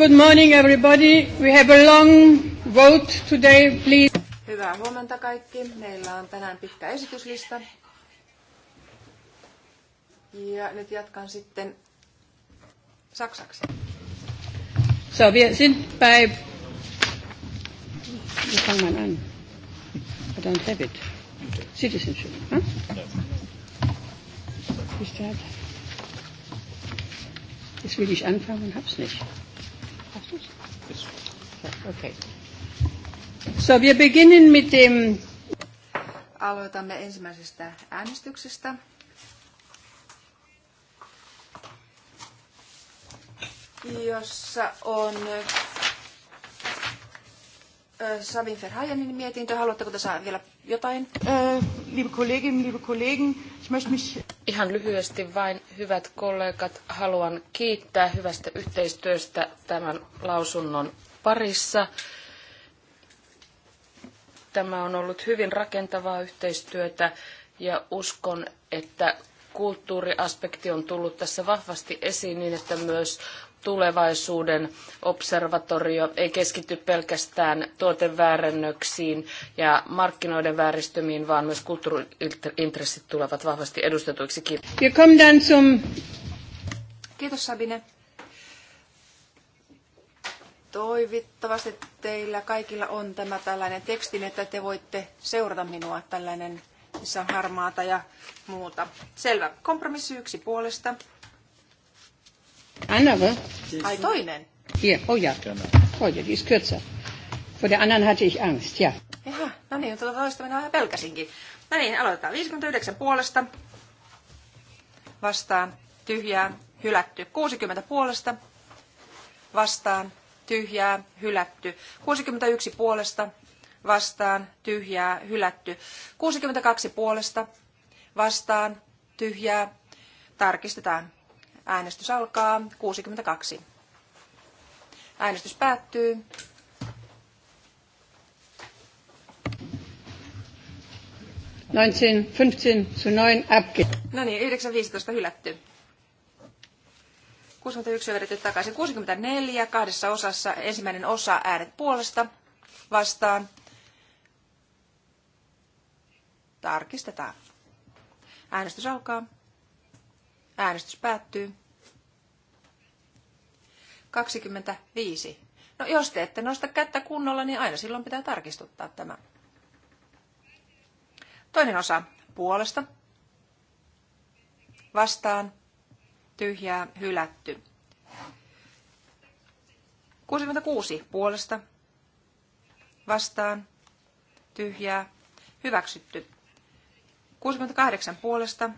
Good morning everybody. We have a long vote today, please. Hyvää huomenta kaikki. Meillä on tänään pitkä esityslista. Ja nyt jatkan sitten saksaksi. So, wir sind bei... Wie fangen wir an? I don't have it. Citizenship, huh? Ist das? Jetzt will ich anfangen und hab's nicht. Okay. So, wir beginnen mit dem... Um, Aloitamme ensimmäisestä äänestyksestä. jossa on Sabin Verhaienin mietintö. Haluatteko tässä vielä jotain? Liebe Kollegin, liebe Kollegen, ich möchte mich... Ihan lyhyesti vain, hyvät kollegat, haluan kiittää hyvästä yhteistyöstä tämän lausunnon parissa. Tämä on ollut hyvin rakentavaa yhteistyötä ja uskon, että kulttuuriaspekti on tullut tässä vahvasti esiin niin, että myös tulevaisuuden observatorio ei keskity pelkästään tuoteväärennöksiin ja markkinoiden vääristymiin, vaan myös kulttuuriintressit tulevat vahvasti edustetuiksi. Kiitos. Kiitos Sabine. Toivottavasti teillä kaikilla on tämä tällainen tekstin, että te voitte seurata minua tällainen, missä on harmaata ja muuta. Selvä. Kompromissi yksi puolesta Andere? Ai toinen. Hier, oh ja. Oh ja, die ist kürzer. Vor der anderen hatte ich Angst, ja. Jaha, no niin, tuota toista minä vähän pelkäsinkin. No niin, aloitetaan. 59 puolesta. Vastaan. Tyhjää. Hylätty. 60 puolesta. Vastaan. Tyhjää. Hylätty. 61 puolesta. Vastaan. Tyhjää. Hylätty. 62 puolesta. Vastaan. Tyhjää. Tarkistetaan. Äänestys alkaa. 62. Äänestys päättyy. No niin, 9.15 hylätty. 61 vedetty takaisin. 64 kahdessa osassa. Ensimmäinen osa äänet puolesta vastaan. Tarkistetaan. Äänestys alkaa. Äänestys päättyy. 25. No jos te ette nosta kättä kunnolla, niin aina silloin pitää tarkistuttaa tämä. Toinen osa puolesta. Vastaan. Tyhjää. Hylätty. 66 puolesta. Vastaan. Tyhjää. Hyväksytty. 68 puolesta.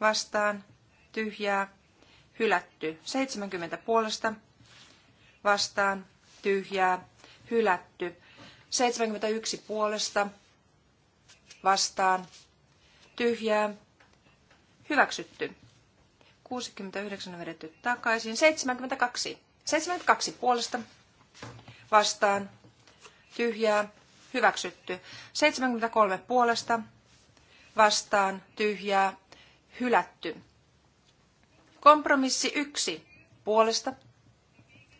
Vastaan. Tyhjää hylätty. 70 puolesta vastaan tyhjää hylätty. 71 puolesta vastaan tyhjää hyväksytty. 69 on vedetty takaisin. 72. 72 puolesta vastaan tyhjää hyväksytty. 73 puolesta vastaan tyhjää hylätty. Kompromissi yksi puolesta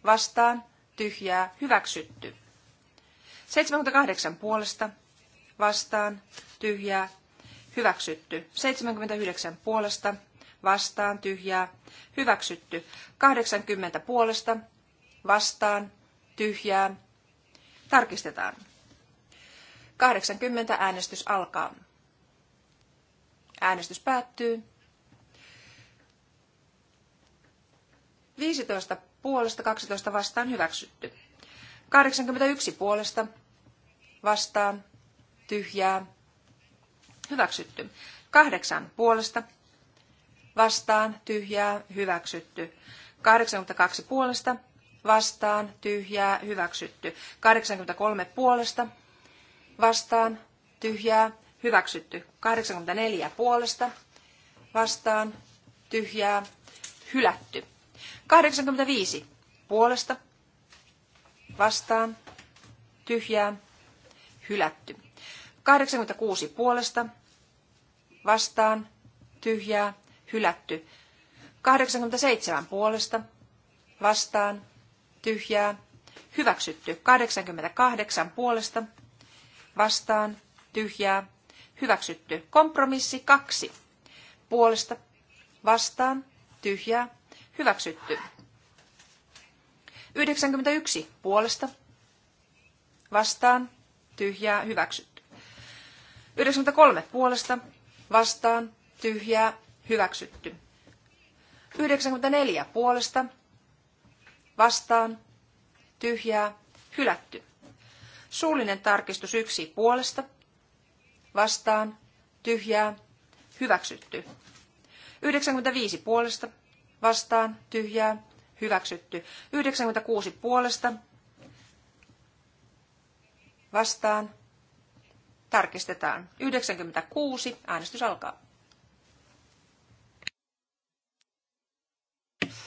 vastaan tyhjää hyväksytty. 78 puolesta vastaan tyhjää hyväksytty. 79 puolesta vastaan tyhjää hyväksytty. 80 puolesta vastaan tyhjää tarkistetaan. 80 äänestys alkaa. Äänestys päättyy. 15 puolesta, 12 vastaan hyväksytty. 81 puolesta vastaan tyhjää hyväksytty. 8 puolesta vastaan tyhjää hyväksytty. 82 puolesta vastaan tyhjää hyväksytty. 83 puolesta vastaan tyhjää hyväksytty. 84 puolesta vastaan tyhjää hylätty. 85 puolesta vastaan tyhjää hylätty. 86 puolesta vastaan tyhjää hylätty. 87 puolesta vastaan tyhjää hyväksytty. 88 puolesta vastaan tyhjää hyväksytty. Kompromissi 2 puolesta vastaan tyhjää Hyväksytty. 91 puolesta. Vastaan. Tyhjää. Hyväksytty. 93 puolesta. Vastaan. Tyhjää. Hyväksytty. 94 puolesta. Vastaan. Tyhjää. Hylätty. Suullinen tarkistus yksi puolesta. Vastaan. Tyhjää. Hyväksytty. 95 puolesta vastaan, tyhjää, hyväksytty. 96 puolesta, vastaan, tarkistetaan. 96, äänestys alkaa.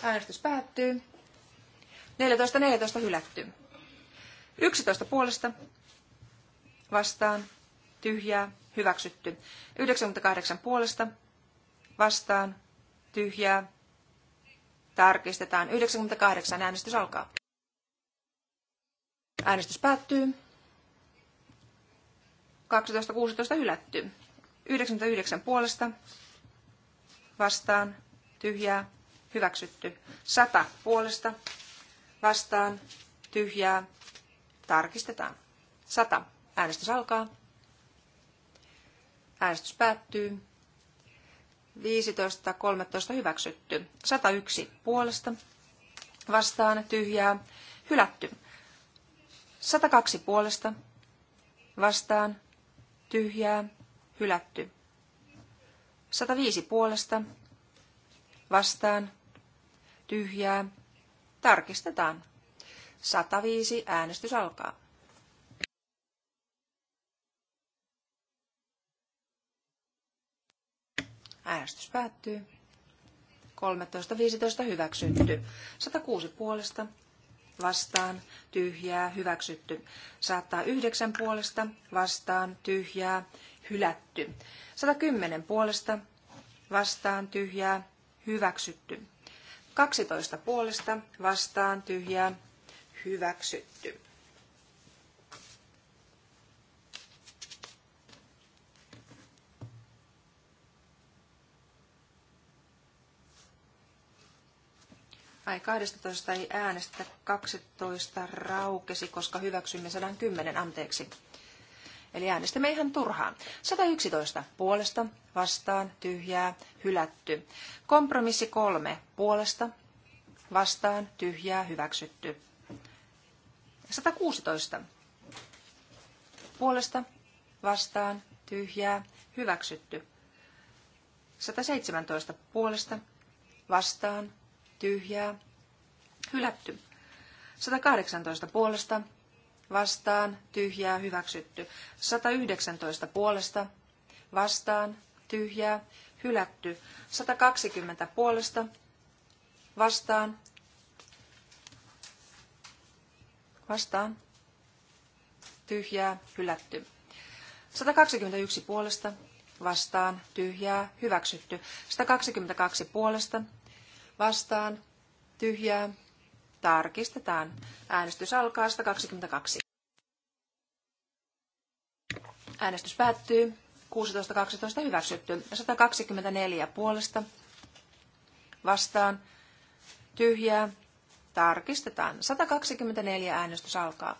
Äänestys päättyy. 14, 14 hylätty. 11 puolesta, vastaan, tyhjää, hyväksytty. 98 puolesta, vastaan, tyhjää, Tarkistetaan. 98. Äänestys alkaa. Äänestys päättyy. 12.16 hylätty. 99 puolesta. Vastaan. Tyhjää. Hyväksytty. 100 puolesta. Vastaan. Tyhjää. Tarkistetaan. 100. Äänestys alkaa. Äänestys päättyy. 15, 13 hyväksytty. 101 puolesta vastaan tyhjää hylätty. 102 puolesta vastaan tyhjää hylätty. 105 puolesta vastaan tyhjää tarkistetaan. 105 äänestys alkaa. Äänestys päättyy. 13.15 hyväksytty. 106 puolesta vastaan tyhjää hyväksytty. 109 puolesta vastaan tyhjää hylätty. 110 puolesta vastaan tyhjää hyväksytty. 12 puolesta vastaan tyhjää hyväksytty. Ai 12 ei äänestä, 12 raukesi, koska hyväksymme 110, anteeksi. Eli äänestämme ihan turhaan. 111 puolesta, vastaan, tyhjää, hylätty. Kompromissi 3 puolesta, vastaan, tyhjää, hyväksytty. 116 puolesta, vastaan, tyhjää, hyväksytty. 117 puolesta, vastaan, tyhjää, hylätty. 118 puolesta, vastaan, tyhjää, hyväksytty. 119 puolesta, vastaan, tyhjää, hylätty. 120 puolesta, vastaan, vastaan, tyhjää, hylätty. 121 puolesta, vastaan, tyhjää, hyväksytty. 122 puolesta, vastaan, tyhjää, tarkistetaan. Äänestys alkaa 122. Äänestys päättyy. 16.12 hyväksytty. 124 puolesta vastaan. Tyhjää. Tarkistetaan. 124 äänestys alkaa.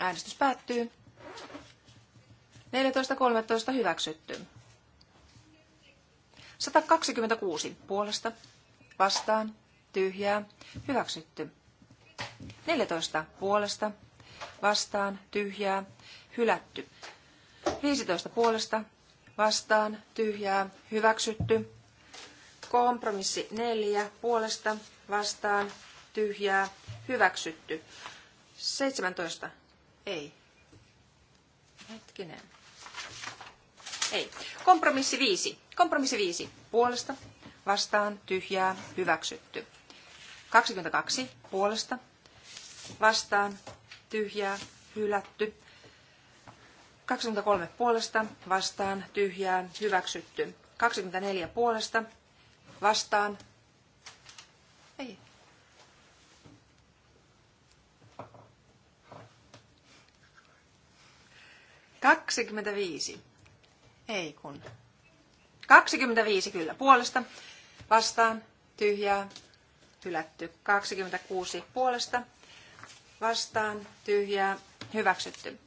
Äänestys päättyy. 14.13 hyväksytty. 126 puolesta vastaan tyhjää hyväksytty. 14 puolesta vastaan tyhjää hylätty. 15 puolesta vastaan tyhjää hyväksytty. Kompromissi 4 puolesta vastaan tyhjää hyväksytty. 17 ei. Hetkinen. Ei. Kompromissi viisi. Kompromissi viisi. Puolesta, vastaan, tyhjää, hyväksytty. 22. Puolesta, vastaan, tyhjää, hylätty. 23 puolesta, vastaan, tyhjää, hyväksytty. 24 puolesta, vastaan, ei. Kaksikymmentäviisi. Ei kun. 25 kyllä puolesta. Vastaan. Tyhjää. Hylätty. 26 puolesta. Vastaan. Tyhjää. Hyväksytty.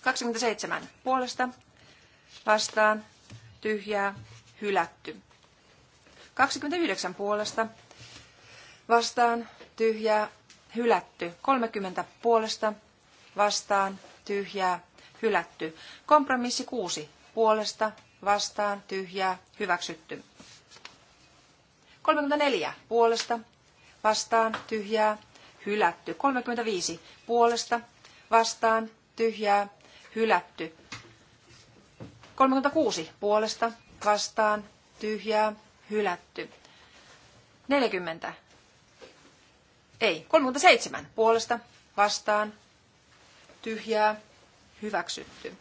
27 puolesta. Vastaan. Tyhjää. Hylätty. 29 puolesta. Vastaan. Tyhjää. Hylätty. 30 puolesta. Vastaan. Tyhjää hylätty. Kompromissi 6 puolesta vastaan tyhjää hyväksytty. 34 puolesta vastaan tyhjää hylätty. 35 puolesta vastaan tyhjää hylätty. 36 puolesta vastaan tyhjää hylätty. 40 ei, 37 puolesta vastaan tyhjää hyväksytty.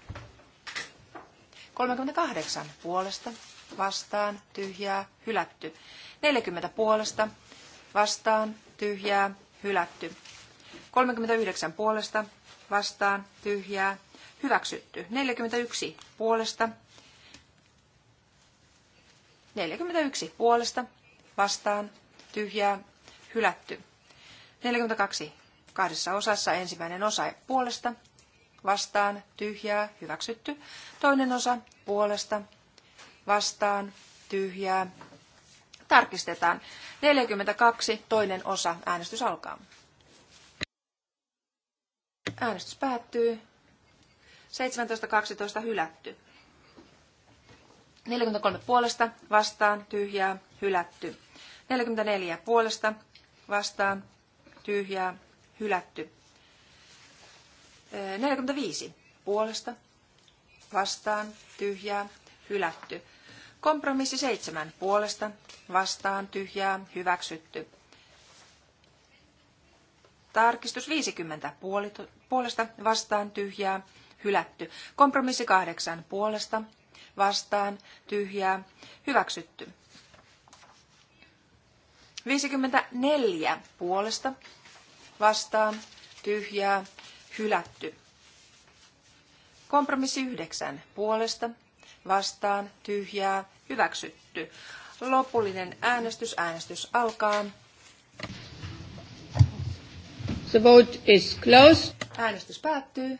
38 puolesta, vastaan, tyhjää, hylätty. 40 puolesta, vastaan, tyhjää, hylätty. 39 puolesta, vastaan, tyhjää, hyväksytty. 41 puolesta, 41 puolesta, vastaan, tyhjää, hylätty. 42 kahdessa osassa, ensimmäinen osa puolesta, vastaan, tyhjää, hyväksytty. Toinen osa puolesta, vastaan, tyhjää. Tarkistetaan. 42, toinen osa. Äänestys alkaa. Äänestys päättyy. 17.12 hylätty. 43 puolesta, vastaan, tyhjää, hylätty. 44 puolesta, vastaan, tyhjää, hylätty. 45 puolesta, vastaan, tyhjää, hylätty. Kompromissi 7 puolesta, vastaan, tyhjää, hyväksytty. Tarkistus 50 puolesta, vastaan, tyhjää, hylätty. Kompromissi 8 puolesta, vastaan, tyhjää, hyväksytty. 54 puolesta, vastaan, tyhjää, hylätty. Kompromissi yhdeksän puolesta, vastaan, tyhjää, hyväksytty. Lopullinen äänestys, äänestys alkaa. The vote is closed. Äänestys päättyy.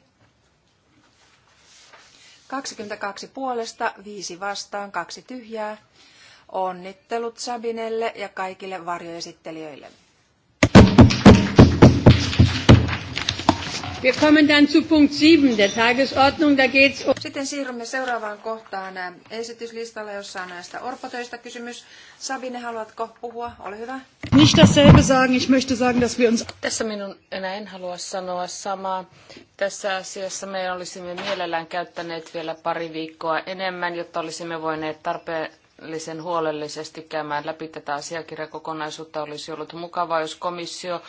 22 puolesta, 5 vastaan, 2 tyhjää. Onnittelut Sabinelle ja kaikille varjoesittelijöille. Wir kommen dann zu Punkt 7 der Tagesordnung. Da geht's um Sitten siirrymme seuraavaan kohtaan äh, esityslistalla, jossa on näistä orpotöistä kysymys. Sabine, haluatko puhua? Ole hyvä. Nicht dasselbe sagen. Ich möchte sagen, dass wir uns... Tässä minun enää en halua sanoa samaa. Tässä asiassa me olisimme mielellään käyttäneet vielä pari viikkoa enemmän, jotta olisimme voineet tarpeen tarpeellisen huolellisesti käymään läpi tätä asiakirjakokonaisuutta. Olisi ollut mukavaa, jos komissio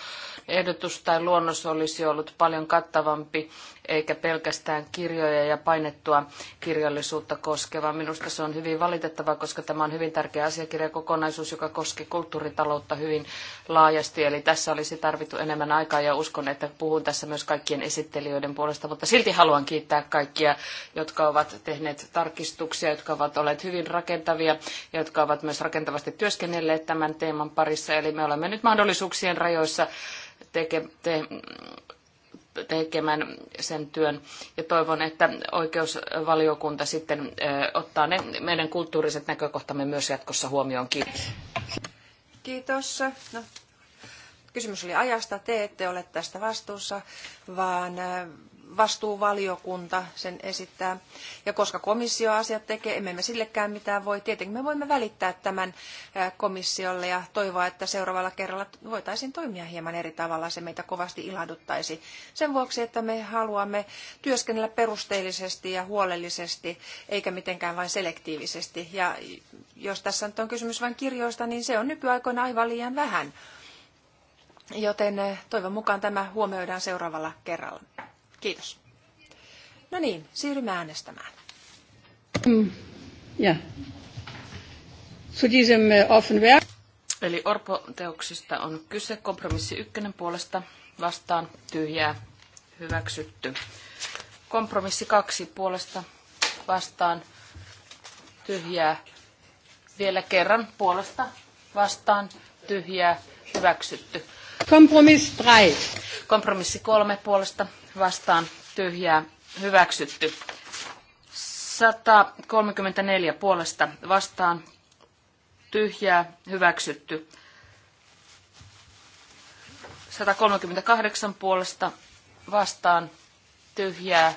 ehdotus tai luonnos olisi ollut paljon kattavampi, eikä pelkästään kirjoja ja painettua kirjallisuutta koskeva. Minusta se on hyvin valitettava, koska tämä on hyvin tärkeä asiakirjakokonaisuus, joka koski kulttuuritaloutta hyvin laajasti. Eli tässä olisi tarvittu enemmän aikaa ja uskon, että puhun tässä myös kaikkien esittelijöiden puolesta, mutta silti haluan kiittää kaikkia, jotka ovat tehneet tarkistuksia, jotka ovat olleet hyvin rakentavia, ja jotka ovat myös rakentavasti työskennelleet tämän teeman parissa. Eli me olemme nyt mahdollisuuksien rajoissa teke, te, tekemään sen työn. Ja toivon, että oikeusvaliokunta sitten ottaa ne meidän kulttuuriset näkökohtamme myös jatkossa huomioon. Kiitos. Kiitos. No, kysymys oli ajasta. Te ette ole tästä vastuussa, vaan vastuuvaliokunta sen esittää. Ja koska komissio asiat tekee, emme me sillekään mitään voi. Tietenkin me voimme välittää tämän komissiolle ja toivoa, että seuraavalla kerralla voitaisiin toimia hieman eri tavalla. Se meitä kovasti ilahduttaisi sen vuoksi, että me haluamme työskennellä perusteellisesti ja huolellisesti, eikä mitenkään vain selektiivisesti. Ja jos tässä nyt on kysymys vain kirjoista, niin se on nykyaikoina aivan liian vähän. Joten toivon mukaan tämä huomioidaan seuraavalla kerralla. Kiitos. No niin, siirrymme äänestämään. Mm. Ja. Zu diesem Eli Orpo-teoksista on kyse kompromissi ykkönen puolesta vastaan tyhjää hyväksytty. Kompromissi kaksi puolesta vastaan tyhjää vielä kerran puolesta vastaan tyhjää hyväksytty. Kompromissi 3. Kompromissi kolme puolesta vastaan tyhjää hyväksytty. 134 puolesta vastaan tyhjää hyväksytty. 138 puolesta vastaan tyhjää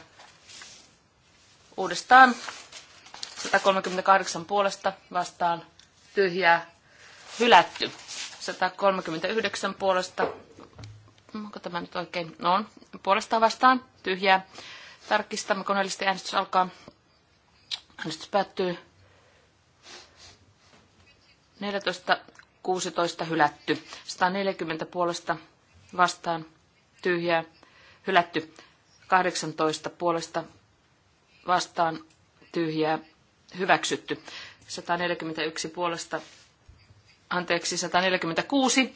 uudestaan. 138 puolesta vastaan tyhjää hylätty. 139 puolesta. Onko tämä nyt oikein? No on puolesta vastaan, tyhjää. Tarkistamme koneellisesti äänestys alkaa. Äänestys päättyy 14.16 hylätty. 140 puolesta vastaan, tyhjää, hylätty. 18 puolesta vastaan, tyhjää, hyväksytty. 141 puolesta, anteeksi, 146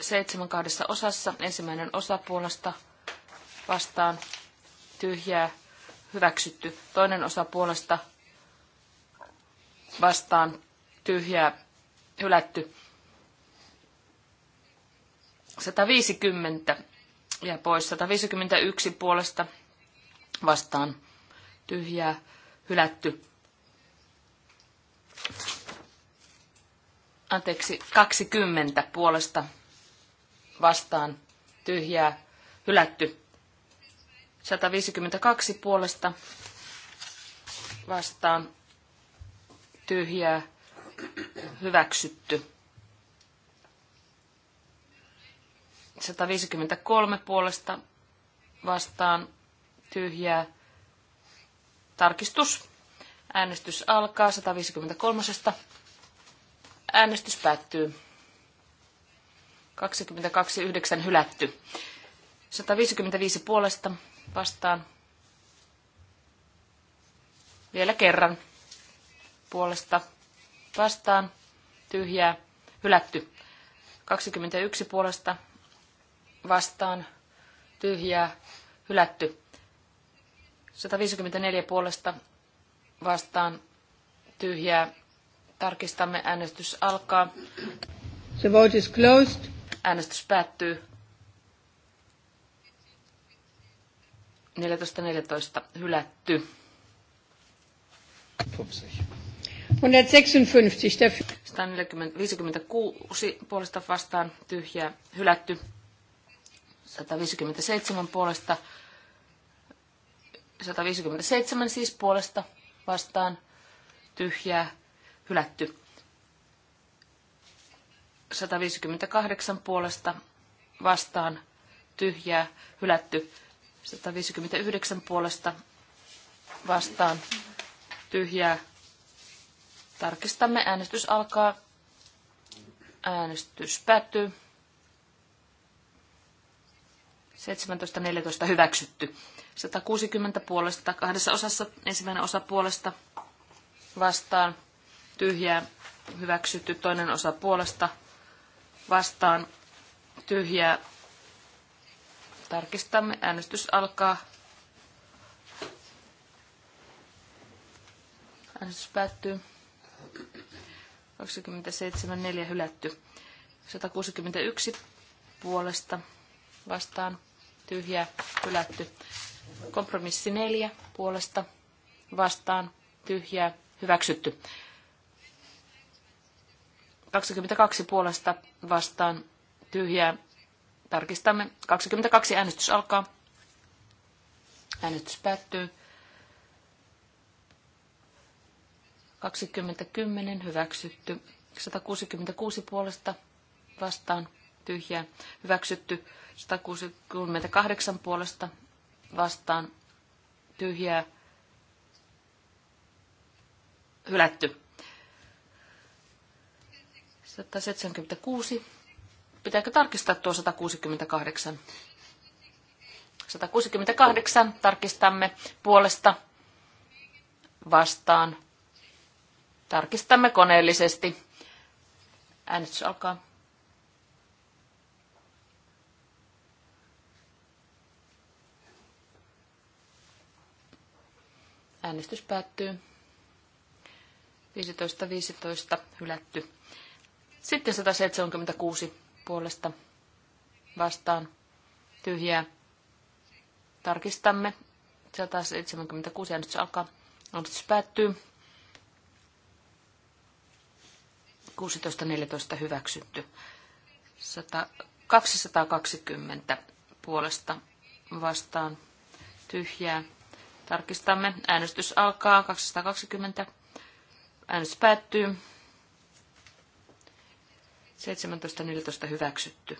seitsemän kahdessa osassa. Ensimmäinen osa puolesta vastaan tyhjää hyväksytty. Toinen osa puolesta vastaan tyhjää hylätty. 150 ja pois 151 puolesta vastaan tyhjää hylätty. Anteeksi, 20 puolesta vastaan tyhjää hylätty. 152 puolesta vastaan tyhjää hyväksytty. 153 puolesta vastaan tyhjää tarkistus. Äänestys alkaa 153. Äänestys päättyy. 22.9 hylätty. 155 puolesta vastaan. Vielä kerran puolesta vastaan. Tyhjää. Hylätty. 21 puolesta vastaan. Tyhjää. Hylätty. 154 puolesta vastaan. Tyhjää. Tarkistamme. Äänestys alkaa. The vote is closed. Äänestys päättyy. 14.14 14, hylätty. 156 56 156 puolesta vastaan tyhjää hylätty. 157 puolesta. 157 siis puolesta vastaan tyhjää hylätty. 158 puolesta vastaan tyhjää, hylätty 159 puolesta vastaan tyhjää. Tarkistamme, äänestys alkaa. Äänestys päättyy. 17.14 hyväksytty. 160 puolesta, kahdessa osassa, ensimmäinen osa puolesta vastaan, tyhjää, hyväksytty, toinen osa puolesta vastaan tyhjää. Tarkistamme. Äänestys alkaa. Äänestys päättyy. 27.4 hylätty. 161 puolesta vastaan tyhjää hylätty. Kompromissi 4 puolesta vastaan tyhjää hyväksytty. 22 puolesta vastaan tyhjää. Tarkistamme. 22 äänestys alkaa. Äänestys päättyy. 2010 hyväksytty. 166 puolesta vastaan tyhjää hyväksytty. 168 puolesta vastaan tyhjää hylätty. 176. Pitääkö tarkistaa tuo 168? 168 tarkistamme puolesta vastaan. Tarkistamme koneellisesti. Äänestys alkaa. Äänestys päättyy. 15.15 15, hylätty. Sitten 176 puolesta vastaan tyhjää. Tarkistamme. 176 se alkaa. Äänestys päättyy. 16.14 hyväksytty. 100, 220 puolesta vastaan tyhjää. Tarkistamme. Äänestys alkaa. 220. Äänestys päättyy. 17.14 hyväksytty.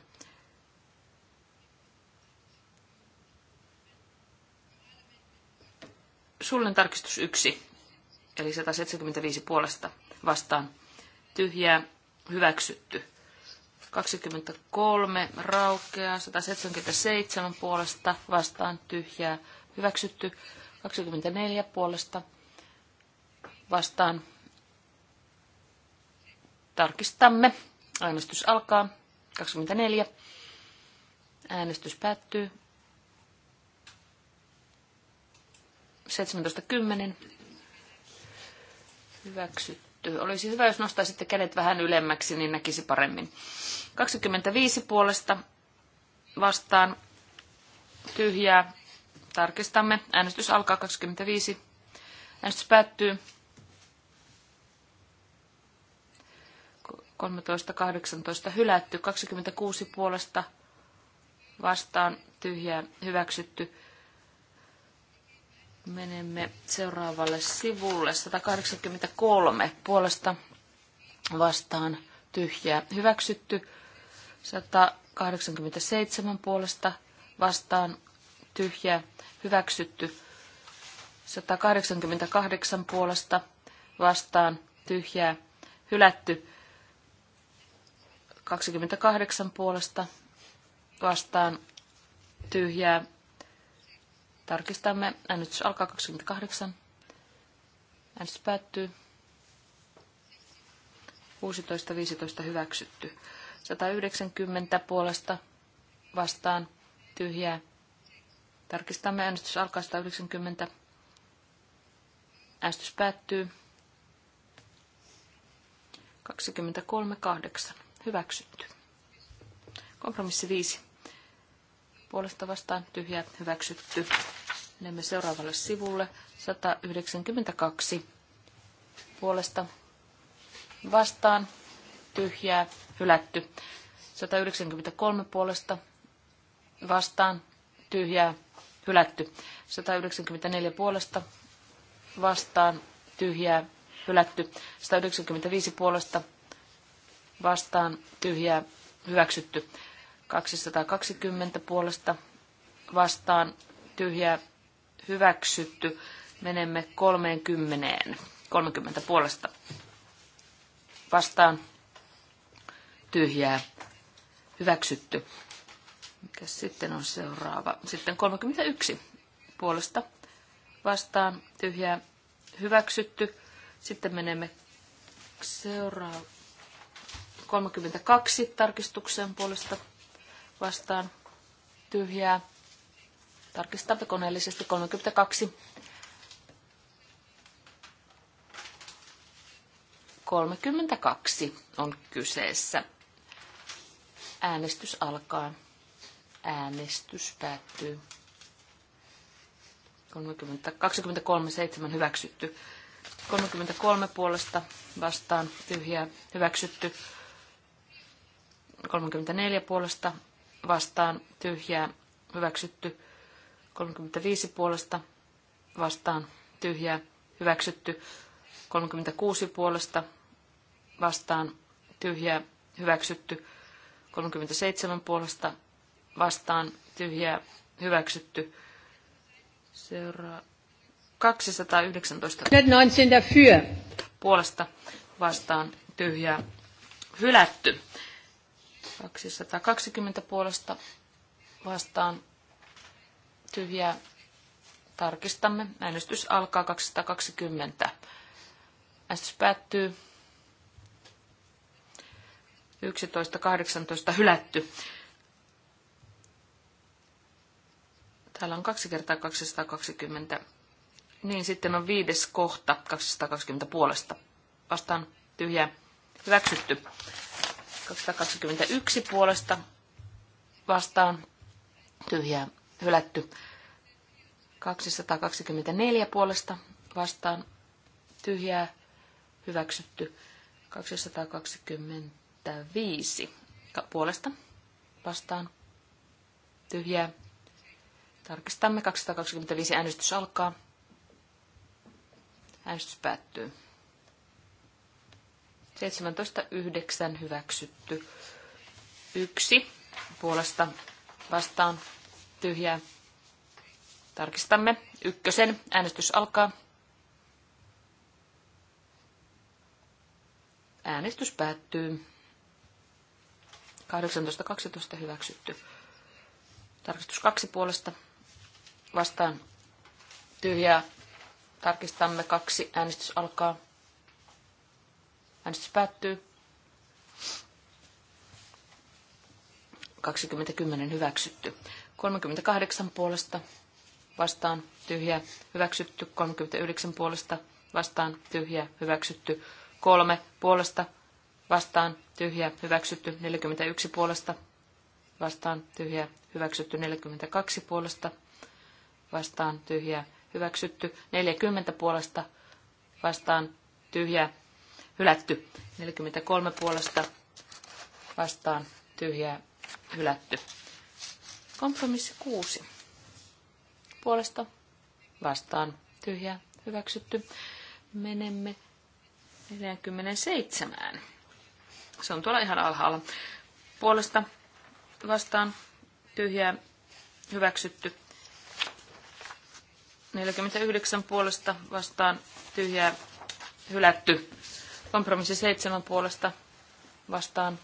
Sullen tarkistus 1, eli 175 puolesta vastaan. Tyhjää hyväksytty. 23 raukeaa, 177 puolesta vastaan tyhjää hyväksytty. 24 puolesta vastaan tarkistamme. Äänestys alkaa. 24. Äänestys päättyy. 17.10. Hyväksytty. Olisi hyvä, jos nostaisitte kädet vähän ylemmäksi, niin näkisi paremmin. 25 puolesta vastaan tyhjää. Tarkistamme. Äänestys alkaa 25. Äänestys päättyy. 17.10. 13.18 hylätty, 26 puolesta vastaan tyhjään hyväksytty. Menemme seuraavalle sivulle. 183 puolesta vastaan tyhjää hyväksytty. 187 puolesta vastaan tyhjää hyväksytty. 188 puolesta vastaan tyhjää hylätty. 28 puolesta vastaan tyhjää. Tarkistamme. Äänestys alkaa 28. Äänestys päättyy. 16.15 hyväksytty. 190 puolesta vastaan tyhjää. Tarkistamme. Äänestys alkaa 190. Äänestys päättyy. 23.8. Hyväksytty. Kompromissi 5. Puolesta vastaan tyhjä Hyväksytty. Menemme seuraavalle sivulle. 192. Puolesta vastaan tyhjää. Hylätty. 193 puolesta vastaan tyhjää. Hylätty. 194 puolesta vastaan tyhjää hylätty. 195 puolesta vastaan tyhjää hyväksytty. 220 puolesta vastaan tyhjää hyväksytty. Menemme 30. 30 puolesta vastaan tyhjää hyväksytty. Mikä sitten on seuraava? Sitten 31 puolesta vastaan tyhjää hyväksytty. Sitten menemme seuraavaan 32 tarkistuksen puolesta vastaan tyhjää. Tarkistamme koneellisesti 32. 32 on kyseessä. Äänestys alkaa. Äänestys päättyy. 30, 23.7 hyväksytty. 33 puolesta vastaan tyhjää hyväksytty. 34 puolesta vastaan tyhjää hyväksytty. 35 puolesta vastaan tyhjää hyväksytty. 36 puolesta vastaan tyhjää hyväksytty. 37 puolesta vastaan tyhjää hyväksytty. Seuraa 219. Puolesta vastaan tyhjää hylätty. 220 puolesta vastaan tyhjää. Tarkistamme. Äänestys alkaa 220. Äänestys päättyy. 11.18 hylätty. Täällä on kaksi kertaa 220. Niin, sitten on viides kohta 220 puolesta. Vastaan tyhjä Hyväksytty. 221 puolesta vastaan tyhjää hylätty. 224 puolesta vastaan tyhjää hyväksytty. 225 puolesta vastaan tyhjää. Tarkistamme 225 äänestys alkaa. Äänestys päättyy. 17.9. hyväksytty. Yksi puolesta vastaan tyhjää. Tarkistamme. Ykkösen. Äänestys alkaa. Äänestys päättyy. 18.12 hyväksytty. Tarkistus kaksi puolesta vastaan tyhjää. Tarkistamme kaksi. Äänestys alkaa. Äänestys päättyy. 2010 hyväksytty. 38 puolesta vastaan tyhjä hyväksytty. 39 puolesta vastaan tyhjä hyväksytty. 3 puolesta vastaan tyhjä hyväksytty. 41 puolesta vastaan tyhjä hyväksytty. 42 puolesta vastaan tyhjä hyväksytty. 40 puolesta vastaan tyhjä hylätty. 43 puolesta vastaan tyhjää hylätty. Kompromissi 6 puolesta vastaan tyhjää hyväksytty. Menemme 47. Se on tuolla ihan alhaalla. Puolesta vastaan tyhjää hyväksytty. 49 puolesta vastaan tyhjää hylätty. Kompromissi seitsemän puolesta vastaan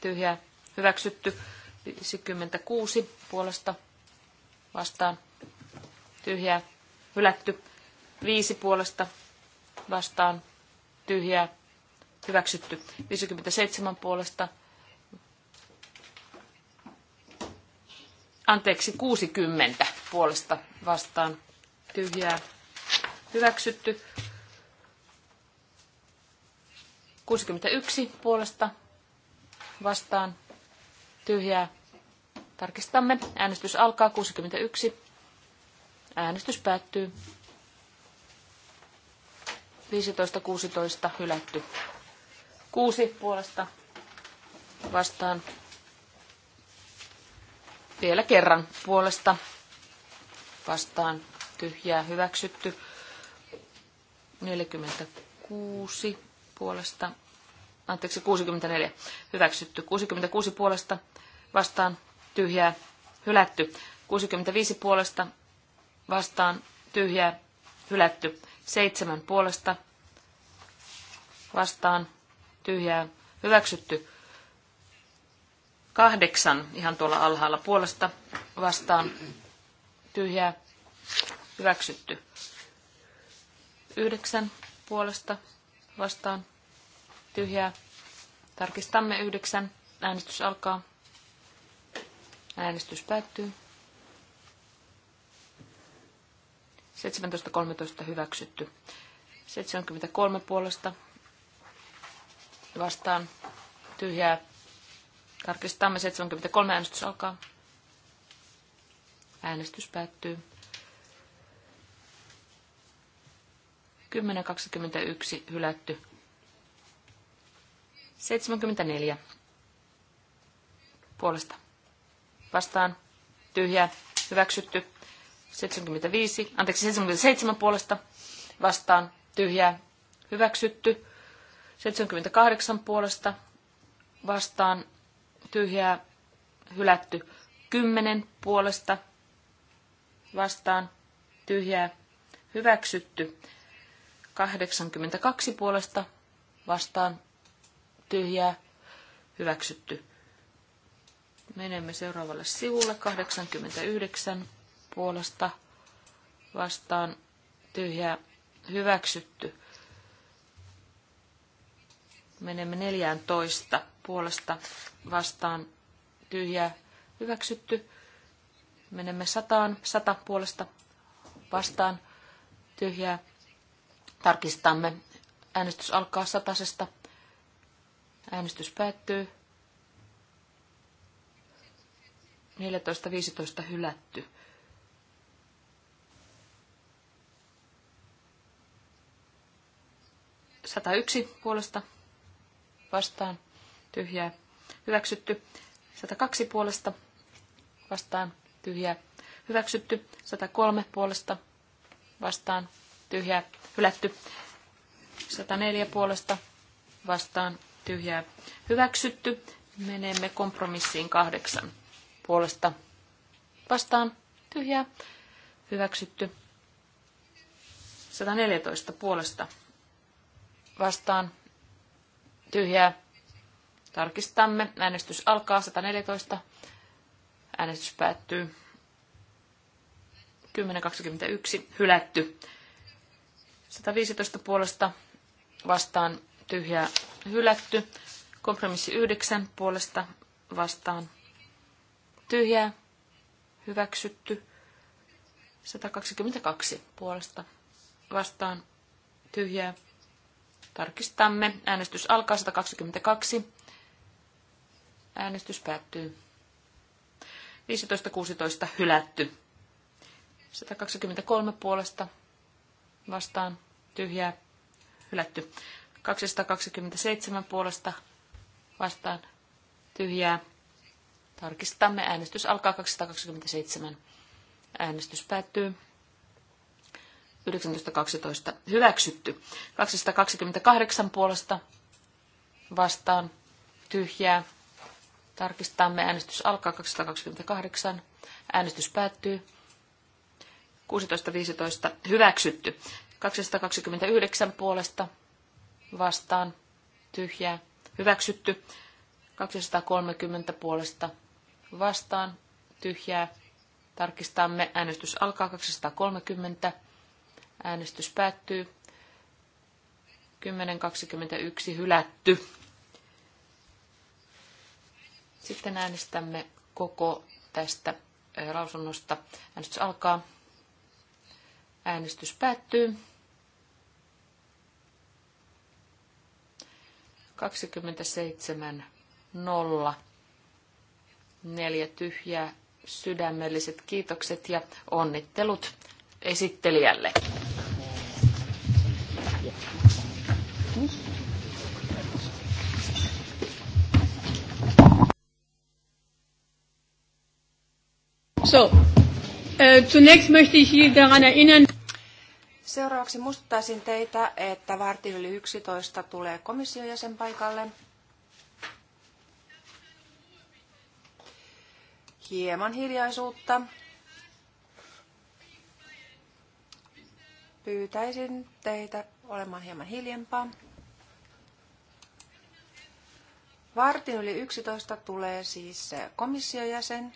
tyhjää hyväksytty. 56 puolesta vastaan tyhjää hylätty. 5 puolesta vastaan tyhjää hyväksytty. 57 puolesta anteeksi 60 puolesta vastaan tyhjää hyväksytty. 61 puolesta vastaan tyhjää. Tarkistamme. Äänestys alkaa 61. Äänestys päättyy. 15.16 hylätty. 6 puolesta vastaan. Vielä kerran puolesta vastaan tyhjää hyväksytty. 46 puolesta, anteeksi 64 hyväksytty, 66 puolesta vastaan tyhjää hylätty, 65 puolesta vastaan tyhjää hylätty, 7 puolesta vastaan tyhjää hyväksytty, 8 ihan tuolla alhaalla puolesta vastaan tyhjää hyväksytty, Yhdeksän puolesta vastaan tyhjää. Tarkistamme yhdeksän. Äänestys alkaa. Äänestys päättyy. 17.13 hyväksytty. 73 puolesta vastaan tyhjää. Tarkistamme 73. Äänestys alkaa. Äänestys päättyy. 10.21 hylätty. 74 puolesta. Vastaan Tyhjä. hyväksytty. 75, anteeksi 77 puolesta vastaan Tyhjä. hyväksytty. 78 puolesta vastaan tyhjää hylätty. 10 puolesta vastaan tyhjää hyväksytty. 82 puolesta vastaan tyhjää hyväksytty. Menemme seuraavalle sivulle 89 puolesta vastaan tyhjää hyväksytty. Menemme 14 puolesta vastaan tyhjää hyväksytty. Menemme sataan, sata puolesta vastaan tyhjää Tarkistamme. Äänestys alkaa satasesta. Äänestys päättyy. 14.15 hylätty. Sata yksi puolesta vastaan tyhjää hyväksytty. 102 puolesta vastaan tyhjää hyväksytty. 103 puolesta vastaan tyhjää hylätty. 104 puolesta vastaan tyhjää hyväksytty. Menemme kompromissiin kahdeksan puolesta vastaan tyhjää hyväksytty. 114 puolesta vastaan tyhjää. Tarkistamme. Äänestys alkaa 114. Äänestys päättyy 10.21. Hylätty. 115 puolesta vastaan tyhjää hylätty. Kompromissi 9 puolesta vastaan tyhjää hyväksytty. 122 puolesta vastaan tyhjää. Tarkistamme. Äänestys alkaa 122. Äänestys päättyy. 15.16 hylätty. 123 puolesta vastaan tyhjää hylätty. 227 puolesta vastaan tyhjää. Tarkistamme. Äänestys alkaa 227. Äänestys päättyy. 1912 hyväksytty. 228 puolesta vastaan tyhjää. Tarkistamme. Äänestys alkaa 228. Äänestys päättyy. 16.15 hyväksytty. 229 puolesta vastaan tyhjää hyväksytty. 230 puolesta vastaan tyhjää. Tarkistamme. Äänestys alkaa 230. Äänestys päättyy. 10.21 hylätty. Sitten äänestämme koko tästä äh, lausunnosta. Äänestys alkaa. Äänestys päättyy. 27 nolla. Neljä tyhjää. Sydämelliset kiitokset ja onnittelut esittelijälle. So, äh, zunächst möchte ich daran erinnern, Seuraavaksi muistuttaisin teitä, että varti yli 11 tulee komission jäsen paikalle. Hieman hiljaisuutta. Pyytäisin teitä olemaan hieman hiljempaa. Vartin yli 11 tulee siis komissiojäsen.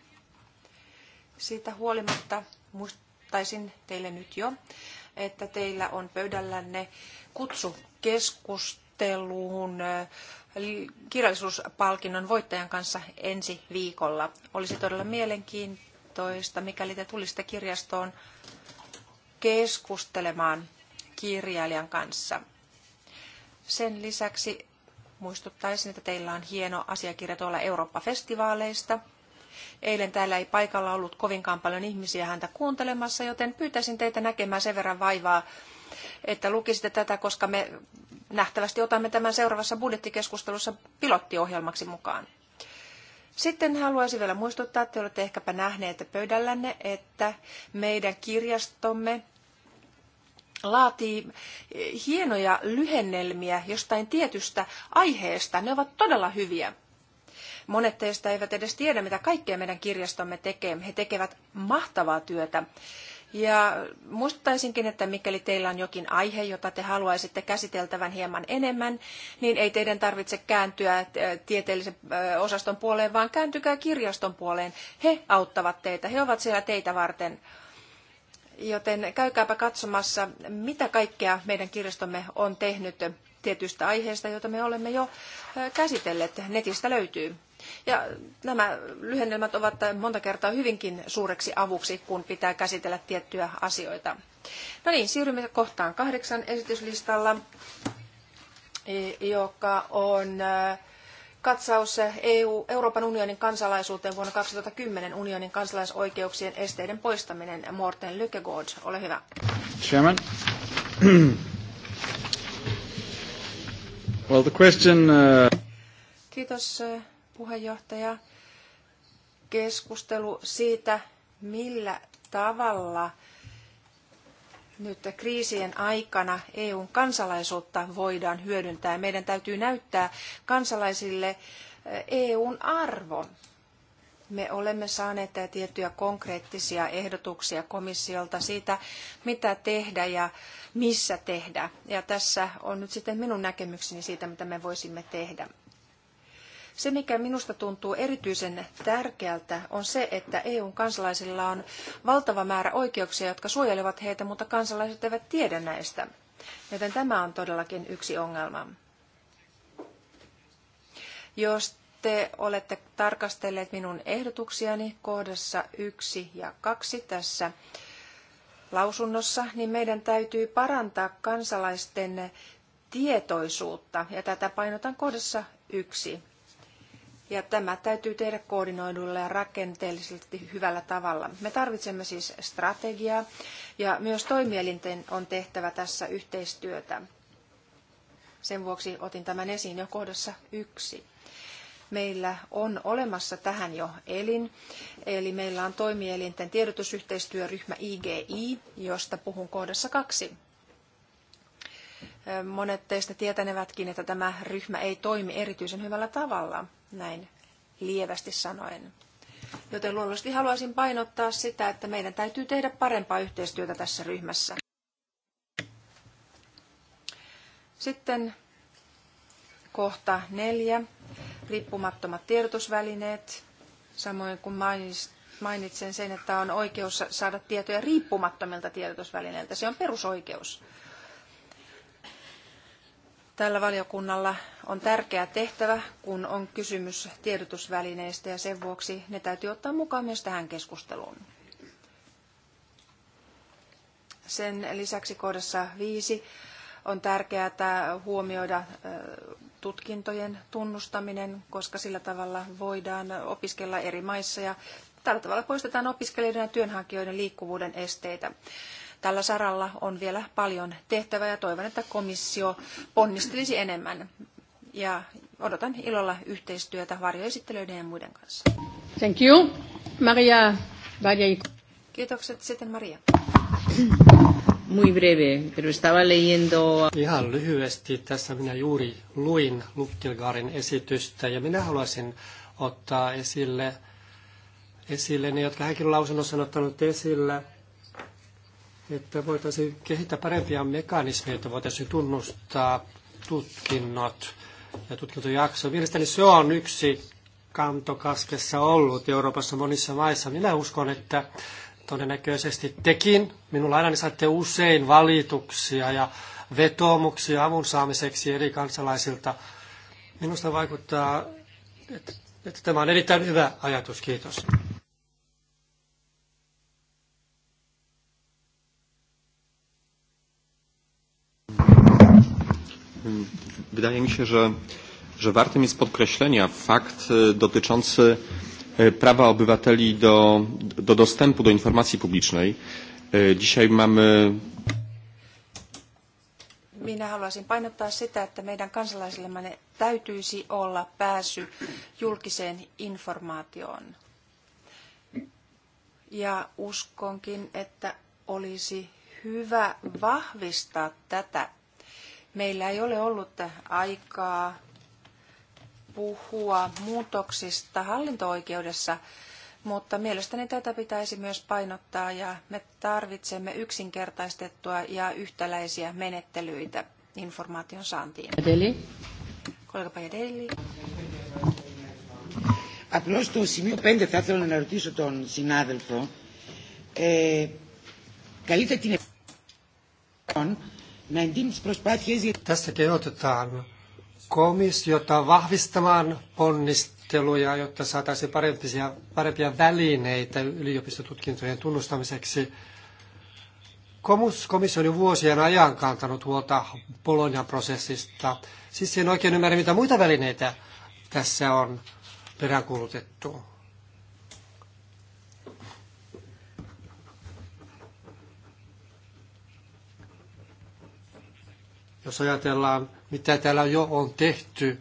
Siitä huolimatta muistaisin teille nyt jo, että teillä on pöydällänne kutsu keskusteluun kirjallisuuspalkinnon voittajan kanssa ensi viikolla. Olisi todella mielenkiintoista, mikäli te tulisitte kirjastoon keskustelemaan kirjailijan kanssa. Sen lisäksi muistuttaisin, että teillä on hieno asiakirja tuolla Eurooppa-festivaaleista – Eilen täällä ei paikalla ollut kovinkaan paljon ihmisiä häntä kuuntelemassa, joten pyytäisin teitä näkemään sen verran vaivaa, että lukisitte tätä, koska me nähtävästi otamme tämän seuraavassa budjettikeskustelussa pilottiohjelmaksi mukaan. Sitten haluaisin vielä muistuttaa, että olette ehkäpä nähneet pöydällänne, että meidän kirjastomme laatii hienoja lyhennelmiä jostain tietystä aiheesta. Ne ovat todella hyviä. Monet teistä eivät edes tiedä, mitä kaikkea meidän kirjastomme tekee. He tekevät mahtavaa työtä. Ja muistuttaisinkin, että mikäli teillä on jokin aihe, jota te haluaisitte käsiteltävän hieman enemmän, niin ei teidän tarvitse kääntyä äh, tieteellisen äh, osaston puoleen, vaan kääntykää kirjaston puoleen. He auttavat teitä, he ovat siellä teitä varten. Joten käykääpä katsomassa, mitä kaikkea meidän kirjastomme on tehnyt tietystä aiheesta, jota me olemme jo äh, käsitelleet. Netistä löytyy. Ja nämä lyhennelmät ovat monta kertaa hyvinkin suureksi avuksi, kun pitää käsitellä tiettyjä asioita. No niin, siirrymme kohtaan kahdeksan esityslistalla, e, joka on katsaus EU, Euroopan unionin kansalaisuuteen vuonna 2010 unionin kansalaisoikeuksien esteiden poistaminen. Morten Lykkegaard, ole hyvä. Chairman. well, the question, uh... Kiitos puheenjohtaja. Keskustelu siitä, millä tavalla nyt kriisien aikana EUn kansalaisuutta voidaan hyödyntää. Meidän täytyy näyttää kansalaisille EUn arvo. Me olemme saaneet tiettyjä konkreettisia ehdotuksia komissiolta siitä, mitä tehdä ja missä tehdä. Ja tässä on nyt sitten minun näkemykseni siitä, mitä me voisimme tehdä. Se, mikä minusta tuntuu erityisen tärkeältä, on se, että EUn kansalaisilla on valtava määrä oikeuksia, jotka suojelevat heitä, mutta kansalaiset eivät tiedä näistä. Joten tämä on todellakin yksi ongelma. Jos te olette tarkastelleet minun ehdotuksiani kohdassa yksi ja kaksi tässä lausunnossa, niin meidän täytyy parantaa kansalaisten tietoisuutta, ja tätä painotan kohdassa yksi. Ja tämä täytyy tehdä koordinoidulla ja rakenteellisesti hyvällä tavalla. Me tarvitsemme siis strategiaa ja myös toimielinten on tehtävä tässä yhteistyötä. Sen vuoksi otin tämän esiin jo kohdassa yksi. Meillä on olemassa tähän jo elin, eli meillä on toimielinten tiedotusyhteistyöryhmä IGI, josta puhun kohdassa kaksi. Monet teistä tietänevätkin, että tämä ryhmä ei toimi erityisen hyvällä tavalla, näin lievästi sanoen. Joten luonnollisesti haluaisin painottaa sitä, että meidän täytyy tehdä parempaa yhteistyötä tässä ryhmässä. Sitten kohta neljä, riippumattomat tiedotusvälineet, samoin kuin mainitsen sen, että on oikeus saada tietoja riippumattomilta tiedotusvälineiltä. Se on perusoikeus. Tällä valiokunnalla on tärkeä tehtävä, kun on kysymys tiedotusvälineistä ja sen vuoksi ne täytyy ottaa mukaan myös tähän keskusteluun. Sen lisäksi kohdassa viisi on tärkeää huomioida tutkintojen tunnustaminen, koska sillä tavalla voidaan opiskella eri maissa ja tällä tavalla poistetaan opiskelijoiden ja työnhakijoiden liikkuvuuden esteitä. Tällä saralla on vielä paljon tehtävää ja toivon, että komissio ponnistelisi enemmän. Ja odotan ilolla yhteistyötä varjoesittelyiden ja muiden kanssa. Thank you. Maria Valle. Kiitokset sitten Maria. Muy breve, pero estaba leyendo... Ihan lyhyesti tässä minä juuri luin Lukkelgaarin esitystä ja minä haluaisin ottaa esille, esille ne, jotka hänkin lausunnossa on ottanut esille, että voitaisiin kehittää parempia mekanismeja, että voitaisiin tunnustaa tutkinnot ja tutkintojakso. Mielestäni se on yksi kantokaskessa ollut Euroopassa monissa maissa. Minä uskon, että todennäköisesti tekin. Minulla aina saatte usein valituksia ja vetoomuksia avun saamiseksi eri kansalaisilta. Minusta vaikuttaa, että, että tämä on erittäin hyvä ajatus. Kiitos. Wydaje mi się, że, że wartym jest podkreślenia fakt e, dotyczący e, prawa obywateli do, do dostępu do informacji publicznej. E, dzisiaj mamy minä haluaisin painottaa sitä, että meidän kansalaisillemme täytyisi olla pääsy julkiseen informaatioon. Ja uskonkin, että olisi hyvä vahvistaa tätä Meillä ei ole ollut aikaa puhua muutoksista hallinto-oikeudessa, mutta mielestäni tätä pitäisi myös painottaa ja me tarvitsemme yksinkertaistettua ja yhtäläisiä menettelyitä informaation saantiin. Adeli. Kollega Pajadeli. Απλώς το σημείο 5 θα ήθελα να ρωτήσω τον συνάδελφο. Ε, καλείται την ευκαιρία tässä kehotetaan komissiota vahvistamaan ponnisteluja, jotta saataisiin parempia, parempia välineitä yliopistotutkintojen tunnustamiseksi. Komissio on vuosien ajan kantanut huolta Bolognan prosessista. Siis en oikein ymmärrä, mitä muita välineitä tässä on peräänkuulutettu. Jos ajatellaan, mitä täällä jo on tehty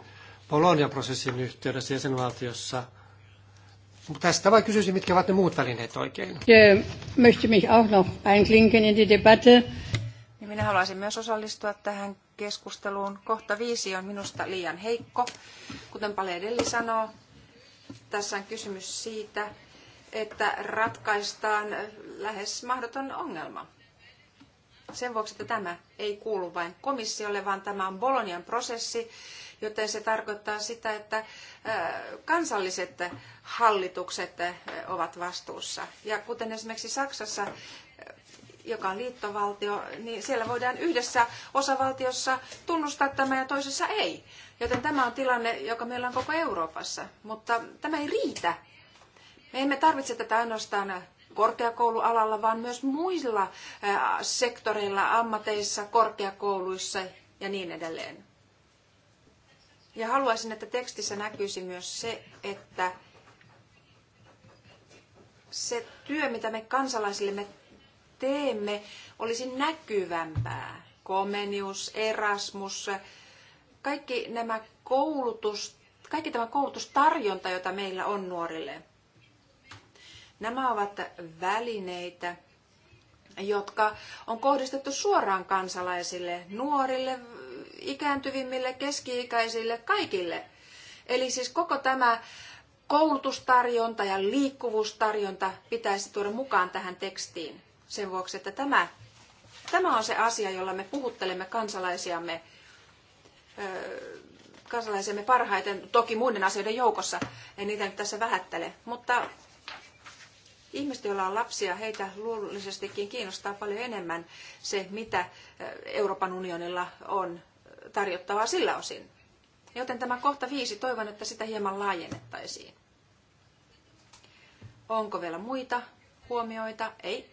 Polonian prosessin yhteydessä jäsenvaltiossa, Tästä vain kysyisin, mitkä ovat ne muut välineet oikein. Niin minä haluaisin myös osallistua tähän keskusteluun. Kohta viisi on minusta liian heikko. Kuten Paledelli sanoo, tässä on kysymys siitä, että ratkaistaan lähes mahdoton ongelma. Sen vuoksi, että tämä ei kuulu vain komissiolle, vaan tämä on Bolonian prosessi, joten se tarkoittaa sitä, että kansalliset hallitukset ovat vastuussa. Ja kuten esimerkiksi Saksassa, joka on liittovaltio, niin siellä voidaan yhdessä osavaltiossa tunnustaa tämä ja toisessa ei. Joten tämä on tilanne, joka meillä on koko Euroopassa. Mutta tämä ei riitä. Me emme tarvitse tätä ainoastaan korkeakoulualalla, vaan myös muilla sektoreilla, ammateissa, korkeakouluissa ja niin edelleen. Ja haluaisin, että tekstissä näkyisi myös se, että se työ, mitä me kansalaisillemme teemme, olisi näkyvämpää. Komenius, Erasmus, kaikki nämä koulutus, kaikki tämä koulutustarjonta, jota meillä on nuorille. Nämä ovat välineitä, jotka on kohdistettu suoraan kansalaisille, nuorille, ikääntyvimmille, keski-ikäisille, kaikille. Eli siis koko tämä koulutustarjonta ja liikkuvuustarjonta pitäisi tuoda mukaan tähän tekstiin sen vuoksi, että tämä, tämä on se asia, jolla me puhuttelemme kansalaisiamme, kansalaisiamme parhaiten, toki muiden asioiden joukossa, en niitä nyt tässä vähättele, mutta Ihmiset, joilla on lapsia, heitä luonnollisestikin kiinnostaa paljon enemmän se, mitä eh, Euroopan unionilla on eh, tarjottavaa sillä osin. Joten tämä kohta viisi, toivon, että sitä hieman laajennettaisiin. Onko vielä muita huomioita? Ei.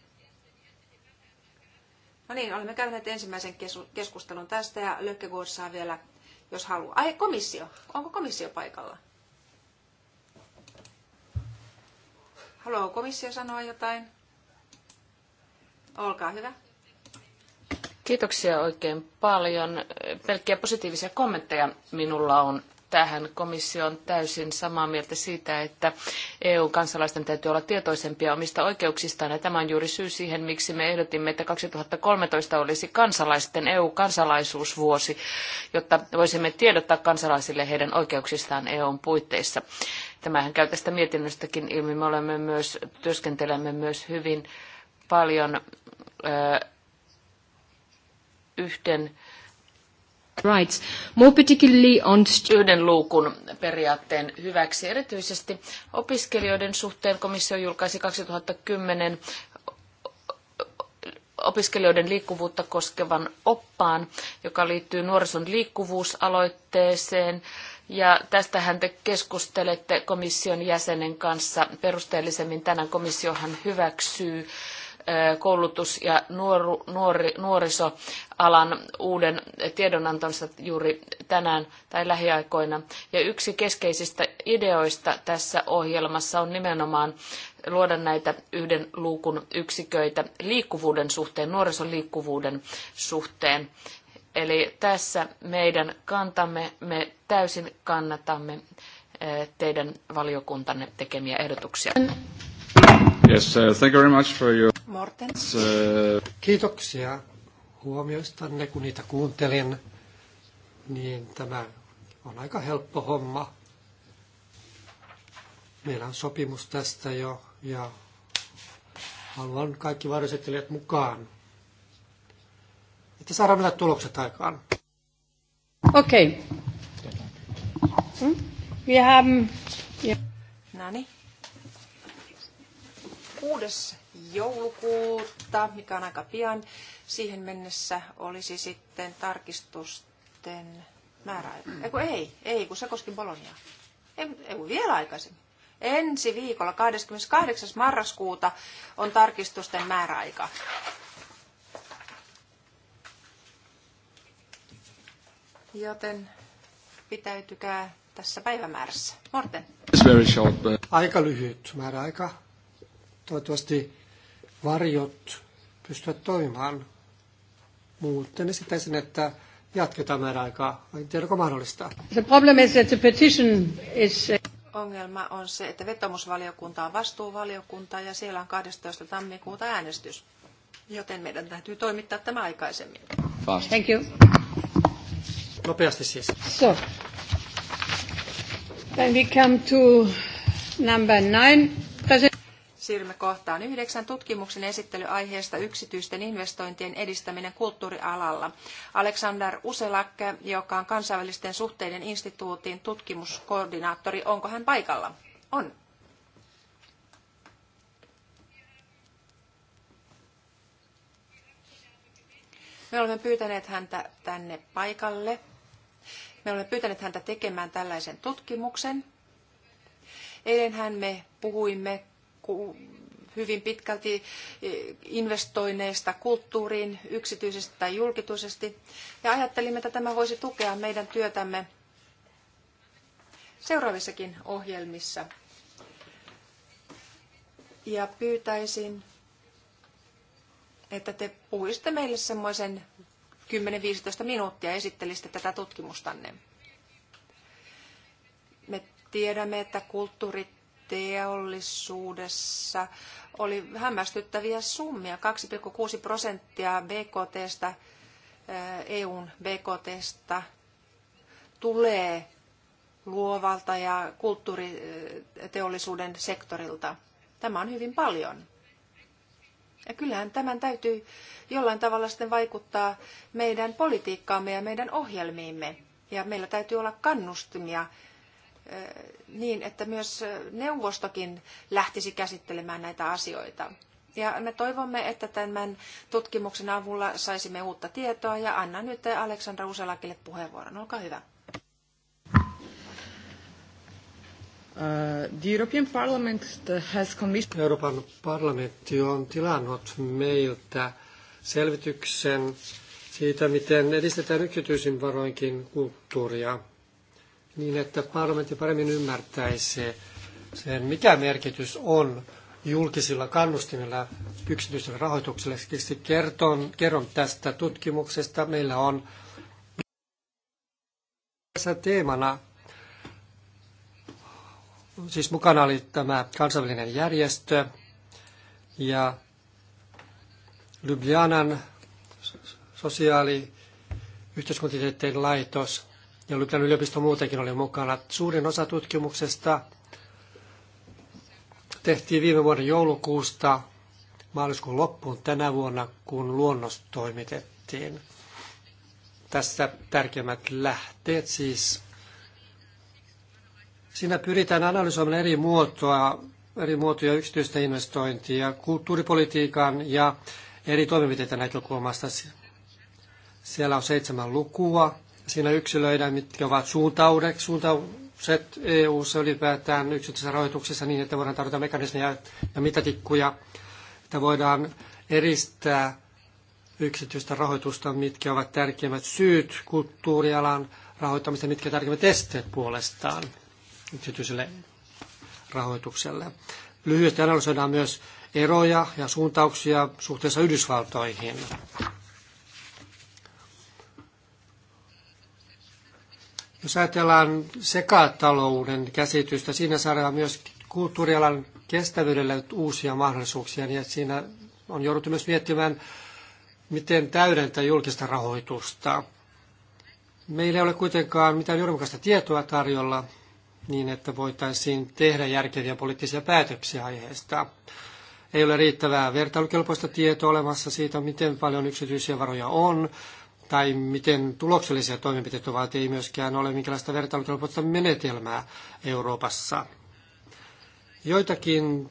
No niin, olemme käyneet ensimmäisen keskustelun tästä ja Lökkegård saa vielä, jos haluaa. Ai, komissio. Onko komissio paikalla? Haluaa komissio sanoa jotain? Olkaa hyvä. Kiitoksia oikein paljon. Pelkkiä positiivisia kommentteja minulla on tähän. Komissio on täysin samaa mieltä siitä, että EU-kansalaisten täytyy olla tietoisempia omista oikeuksistaan. Ja tämä on juuri syy siihen, miksi me ehdotimme, että 2013 olisi kansalaisten EU-kansalaisuusvuosi, jotta voisimme tiedottaa kansalaisille heidän oikeuksistaan EUn puitteissa. Tämähän käy tästä mietinnöstäkin ilmi. Me olemme myös, työskentelemme myös hyvin paljon ö, yhden rights, more particularly on student luukun periaatteen hyväksi. Erityisesti opiskelijoiden suhteen komissio julkaisi 2010 opiskelijoiden liikkuvuutta koskevan oppaan, joka liittyy nuorison liikkuvuusaloitteeseen. Ja tästähän te keskustelette komission jäsenen kanssa perusteellisemmin. Tänään komissiohan hyväksyy koulutus- ja nuoru, nuori, nuorisoalan uuden tiedonantonsa juuri tänään tai lähiaikoina. Ja yksi keskeisistä ideoista tässä ohjelmassa on nimenomaan luoda näitä yhden luukun yksiköitä liikkuvuuden suhteen, liikkuvuuden suhteen. Eli tässä meidän kantamme, me täysin kannatamme teidän valiokuntanne tekemiä ehdotuksia. Yes, uh, thank you very much for your... Morten. Uh... Kiitoksia huomioistanne, kun niitä kuuntelin. Niin tämä on aika helppo homma. Meillä on sopimus tästä jo ja haluan kaikki varjosettelijat mukaan, että saadaan vielä tulokset aikaan. Okei. Okay. Hmm? We have... Yeah. No niin. 6. joulukuuta, mikä on aika pian. Siihen mennessä olisi sitten tarkistusten määräaika. Eiku ei, ei, kun se koski Boloniaa. Ei, ei kun vielä aikaisemmin. Ensi viikolla 28. marraskuuta on tarkistusten määräaika. Joten pitäytykää tässä päivämäärässä. Morten. It's very short, but... Aika lyhyt määräaika. Toivottavasti varjot pystyvät toimimaan. Muuten esittäisin, että jatketaan aikaa, En tiedä, onko mahdollista. The problem is that the petition is... Uh, Ongelma on se, että vetomusvaliokunta on vastuuvaliokunta ja siellä on 12. tammikuuta äänestys. Joten meidän täytyy toimittaa tämä aikaisemmin. Fast. Thank you. Nopeasti siis. So. Then we come to number nine. Siirrymme kohtaan yhdeksän. Tutkimuksen esittely aiheesta yksityisten investointien edistäminen kulttuurialalla. Aleksander Uselak, joka on kansainvälisten suhteiden instituutin tutkimuskoordinaattori, onko hän paikalla? On. Me olemme pyytäneet häntä tänne paikalle. Me olemme pyytäneet häntä tekemään tällaisen tutkimuksen. Eilenhän me puhuimme hyvin pitkälti eh, investoinneista kulttuuriin yksityisesti tai julkisesti. Ja ajattelimme, että tämä voisi tukea meidän työtämme seuraavissakin ohjelmissa. Ja pyytäisin, että te puhuisitte meille semmoisen 10-15 minuuttia esittelisitte tätä tutkimustanne. Me tiedämme, että kulttuurit teollisuudessa oli hämmästyttäviä summia, 2,6 prosenttia BKTstä, EUn eh, e BKTstä tulee luovalta ja kulttuuriteollisuuden sektorilta. Tämä on hyvin paljon. Ja kyllähän tämän täytyy jollain tavalla sitten vaikuttaa meidän politiikkaamme ja meidän ohjelmiimme. Ja meillä täytyy olla kannustimia niin, että myös neuvostokin lähtisi käsittelemään näitä asioita. Ja me toivomme, että tämän tutkimuksen avulla saisimme uutta tietoa ja annan nyt Aleksandra Uselakille puheenvuoron. Olkaa hyvä. Uh, European Parliament has commissioned... Euroopan parlamentti on tilannut meiltä selvityksen siitä, miten edistetään yksityisin varoinkin kulttuuria niin, että parlamentti paremmin ymmärtäisi sen, mikä merkitys on julkisilla kannustimilla yksityiselle rahoitukselle. Siksi kerton, kerron tästä tutkimuksesta. Meillä on tässä teemana, siis mukana oli tämä kansainvälinen järjestö ja Ljubljanan sosiaali- yhteiskuntatieteiden laitos ja Lykän yliopisto muutenkin oli mukana. Suurin osa tutkimuksesta tehtiin viime vuoden joulukuusta maaliskuun loppuun tänä vuonna, kun luonnos toimitettiin. Tässä tärkeimmät lähteet siis. Siinä pyritään analysoimaan eri muotoa, eri muotoja yksityistä investointia, kulttuuripolitiikan ja eri toimenpiteitä näkökulmasta. Siellä on seitsemän lukua, Siinä yksilöidä mitkä ovat suuntaudet, suuntaukset EU-ssa ylipäätään yksityisessä rahoituksessa niin, että voidaan tarjota mekanismeja ja mitatikkuja, että voidaan eristää yksityistä rahoitusta, mitkä ovat tärkeimmät syyt kulttuurialan rahoittamista, mitkä tärkeimmät esteet puolestaan yksityiselle rahoitukselle. Lyhyesti analysoidaan myös eroja ja suuntauksia suhteessa Yhdysvaltoihin. Jos ajatellaan sekatalouden käsitystä, siinä saadaan myös kulttuurialan kestävyydelle uusia mahdollisuuksia, niin siinä on jouduttu myös miettimään, miten täydentää julkista rahoitusta. Meillä ei ole kuitenkaan mitään johdonmukaista tietoa tarjolla niin, että voitaisiin tehdä järkeviä poliittisia päätöksiä aiheesta. Ei ole riittävää vertailukelpoista tietoa olemassa siitä, miten paljon yksityisiä varoja on, tai miten tuloksellisia toimenpiteitä ovat, ei myöskään ole minkälaista vertailukelpoista menetelmää Euroopassa. Joitakin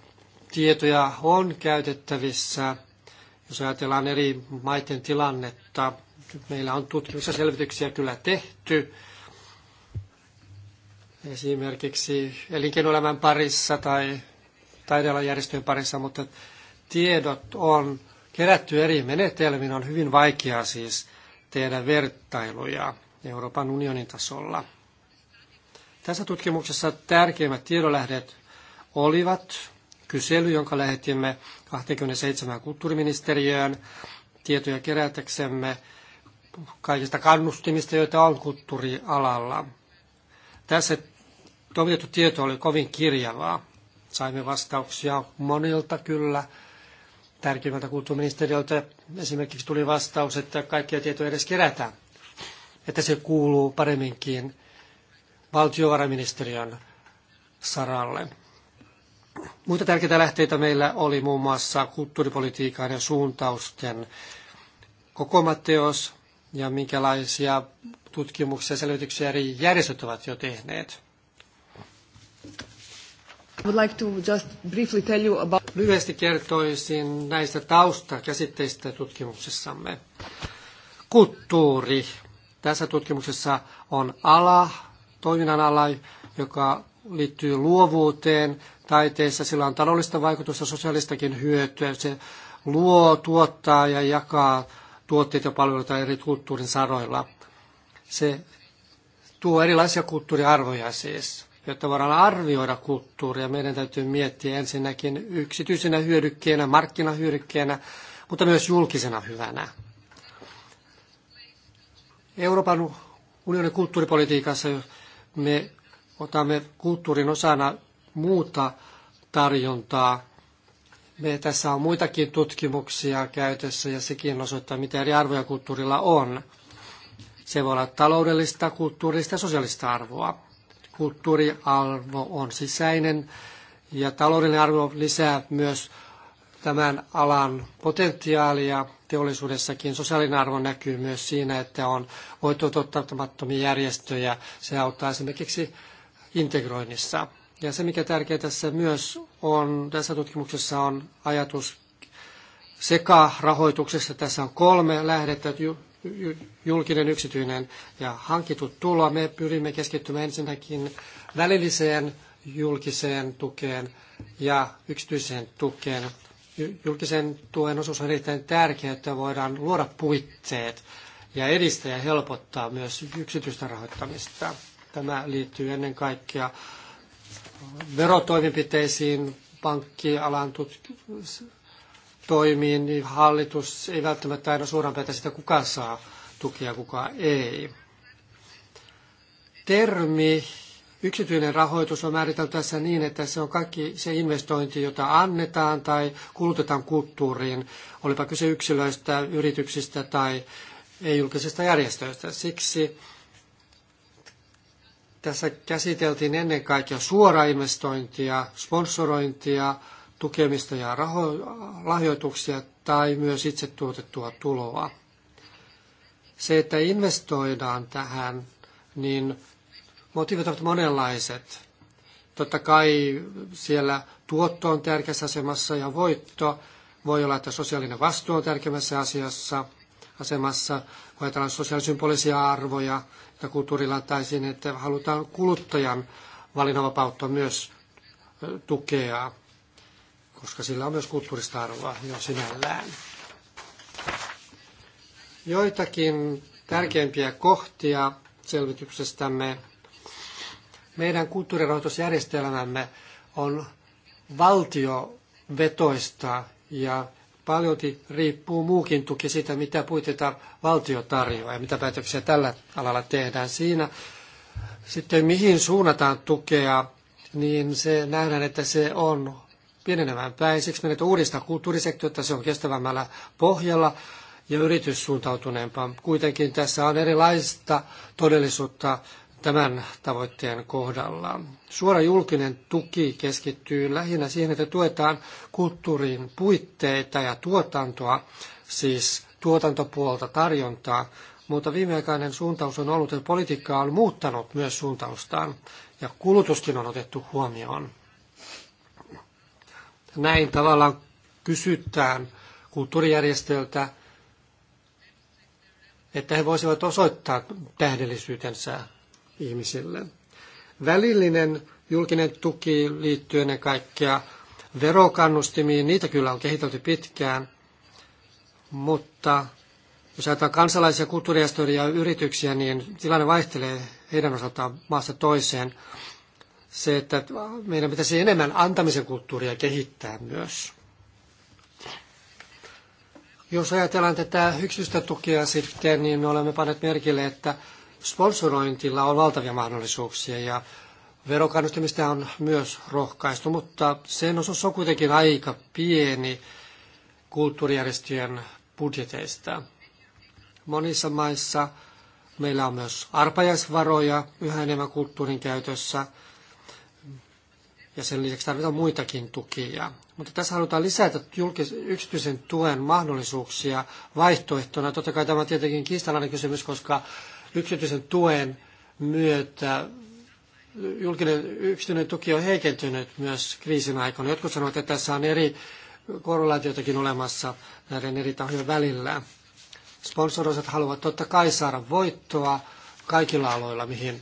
tietoja on käytettävissä, jos ajatellaan eri maiden tilannetta. Meillä on tutkimuksia selvityksiä kyllä tehty, esimerkiksi elinkeinoelämän parissa tai taidealan järjestöjen parissa, mutta tiedot on kerätty eri menetelmin, on hyvin vaikeaa siis tehdä vertailuja Euroopan unionin tasolla. Tässä tutkimuksessa tärkeimmät tiedolähdet olivat kysely, jonka lähetimme 27 kulttuuriministeriöön tietoja kerätäksemme kaikista kannustimista, joita on kulttuurialalla. Tässä toivotettu tieto oli kovin kirjavaa. Saimme vastauksia monilta kyllä tärkeimmältä kulttuuriministeriöltä esimerkiksi tuli vastaus, että kaikkia tietoja edes kerätään, että se kuuluu paremminkin valtiovarainministeriön saralle. Muita tärkeitä lähteitä meillä oli muun muassa kulttuuripolitiikan ja suuntausten kokoomateos ja minkälaisia tutkimuksia ja selvityksiä eri järjestöt ovat jo tehneet. Would like to just briefly tell you about... Lyhyesti kertoisin näistä käsitteistä tutkimuksessamme. Kulttuuri. Tässä tutkimuksessa on ala, toiminnan ala, joka liittyy luovuuteen taiteessa. Sillä on taloudellista vaikutusta, sosiaalistakin hyötyä. Se luo, tuottaa ja jakaa tuotteita ja palveluita eri kulttuurin saroilla. Se tuo erilaisia kulttuuriarvoja siis jotta voidaan arvioida kulttuuria. Meidän täytyy miettiä ensinnäkin yksityisenä hyödykkeenä, markkinahyödykkeenä, mutta myös julkisena hyvänä. Euroopan unionin kulttuuripolitiikassa me otamme kulttuurin osana muuta tarjontaa. Me, tässä on muitakin tutkimuksia käytössä ja sekin osoittaa, mitä eri arvoja kulttuurilla on. Se voi olla taloudellista, kulttuurista ja sosiaalista arvoa. Kulttuuriarvo on sisäinen ja taloudellinen arvo lisää myös tämän alan potentiaalia teollisuudessakin. Sosiaalinen arvo näkyy myös siinä, että on voitu toteuttamattomia järjestöjä. Se auttaa esimerkiksi integroinnissa. Ja se, mikä tärkeää tässä myös on, tässä tutkimuksessa on ajatus sekä rahoituksessa. Tässä on kolme lähdettä, julkinen, yksityinen ja hankitut tulo. Me pyrimme keskittymään ensinnäkin välilliseen julkiseen tukeen ja yksityiseen tukeen. Julkisen tuen osuus on erittäin tärkeä, että voidaan luoda puitteet ja edistää ja helpottaa myös yksityistä rahoittamista. Tämä liittyy ennen kaikkea verotoimenpiteisiin, pankkialan tutk- toimiin, niin hallitus ei välttämättä aina suoraan päätä sitä, kuka saa tukea, kuka ei. Termi yksityinen rahoitus on määritelty tässä niin, että se on kaikki se investointi, jota annetaan tai kulutetaan kulttuuriin, olipa kyse yksilöistä, yrityksistä tai ei-julkisista järjestöistä. Siksi tässä käsiteltiin ennen kaikkea suoraa investointia, sponsorointia, tukemista ja raho- lahjoituksia tai myös itse tuotettua tuloa. Se, että investoidaan tähän, niin motiivit ovat monenlaiset. Totta kai siellä tuotto on tärkeässä asemassa ja voitto. Voi olla, että sosiaalinen vastuu on tärkeässä asiassa, asemassa. Voi olla sosiaalisympolisia arvoja ja kulttuurilla tai siinä, että halutaan kuluttajan valinnanvapautta myös tukea koska sillä on myös kulttuurista arvoa jo sinällään. Joitakin tärkeimpiä kohtia selvityksestämme. Meidän kulttuurirahoitusjärjestelmämme on valtiovetoista ja paljon riippuu muukin tuki siitä, mitä puitteita valtio tarjoaa ja mitä päätöksiä tällä alalla tehdään. Siinä sitten mihin suunnataan tukea, niin se nähdään, että se on pienenemään päin. Siksi meidän uudistaa kulttuurisektoria, se on kestävämmällä pohjalla ja yrityssuuntautuneempaa. Kuitenkin tässä on erilaista todellisuutta tämän tavoitteen kohdalla. Suora julkinen tuki keskittyy lähinnä siihen, että tuetaan kulttuurin puitteita ja tuotantoa, siis tuotantopuolta tarjontaa, mutta viimeaikainen suuntaus on ollut, että politiikka on muuttanut myös suuntaustaan ja kulutuskin on otettu huomioon. Näin tavallaan kysytään kulttuurijärjestöltä, että he voisivat osoittaa tähdellisyytensä ihmisille. Välillinen julkinen tuki liittyy ennen kaikkea verokannustimiin, niitä kyllä on kehitelty pitkään, mutta jos ajatellaan kansalaisia kulttuurijärjestöjä ja yrityksiä, niin tilanne vaihtelee heidän osaltaan maasta toiseen se, että meidän pitäisi enemmän antamisen kulttuuria kehittää myös. Jos ajatellaan tätä yksityistä tukea sitten, niin me olemme panneet merkille, että sponsorointilla on valtavia mahdollisuuksia ja verokannustamista on myös rohkaistu, mutta sen osuus on kuitenkin aika pieni kulttuurijärjestöjen budjeteista. Monissa maissa meillä on myös arpajaisvaroja yhä enemmän kulttuurin käytössä – ja sen lisäksi tarvitaan muitakin tukia. Mutta tässä halutaan lisätä julkis- yksityisen tuen mahdollisuuksia vaihtoehtona. Totta kai tämä on tietenkin kiistalainen kysymys, koska yksityisen tuen myötä julkinen, yksityinen tuki on heikentynyt myös kriisin aikana. Jotkut sanovat, että tässä on eri korrelaatioitakin olemassa näiden eri tahojen välillä. Sponsoroiset haluavat totta kai saada voittoa kaikilla aloilla, mihin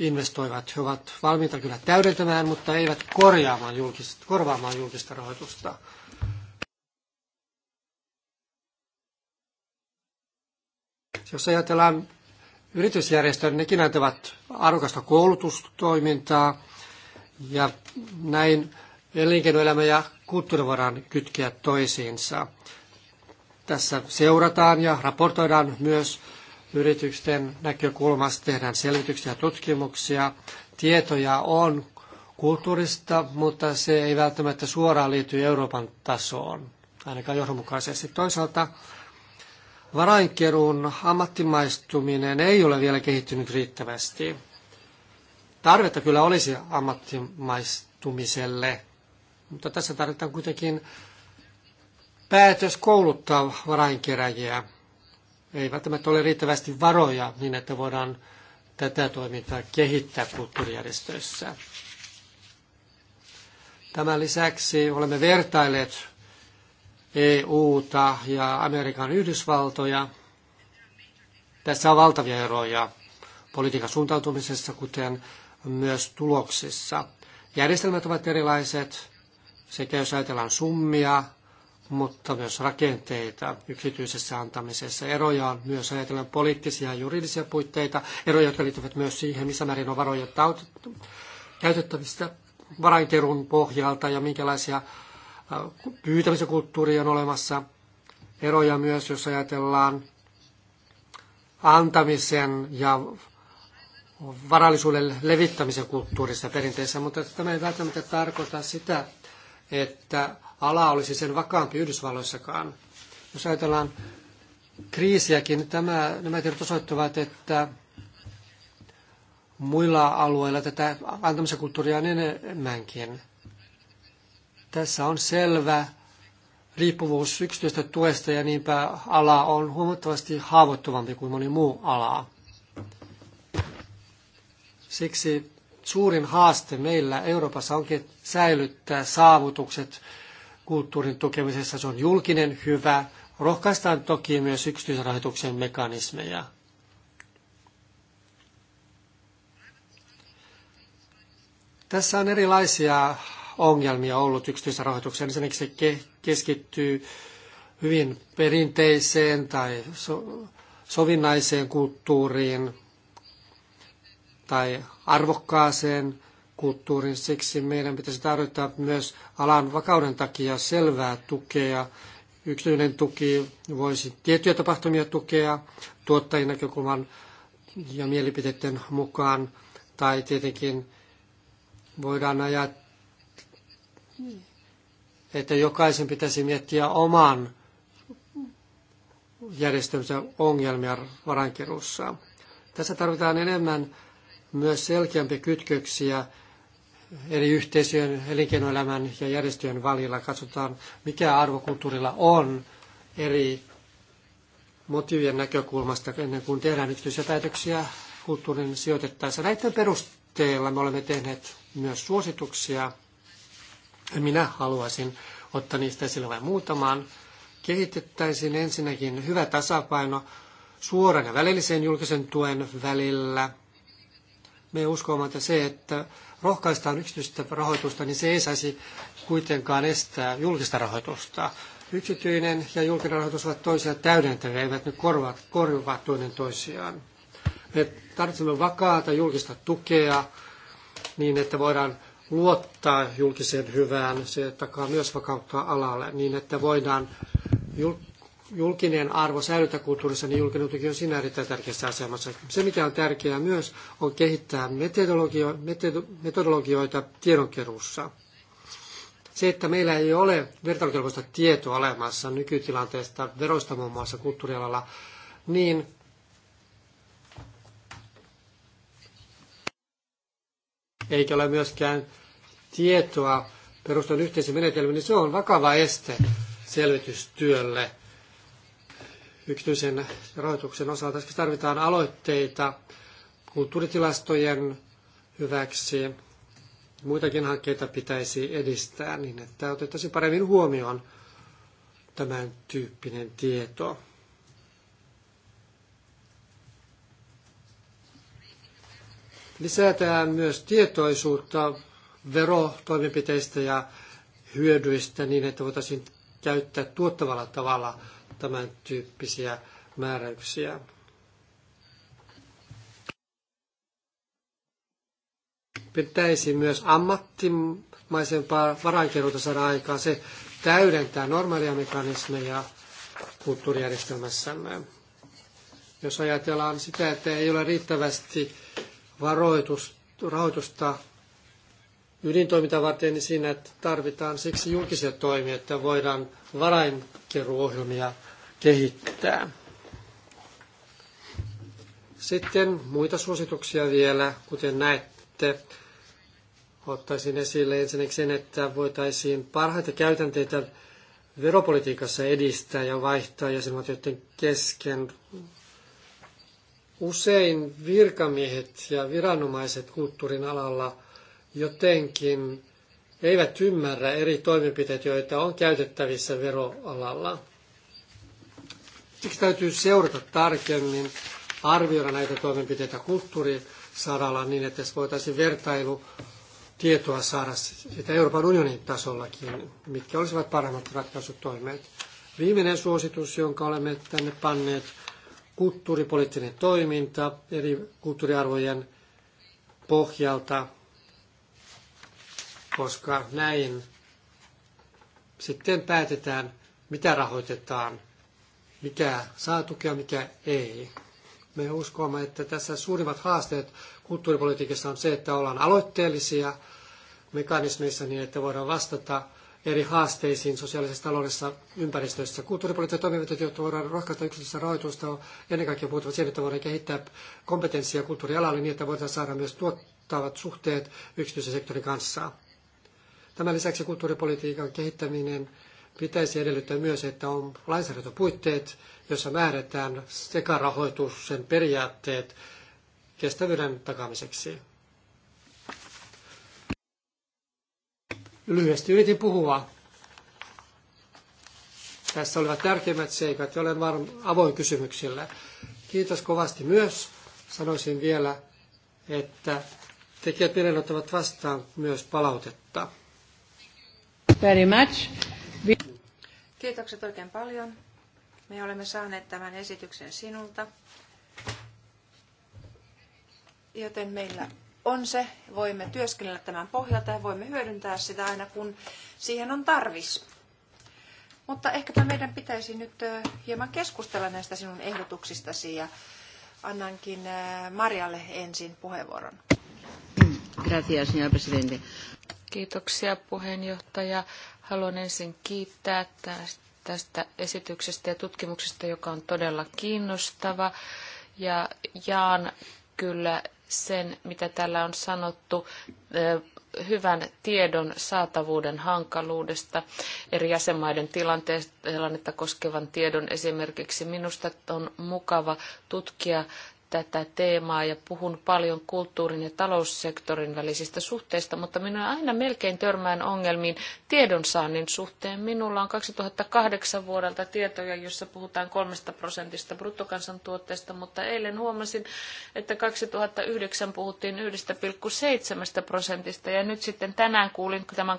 investoivat. He ovat valmiita kyllä täydentämään, mutta eivät korjaamaan julkista, korvaamaan julkista rahoitusta. Jos ajatellaan yritysjärjestöjä, niin nekin antavat arvokasta koulutustoimintaa ja näin elinkeinoelämä ja kulttuuri voidaan kytkeä toisiinsa. Tässä seurataan ja raportoidaan myös yritysten näkökulmasta tehdään selvityksiä ja tutkimuksia. Tietoja on kulttuurista, mutta se ei välttämättä suoraan liity Euroopan tasoon, ainakaan johdonmukaisesti. Toisaalta varainkeruun ammattimaistuminen ei ole vielä kehittynyt riittävästi. Tarvetta kyllä olisi ammattimaistumiselle, mutta tässä tarvitaan kuitenkin päätös kouluttaa varainkeräjiä ei välttämättä ole riittävästi varoja niin, että voidaan tätä toimintaa kehittää kulttuurijärjestöissä. Tämän lisäksi olemme vertailleet EUta ja Amerikan Yhdysvaltoja. Tässä on valtavia eroja politiikan suuntautumisessa, kuten myös tuloksissa. Järjestelmät ovat erilaiset, sekä jos ajatellaan summia, mutta myös rakenteita yksityisessä antamisessa. Eroja on myös ajatellen poliittisia ja juridisia puitteita, eroja, jotka liittyvät myös siihen, missä määrin on varoja käytettävistä varainkerun pohjalta ja minkälaisia pyytämisen kulttuuria on olemassa. Eroja myös, jos ajatellaan antamisen ja varallisuuden levittämisen kulttuurissa perinteessä, mutta tämä ei välttämättä tarkoita sitä, että ala olisi sen vakaampi Yhdysvalloissakaan. Jos ajatellaan kriisiäkin, tämä, nämä tiedot osoittavat, että muilla alueilla tätä antamisen kulttuuria on enemmänkin. Tässä on selvä riippuvuus yksityistä tuesta ja niinpä ala on huomattavasti haavoittuvampi kuin moni muu ala. Siksi suurin haaste meillä Euroopassa onkin säilyttää saavutukset kulttuurin tukemisessa. Se on julkinen hyvä. Rohkaistaan toki myös yksityisrahoituksen mekanismeja. Tässä on erilaisia ongelmia ollut yksityisrahoituksen. Ensinnäkin se keskittyy hyvin perinteiseen tai sovinnaiseen kulttuuriin tai arvokkaaseen kulttuurin. Siksi meidän pitäisi tarjota myös alan vakauden takia selvää tukea. Yksityinen tuki voisi tiettyjä tapahtumia tukea tuottajien näkökulman ja mielipiteiden mukaan. Tai tietenkin voidaan ajaa, että jokaisen pitäisi miettiä oman järjestämisen ongelmia varankeruussa. Tässä tarvitaan enemmän myös selkeämpiä kytköksiä eri yhteisöjen, elinkeinoelämän ja järjestöjen välillä. Katsotaan, mikä arvokulttuurilla on eri motiivien näkökulmasta ennen kuin tehdään yksityisiä päätöksiä kulttuurin sijoitettaessa. Näiden perusteella me olemme tehneet myös suosituksia. Minä haluaisin ottaa niistä esille vain muutaman. Kehitettäisiin ensinnäkin hyvä tasapaino suoran ja välillisen julkisen tuen välillä – me uskomme, että se, että rohkaistaan yksityistä rahoitusta, niin se ei saisi kuitenkaan estää julkista rahoitusta. Yksityinen ja julkinen rahoitus ovat toisiaan täydentäviä, eivät ne korvaa, korjuvaa toinen toisiaan. Me tarvitsemme vakaata julkista tukea niin, että voidaan luottaa julkiseen hyvään. Se takaa myös vakautta alalle niin, että voidaan julkinen arvo säilytäkulttuurissa, niin julkinen tuki on siinä erittäin tärkeässä asemassa. Se, mikä on tärkeää myös, on kehittää metodologio, metodologioita tiedonkeruussa. Se, että meillä ei ole vertailukelpoista tietoa olemassa nykytilanteesta veroista muun muassa kulttuurialalla, niin eikä ole myöskään tietoa perustan yhteisen menetelmän, niin se on vakava este selvitystyölle – yksityisen rahoituksen osalta. Tässä tarvitaan aloitteita kulttuuritilastojen hyväksi. Muitakin hankkeita pitäisi edistää niin, että otettaisiin paremmin huomioon tämän tyyppinen tieto. Lisätään myös tietoisuutta verotoimenpiteistä ja hyödyistä niin, että voitaisiin käyttää tuottavalla tavalla tämän tyyppisiä määräyksiä. Pitäisi myös ammattimaisempaa varainkeruuta saada aikaan. Se täydentää normaalia mekanismeja kulttuurijärjestelmässämme. Jos ajatellaan sitä, että ei ole riittävästi varoitus, rahoitusta ydintoimintaa varten, niin siinä tarvitaan siksi julkisia toimia, että voidaan varainkeruohjelmia kehittää. Sitten muita suosituksia vielä, kuten näette. Ottaisin esille ensinnäkin sen, että voitaisiin parhaita käytänteitä veropolitiikassa edistää ja vaihtaa jäsenvaltioiden kesken. Usein virkamiehet ja viranomaiset kulttuurin alalla – jotenkin eivät ymmärrä eri toimenpiteet, joita on käytettävissä veroalalla. Siksi täytyy seurata tarkemmin, arvioida näitä toimenpiteitä kulttuurisaralla niin, että voitaisiin vertailu tietoa saada sitä Euroopan unionin tasollakin, mitkä olisivat parhaimmat ratkaisutoimet. Viimeinen suositus, jonka olemme tänne panneet, kulttuuripoliittinen toiminta eri kulttuuriarvojen pohjalta koska näin sitten päätetään, mitä rahoitetaan, mikä saa tukea, mikä ei. Me uskomme, että tässä suurimmat haasteet kulttuuripolitiikassa on se, että ollaan aloitteellisia mekanismeissa niin, että voidaan vastata eri haasteisiin sosiaalisessa taloudessa ympäristössä. Kulttuuripoliittiset toimivat, jotta voidaan rohkaista yksityistä rahoitusta, ennen kaikkea puhuttavat siihen, että voidaan kehittää kompetenssia kulttuurialalle niin, että voidaan saada myös tuottavat suhteet yksityisen sektorin kanssa. Tämän lisäksi kulttuuripolitiikan kehittäminen pitäisi edellyttää myös, että on lainsäädäntöpuitteet, jossa määrätään sekarahoituksen periaatteet kestävyyden takamiseksi. Lyhyesti yritin puhua. Tässä olivat tärkeimmät seikat ja olen varm avoin kysymyksille. Kiitos kovasti myös. Sanoisin vielä, että tekijät mielen ottavat vastaan myös palautetta very much. Kiitokset oikein paljon. Me olemme saaneet tämän esityksen sinulta. Joten meillä on se, voimme työskennellä tämän pohjalta ja voimme hyödyntää sitä aina, kun siihen on tarvis. Mutta ehkäpä meidän pitäisi nyt hieman keskustella näistä sinun ehdotuksistasi ja annankin Marjalle ensin puheenvuoron. Gracias, señor presidente. Kiitoksia puheenjohtaja. Haluan ensin kiittää tästä esityksestä ja tutkimuksesta, joka on todella kiinnostava. Ja jaan kyllä sen, mitä täällä on sanottu hyvän tiedon saatavuuden hankaluudesta, eri jäsenmaiden tilanteesta, tilannetta koskevan tiedon esimerkiksi. Minusta on mukava tutkia tätä teemaa ja puhun paljon kulttuurin ja taloussektorin välisistä suhteista, mutta minä aina melkein törmään ongelmiin tiedonsaannin suhteen. Minulla on 2008 vuodelta tietoja, jossa puhutaan kolmesta prosentista bruttokansantuotteesta, mutta eilen huomasin, että 2009 puhuttiin 1,7 prosentista ja nyt sitten tänään kuulin tämän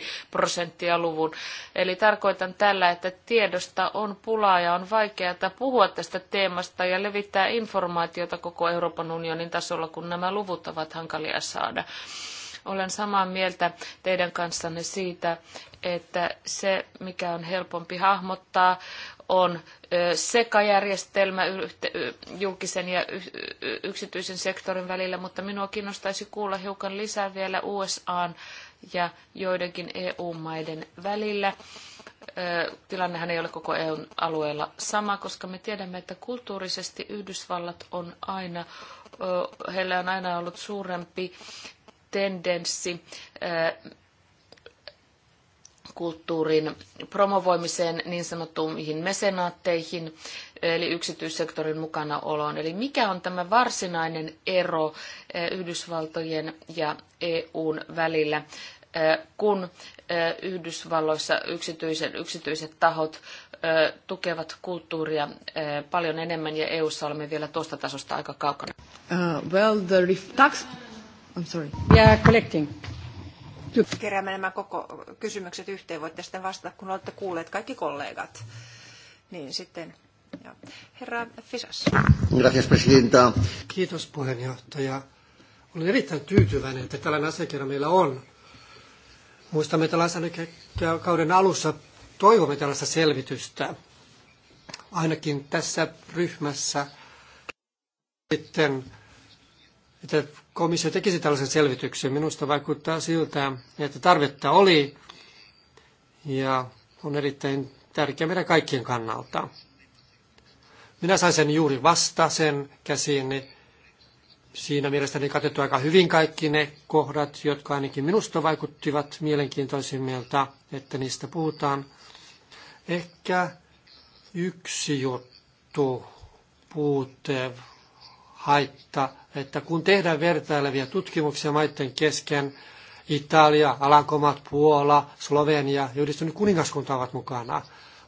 2,5 prosenttia luvun. Eli tarkoitan tällä, että tiedosta on pulaa ja on vaikeaa puhua tästä teemasta ja levittää informaatiota koko Euroopan unionin tasolla, kun nämä luvut ovat hankalia saada. Olen samaa mieltä teidän kanssanne siitä, että se, mikä on helpompi hahmottaa, on sekajärjestelmä julkisen ja yksityisen sektorin välillä, mutta minua kiinnostaisi kuulla hiukan lisää vielä USAn ja joidenkin EU-maiden välillä Tilannehan ei ole koko EUn alueella sama, koska me tiedämme, että kulttuurisesti Yhdysvallat on aina, heillä on aina ollut suurempi tendenssi kulttuurin promovoimiseen, niin sanottuihin mesenaatteihin, eli yksityissektorin mukanaoloon. Eli mikä on tämä varsinainen ero Yhdysvaltojen ja EUn välillä kun Yhdysvalloissa yksityiset, yksityiset tahot tukevat kulttuuria paljon enemmän ja EU:ssa olemme vielä tuosta tasosta aika kaukana. Uh, well, the ref- tax... I'm sorry. Yeah, collecting. Keräämme nämä koko kysymykset yhteen. Voitte sitten vastata, kun olette kuulleet kaikki kollegat. Niin sitten ja. Herra Fisas. Gracias, presidenta. Kiitos puheenjohtaja. Olen erittäin tyytyväinen, että tällainen asiakirja meillä on Muistamme, että lainsäädäntökauden alussa toivomme tällaista selvitystä, ainakin tässä ryhmässä sitten, että komissio tekisi tällaisen selvityksen. Minusta vaikuttaa siltä, että tarvetta oli ja on erittäin tärkeä meidän kaikkien kannalta. Minä sain sen juuri vasta sen käsiini Siinä mielestäni katettu aika hyvin kaikki ne kohdat, jotka ainakin minusta vaikuttivat mielenkiintoisimmilta, että niistä puhutaan. Ehkä yksi juttu, puute, haitta, että kun tehdään vertailevia tutkimuksia maiden kesken, Italia, Alankomat, Puola, Slovenia ja yhdistynyt kuningaskunta ovat mukana.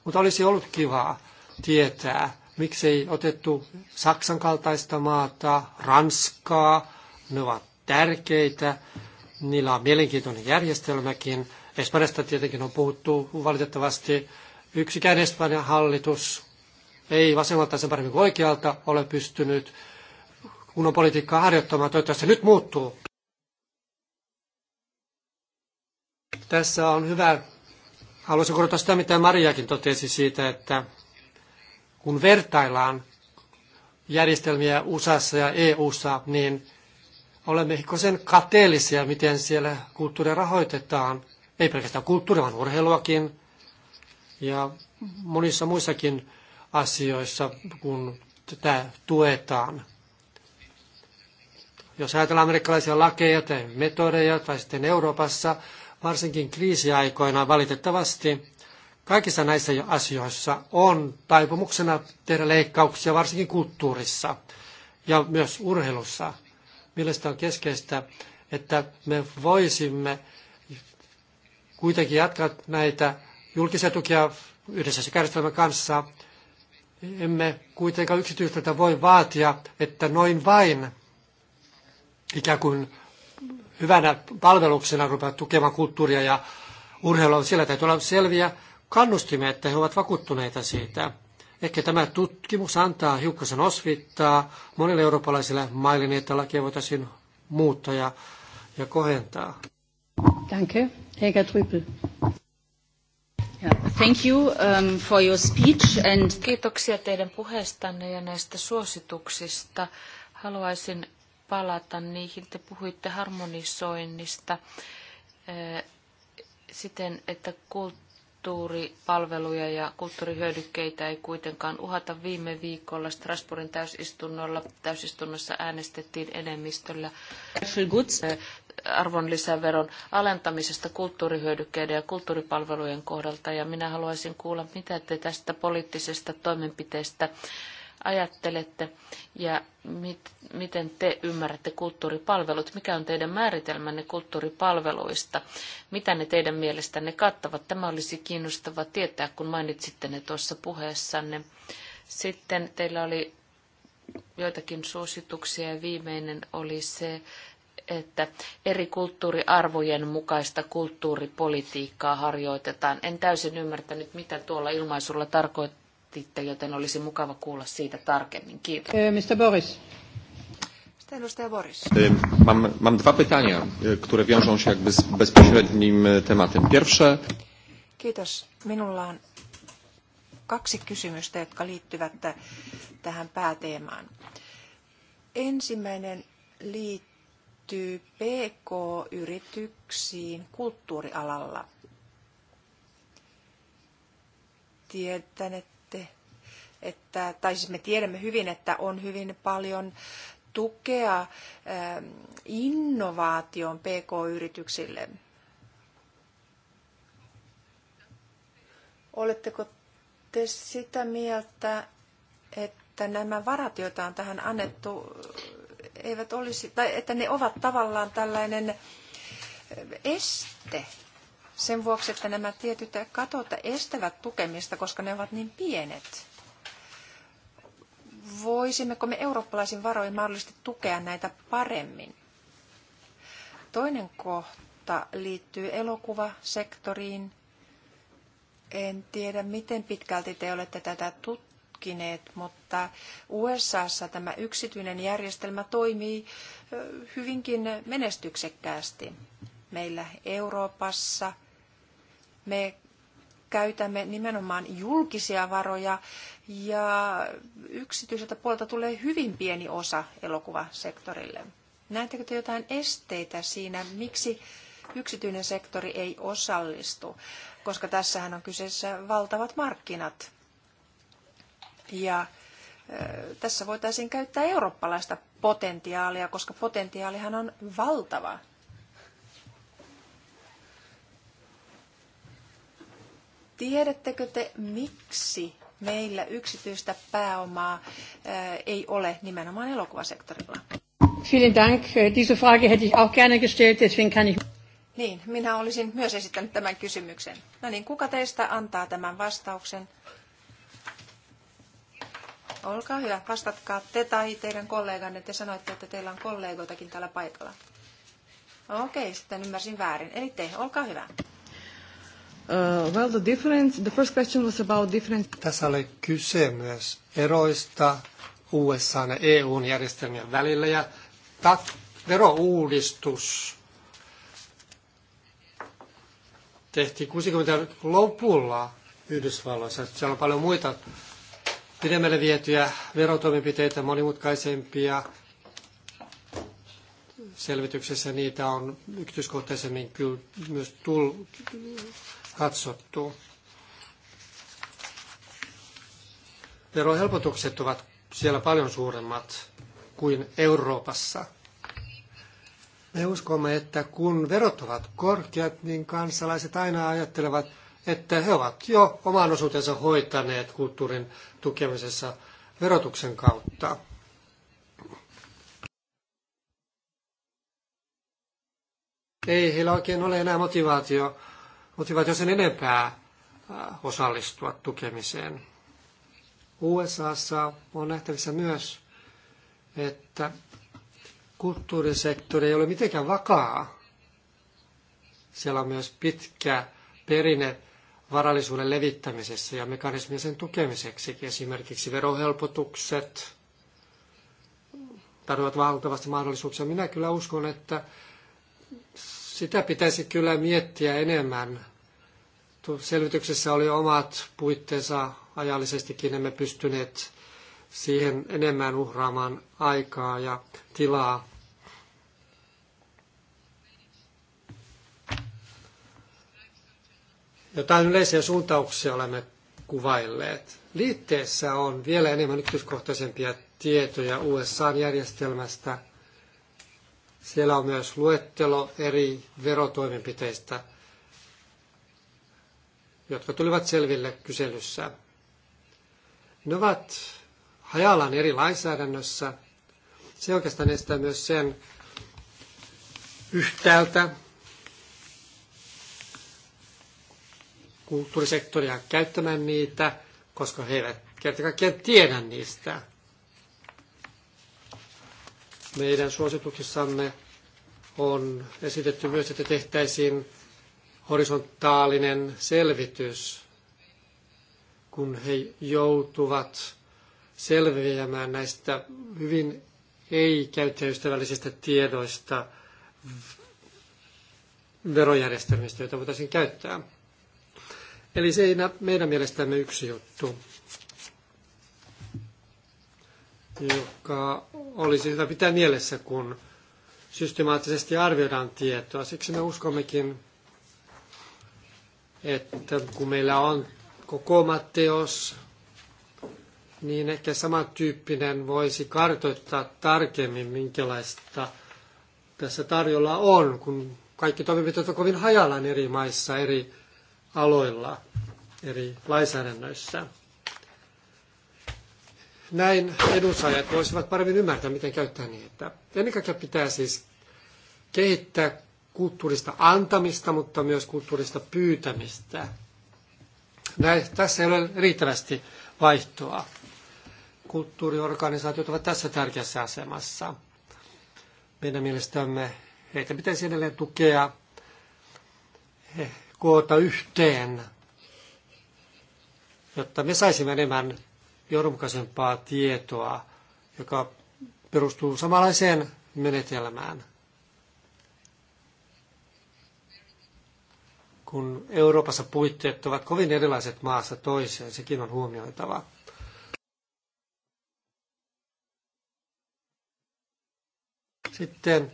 Mutta olisi ollut kivaa tietää, Miksei otettu Saksan kaltaista maata, Ranskaa, ne ovat tärkeitä, niillä on mielenkiintoinen järjestelmäkin. Espanjasta tietenkin on puhuttu valitettavasti. Yksikään Espanjan hallitus ei vasemmalta sen paremmin kuin oikealta ole pystynyt kunnon politiikkaa harjoittamaan. Toivottavasti se nyt muuttuu. Tässä on hyvä. Haluaisin korottaa sitä, mitä Mariakin totesi siitä, että kun vertaillaan järjestelmiä USAssa ja EUssa, niin olemme hikosen kateellisia, miten siellä kulttuuria rahoitetaan. Ei pelkästään kulttuuria, vaan urheiluakin ja monissa muissakin asioissa, kun tätä tuetaan. Jos ajatellaan amerikkalaisia lakeja tai metodeja tai sitten Euroopassa, varsinkin kriisiaikoina valitettavasti Kaikissa näissä asioissa on taipumuksena tehdä leikkauksia, varsinkin kulttuurissa ja myös urheilussa. Mielestäni on keskeistä, että me voisimme kuitenkin jatkaa näitä julkisia tukia yhdessä järjestelmän kanssa. Emme kuitenkaan yksityiseltä voi vaatia, että noin vain ikään kuin hyvänä palveluksena rupeaa tukemaan kulttuuria ja urheilua. Siellä täytyy olla selviä kannustimia, että he ovat vakuuttuneita siitä. Ehkä tämä tutkimus antaa hiukkasen osvittaa monille eurooppalaisille maille, niin että lakia voitaisiin muuttaa ja, ja kohentaa. Danke. Helga Trüppel. Thank you um, for your speech and... Kiitoksia teidän puheestanne ja näistä suosituksista. Haluaisin palata niihin. Te puhuitte harmonisoinnista eh, siten, että kulttuuri kulttuuripalveluja ja kulttuurihyödykkeitä ei kuitenkaan uhata. Viime viikolla Strasbourgin täysistunnolla täysistunnossa äänestettiin enemmistöllä eh, arvonlisäveron alentamisesta kulttuurihyödykkeiden ja kulttuuripalvelujen kohdalta. Ja minä haluaisin kuulla, mitä te tästä poliittisesta toimenpiteestä ajattelette ja mit, miten te ymmärrätte kulttuuripalvelut? Mikä on teidän määritelmänne kulttuuripalveluista? Mitä ne teidän mielestänne kattavat? Tämä olisi kiinnostava tietää, kun mainitsitte ne tuossa puheessanne. Sitten teillä oli joitakin suosituksia ja viimeinen oli se, että eri kulttuuriarvojen mukaista kulttuuripolitiikkaa harjoitetaan. En täysin ymmärtänyt, mitä tuolla ilmaisulla tarkoit- esititte, joten olisi mukava kuulla siitä tarkemmin. Kiitos. Mr. Boris. Edustaja Boris. Mam, mam dwa pytania, które wiążą się jakby z bezpośrednim tematem. Pierwsze. Kiitos. Minulla on kaksi kysymystä, jotka liittyvät tähän pääteemaan. Ensimmäinen liittyy PK-yrityksiin kulttuurialalla. Tiedän, että että, tai siis me tiedämme hyvin, että on hyvin paljon tukea ähm, innovaation PK-yrityksille. Oletteko te sitä mieltä, että nämä varat, joita on tähän annettu, eivät olisi, tai että ne ovat tavallaan tällainen äh, este sen vuoksi, että nämä tietyt katot estävät tukemista, koska ne ovat niin pienet? voisimmeko me eurooppalaisin varoin mahdollisesti tukea näitä paremmin? Toinen kohta liittyy elokuvasektoriin. En tiedä, miten pitkälti te olette tätä tutkineet, mutta USAssa tämä yksityinen järjestelmä toimii hyvinkin menestyksekkäästi. Meillä Euroopassa me käytämme nimenomaan julkisia varoja ja yksityiseltä puolelta tulee hyvin pieni osa elokuvasektorille. Näettekö te jotain esteitä siinä, miksi yksityinen sektori ei osallistu, koska tässähän on kyseessä valtavat markkinat. Ja tässä voitaisiin käyttää eurooppalaista potentiaalia, koska potentiaalihan on valtava. Tiedättekö te, miksi meillä yksityistä pääomaa äh, ei ole nimenomaan elokuvasektorilla? Vielen Dank. Äh, diese Frage hätte ich auch gerne gestellt, deswegen kann ich... Niin, minä olisin myös esittänyt tämän kysymyksen. No niin, kuka teistä antaa tämän vastauksen? Olkaa hyvä, vastatkaa te tai teidän kolleganne. Te sanoitte, että teillä on kollegoitakin täällä paikalla. Okei, sitten ymmärsin väärin. Eli te, olkaa hyvä. Uh, well, the difference, the first question was about difference. Tässä oli kyse myös eroista USA ja EUn järjestelmien välillä ja tat, verouudistus tehtiin 60 lopulla Yhdysvalloissa. Siellä on paljon muita pidemmälle vietyjä verotoimenpiteitä, monimutkaisempia. Selvityksessä niitä on yksityiskohtaisemmin kyllä myös tullut katsottu. Verohelpotukset ovat siellä paljon suuremmat kuin Euroopassa. Me uskomme, että kun verot ovat korkeat, niin kansalaiset aina ajattelevat, että he ovat jo oman osuutensa hoitaneet kulttuurin tukemisessa verotuksen kautta. Ei heillä oikein ole enää motivaatio ottivat jo sen enempää äh, osallistua tukemiseen. USAssa on nähtävissä myös, että kulttuurisektori ei ole mitenkään vakaa. Siellä on myös pitkä perinne varallisuuden levittämisessä ja mekanismien sen tukemiseksi, esimerkiksi verohelpotukset tarjoavat valtavasti mahdollisuuksia. Minä kyllä uskon, että sitä pitäisi kyllä miettiä enemmän. Selvityksessä oli omat puitteensa ajallisestikin, emme pystyneet siihen enemmän uhraamaan aikaa ja tilaa. Jotain yleisiä suuntauksia olemme kuvailleet. Liitteessä on vielä enemmän yksityiskohtaisempia tietoja USA-järjestelmästä – siellä on myös luettelo eri verotoimenpiteistä, jotka tulivat selville kyselyssä. Ne ovat hajallaan eri lainsäädännössä. Se oikeastaan estää myös sen yhtäältä kulttuurisektoria käyttämään niitä, koska he eivät kertakaikkiaan tiedä niistä. Meidän suosituksissamme on esitetty myös, että tehtäisiin horisontaalinen selvitys, kun he joutuvat selviämään näistä hyvin ei-käyttäjäystävällisistä tiedoista verojärjestelmistä, joita voitaisiin käyttää. Eli se ei meidän mielestämme yksi juttu joka olisi hyvä pitää mielessä, kun systemaattisesti arvioidaan tietoa. Siksi me uskommekin, että kun meillä on koko teos, niin ehkä samantyyppinen voisi kartoittaa tarkemmin, minkälaista tässä tarjolla on, kun kaikki toimenpiteet ovat kovin hajallaan eri maissa, eri aloilla, eri lainsäädännöissä. Näin edunsaajat voisivat paremmin ymmärtää, miten käyttää niitä. Ennen kaikkea pitää siis kehittää kulttuurista antamista, mutta myös kulttuurista pyytämistä. Näin, tässä ei ole riittävästi vaihtoa. Kulttuuriorganisaatiot ovat tässä tärkeässä asemassa. Meidän mielestämme heitä pitäisi edelleen tukea, koota yhteen, jotta me saisimme enemmän johdonmukaisempaa tietoa, joka perustuu samanlaiseen menetelmään. Kun Euroopassa puitteet ovat kovin erilaiset maassa toiseen, sekin on huomioitava. Sitten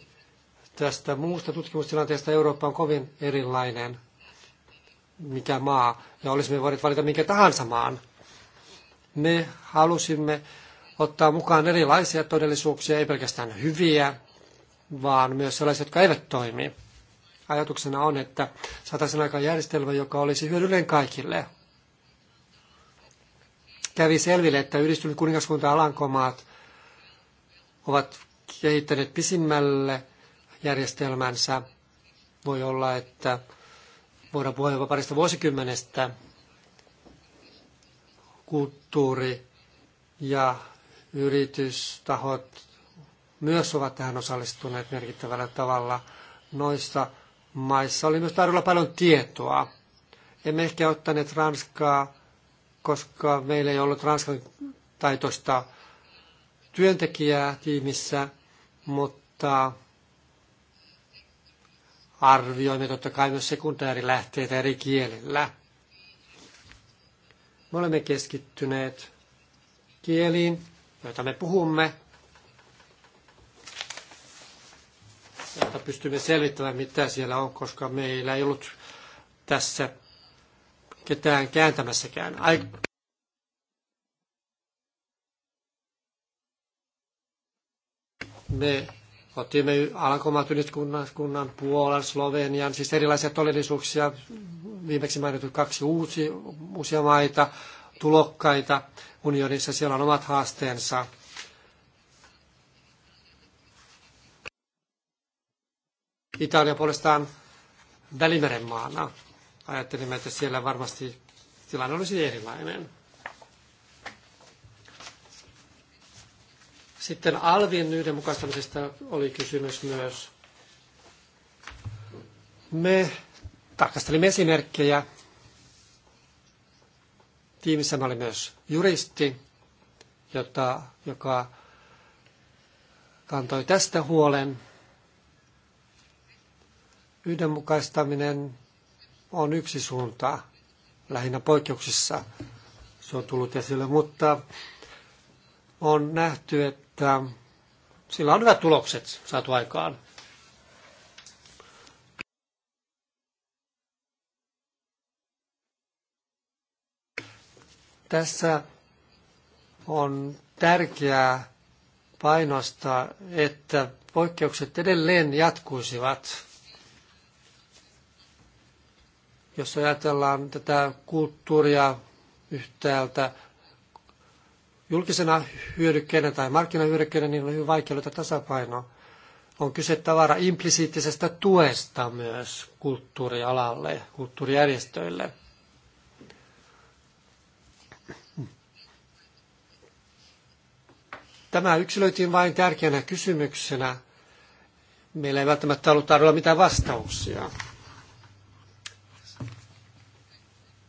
tästä muusta tutkimustilanteesta Eurooppa on kovin erilainen, mikä maa, ja olisimme voineet valita minkä tahansa maan. Me halusimme ottaa mukaan erilaisia todellisuuksia, ei pelkästään hyviä, vaan myös sellaisia, jotka eivät toimi. Ajatuksena on, että saataisiin aika järjestelmä, joka olisi hyödyllinen kaikille. Kävi selville, että yhdistynyt kuningaskunta Alankomaat ovat kehittäneet pisimmälle järjestelmänsä. Voi olla, että voidaan puhua jopa parista vuosikymmenestä kulttuuri ja yritystahot myös ovat tähän osallistuneet merkittävällä tavalla. Noissa maissa oli myös tarjolla paljon tietoa. Emme ehkä ottaneet Ranskaa, koska meillä ei ollut Ranskan taitoista työntekijää tiimissä, mutta arvioimme totta kai myös sekundäärilähteitä eri kielillä. Me olemme keskittyneet kieliin, joita me puhumme, jotta pystymme selvittämään, mitä siellä on, koska meillä ei ollut tässä ketään kääntämässäkään. Ai- me Otimme Alankomaat yhdistyskunnan, Puolan, Slovenian, siis erilaisia todellisuuksia, viimeksi mainittu kaksi uusi, uusia maita, tulokkaita unionissa, siellä on omat haasteensa. Italia puolestaan Välimeren maana. Ajattelimme, että siellä varmasti tilanne olisi erilainen. Sitten alvin yhdenmukaistamisesta oli kysymys myös. Me tarkastelimme esimerkkejä. Tiimissä oli myös juristi, jota, joka kantoi tästä huolen. Yhdenmukaistaminen on yksi suunta, lähinnä poikkeuksissa se on tullut esille, mutta on nähty, että että sillä on hyvät tulokset saatu aikaan. Tässä on tärkeää painostaa, että poikkeukset edelleen jatkuisivat. Jos ajatellaan tätä kulttuuria yhtäältä, julkisena hyödykkeenä tai markkinahyödykkeenä, niin on hyvin vaikea löytää tasapainoa. On kyse tavara implisiittisestä tuesta myös kulttuurialalle, kulttuurijärjestöille. Tämä yksilöitiin vain tärkeänä kysymyksenä. Meillä ei välttämättä ollut tarjolla mitään vastauksia.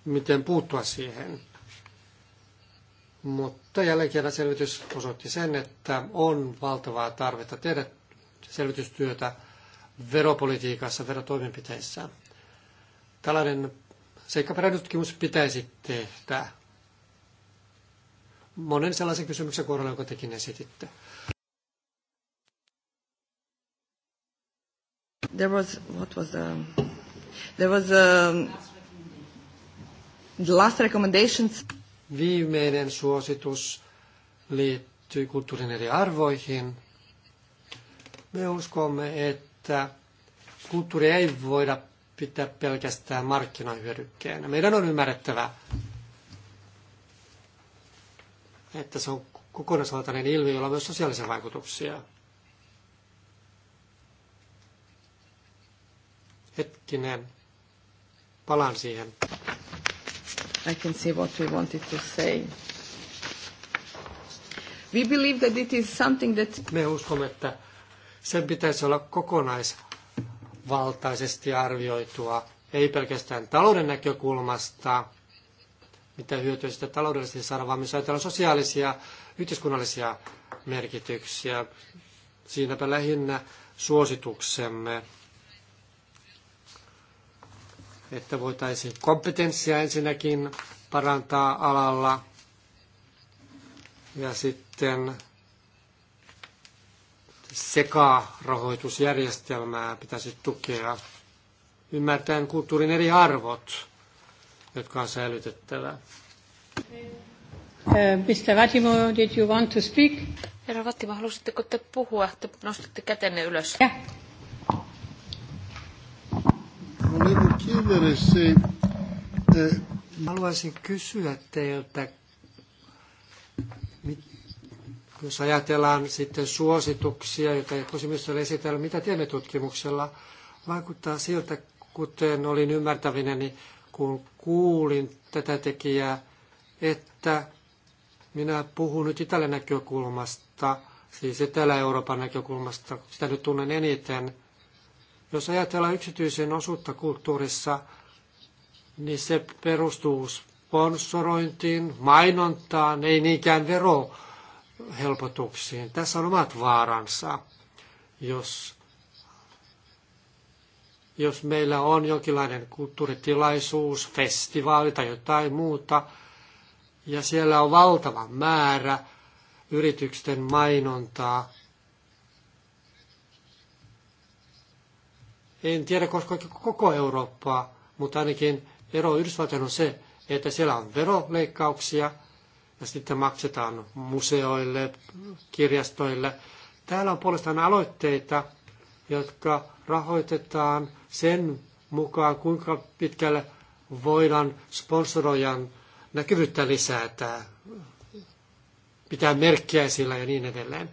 Miten puuttua siihen? Mutta mutta jälleen kerran selvitys osoitti sen, että on valtavaa tarvetta tehdä selvitystyötä veropolitiikassa, verotoimenpiteissä. Tällainen seikkaperäinen tutkimus pitäisi tehdä monen sellaisen kysymyksen kohdalla, jonka tekin esititte. There was, what was the, um, there was a, um, the last recommendations. Viimeinen suositus liittyy kulttuurin eri arvoihin. Me uskomme, että kulttuuri ei voida pitää pelkästään markkinahyödykkeenä. Meidän on ymmärrettävä, että se on kokonaisvaltainen ilmiö, jolla on myös sosiaalisia vaikutuksia. Hetkinen, palaan siihen. I can say what we wanted to say. We believe that it is something that... Me uskomme, että sen pitäisi olla kokonaisvaltaisesti arvioitua, ei pelkästään talouden näkökulmasta, mitä hyötyä sitä taloudellisesti saada, vaan myös ajatellaan sosiaalisia, yhteiskunnallisia merkityksiä. Siinäpä lähinnä suosituksemme että voitaisiin kompetenssia ensinnäkin parantaa alalla ja sitten sekarahoitusjärjestelmää pitäisi tukea. Ymmärtäen kulttuurin eri arvot, jotka on säilytettävä. Eh, Mr. Vatimo, did you want to speak? Herra Vattimo, halusitteko te puhua? Te nostitte kätenne ylös. Yeah. chiedere eh, se... Haluaisin kysyä teiltä, jos ajatellaan sitten suosituksia, joita komissiolle esitellään, mitä teemme tutkimuksella, vaikuttaa siltä, kuten olin ymmärtävinäni, kun kuulin tätä tekijää, että minä puhun nyt Italian näkökulmasta, siis Etelä-Euroopan näkökulmasta, sitä nyt tunnen eniten – jos ajatellaan yksityisen osuutta kulttuurissa, niin se perustuu sponsorointiin, mainontaan, ei niinkään verohelpotuksiin. Tässä on omat vaaransa, jos, jos meillä on jonkinlainen kulttuuritilaisuus, festivaali tai jotain muuta, ja siellä on valtava määrä yritysten mainontaa, en tiedä koska koko Eurooppaa, mutta ainakin ero Yhdysvaltain on se, että siellä on veroleikkauksia ja sitten maksetaan museoille, kirjastoille. Täällä on puolestaan aloitteita, jotka rahoitetaan sen mukaan, kuinka pitkälle voidaan sponsorojan näkyvyyttä lisätä, pitää merkkiä sillä ja niin edelleen.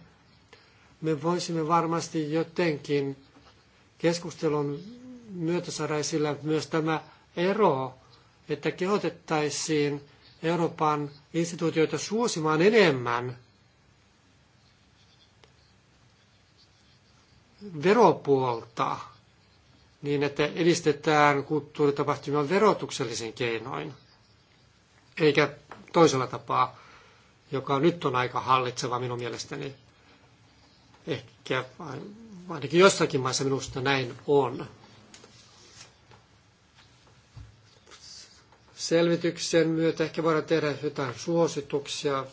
Me voisimme varmasti jotenkin keskustelun myötä saada esillä myös tämä ero, että kehotettaisiin Euroopan instituutioita suosimaan enemmän veropuolta niin, että edistetään kulttuuritapahtumia verotuksellisin keinoin, eikä toisella tapaa, joka nyt on aika hallitseva minun mielestäni. Ehkä ainakin jossakin maissa minusta näin on. Selvityksen myötä ehkä voidaan tehdä jotain suosituksia,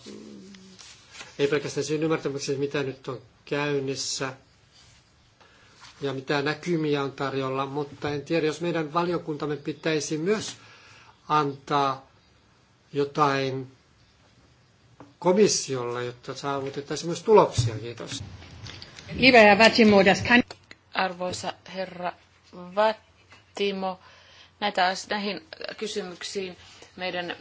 ei pelkästään siinä ymmärtämiseksi, mitä nyt on käynnissä ja mitä näkymiä on tarjolla, mutta en tiedä, jos meidän valiokuntamme pitäisi myös antaa jotain komissiolle, jotta saavutettaisiin myös tuloksia. Kiitos. Lieber Vattimo, das kann... Arvoisa herra Vattimo, näitä, näihin kysymyksiin meidän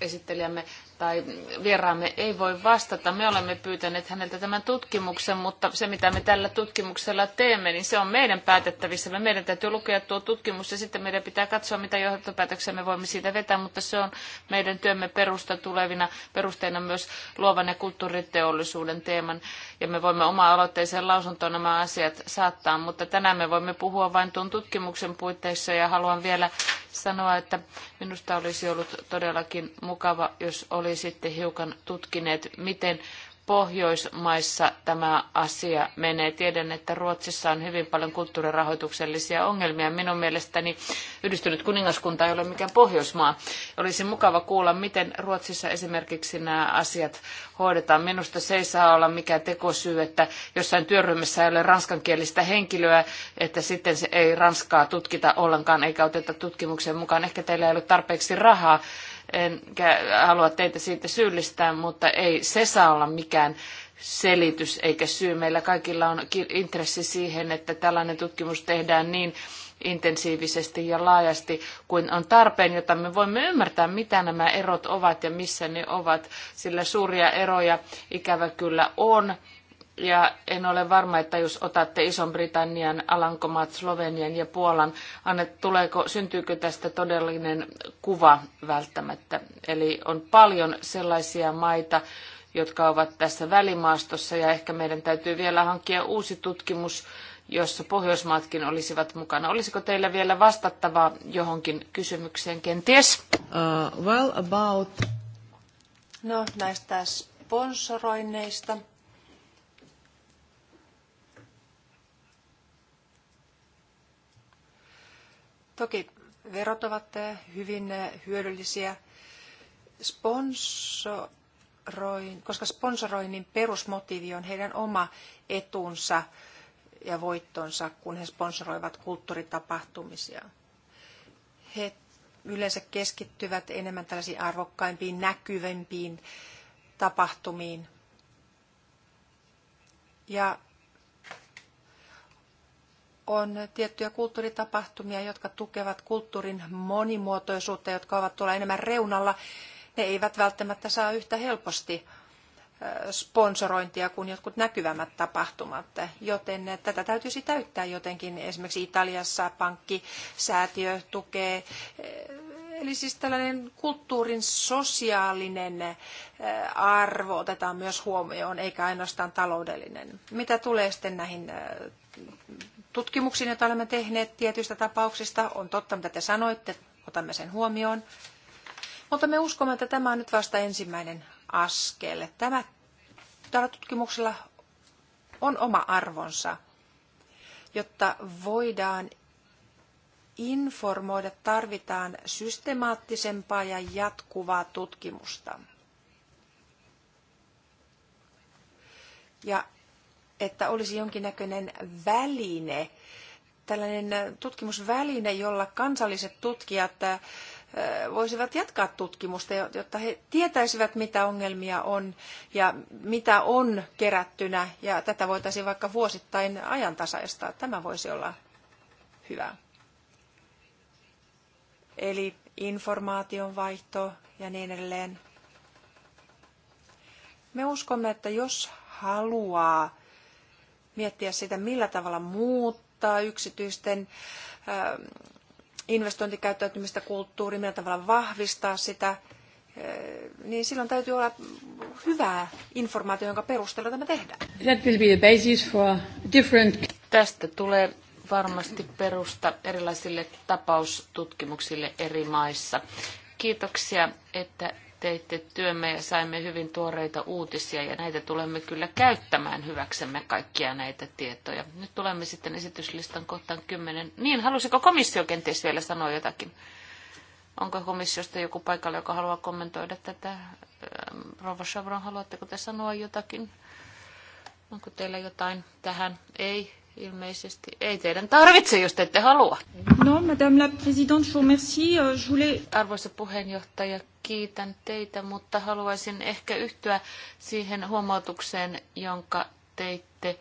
esittelijämme tai vieraamme ei voi vastata. Me olemme pyytäneet häneltä tämän tutkimuksen, mutta se mitä me tällä tutkimuksella teemme, niin se on meidän päätettävissä. Meidän täytyy lukea tuo tutkimus ja sitten meidän pitää katsoa, mitä johtopäätöksiä me voimme siitä vetää, mutta se on meidän työmme perusta tulevina perusteena myös luovan ja kulttuuriteollisuuden teeman. Ja me voimme oma aloitteeseen lausuntoon nämä asiat saattaa, mutta tänään me voimme puhua vain tuon tutkimuksen puitteissa ja haluan vielä sanoa, että minusta olisi ollut todellakin mukava, jos olisitte hiukan tutkineet, miten Pohjoismaissa tämä asia menee. Tiedän, että Ruotsissa on hyvin paljon kulttuurirahoituksellisia ongelmia. Minun mielestäni yhdistynyt kuningaskunta ei ole mikään Pohjoismaa. Olisi mukava kuulla, miten Ruotsissa esimerkiksi nämä asiat hoidetaan. Minusta se ei saa olla mikään tekosyy, että jossain työryhmässä ei ole ranskankielistä henkilöä, että sitten se ei ranskaa tutkita ollenkaan eikä oteta tutkimukseen mukaan. Ehkä teillä ei ole tarpeeksi rahaa enkä halua teitä siitä syyllistää, mutta ei se saa olla mikään selitys eikä syy. Meillä kaikilla on intressi siihen, että tällainen tutkimus tehdään niin intensiivisesti ja laajasti kuin on tarpeen, jotta me voimme ymmärtää, mitä nämä erot ovat ja missä ne ovat, sillä suuria eroja ikävä kyllä on ja en ole varma, että jos otatte Ison-Britannian, Alankomaat, Slovenian ja Puolan, annet, tuleeko, syntyykö tästä todellinen kuva välttämättä. Eli on paljon sellaisia maita, jotka ovat tässä välimaastossa ja ehkä meidän täytyy vielä hankkia uusi tutkimus, jossa Pohjoismaatkin olisivat mukana. Olisiko teillä vielä vastattavaa johonkin kysymykseen kenties? Uh, well about... No näistä sponsoroinneista. Toki verot ovat eh, hyvin eh, hyödyllisiä. Sponsoroin, koska sponsoroinnin perusmotiivi on heidän oma etunsa ja voittonsa, kun he sponsoroivat kulttuuritapahtumisia. He yleensä keskittyvät enemmän tällaisiin arvokkaimpiin, näkyvämpiin tapahtumiin. Ja on tiettyjä kulttuuritapahtumia, jotka tukevat kulttuurin monimuotoisuutta, jotka ovat tuolla enemmän reunalla. Ne eivät välttämättä saa yhtä helposti sponsorointia kuin jotkut näkyvämmät tapahtumat, joten tätä täytyisi täyttää jotenkin. Esimerkiksi Italiassa pankkisäätiö tukee, eli siis tällainen kulttuurin sosiaalinen arvo otetaan myös huomioon, eikä ainoastaan taloudellinen. Mitä tulee sitten näihin tutkimuksiin, joita olemme tehneet tietyistä tapauksista. On totta, mitä te sanoitte, otamme sen huomioon. Mutta me uskomme, että tämä on nyt vasta ensimmäinen askel. Tämä, tällä tutkimuksella on oma arvonsa, jotta voidaan informoida, tarvitaan systemaattisempaa ja jatkuvaa tutkimusta. Ja että olisi jonkinnäköinen väline, tällainen tutkimusväline, jolla kansalliset tutkijat äh, voisivat jatkaa tutkimusta, jotta he tietäisivät, mitä ongelmia on ja mitä on kerättynä. Ja tätä voitaisiin vaikka vuosittain ajantasaistaa. Tämä voisi olla hyvä. Eli informaation vaihto ja niin edelleen. Me uskomme, että jos haluaa miettiä sitä, millä tavalla muuttaa yksityisten ähm, investointikäyttäytymistä kulttuuri, millä tavalla vahvistaa sitä, äh, niin silloin täytyy olla hyvää informaatiota, jonka perusteella tämä tehdään. That will be the basis for different... Tästä tulee varmasti perusta erilaisille tapaustutkimuksille eri maissa. Kiitoksia, että teitte työmme ja saimme hyvin tuoreita uutisia ja näitä tulemme kyllä käyttämään hyväksemme kaikkia näitä tietoja. Nyt tulemme sitten esityslistan kohtaan kymmenen Niin, halusiko komissio kenties vielä sanoa jotakin? Onko komissiosta joku paikalla, joka haluaa kommentoida tätä? Ähm, Rova Chavron, haluatteko te sanoa jotakin? Onko teillä jotain tähän? Ei. Ilmeisesti ei teidän tarvitse, jos te ette halua. No, madame la présidente, je vous remercie. Euh, je voulais... Arvoisa puheenjohtaja, kiitän teitä, mutta haluaisin ehkä yhtyä siihen huomautukseen, jonka teitte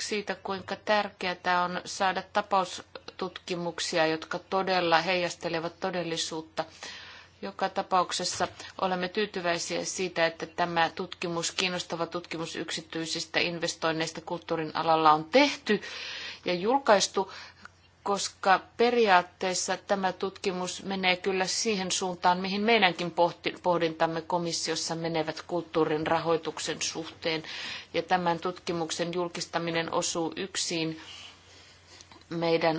siitä, kuinka tärkeää on saada tapaustutkimuksia, jotka todella heijastelevat todellisuutta. Joka tapauksessa olemme tyytyväisiä siitä, että tämä tutkimus, kiinnostava tutkimus yksityisistä investoinneista kulttuurin alalla on tehty ja julkaistu, koska periaatteessa tämä tutkimus menee kyllä siihen suuntaan, mihin meidänkin pohdintamme komissiossa menevät kulttuurin rahoituksen suhteen. Ja tämän tutkimuksen julkistaminen osuu yksin meidän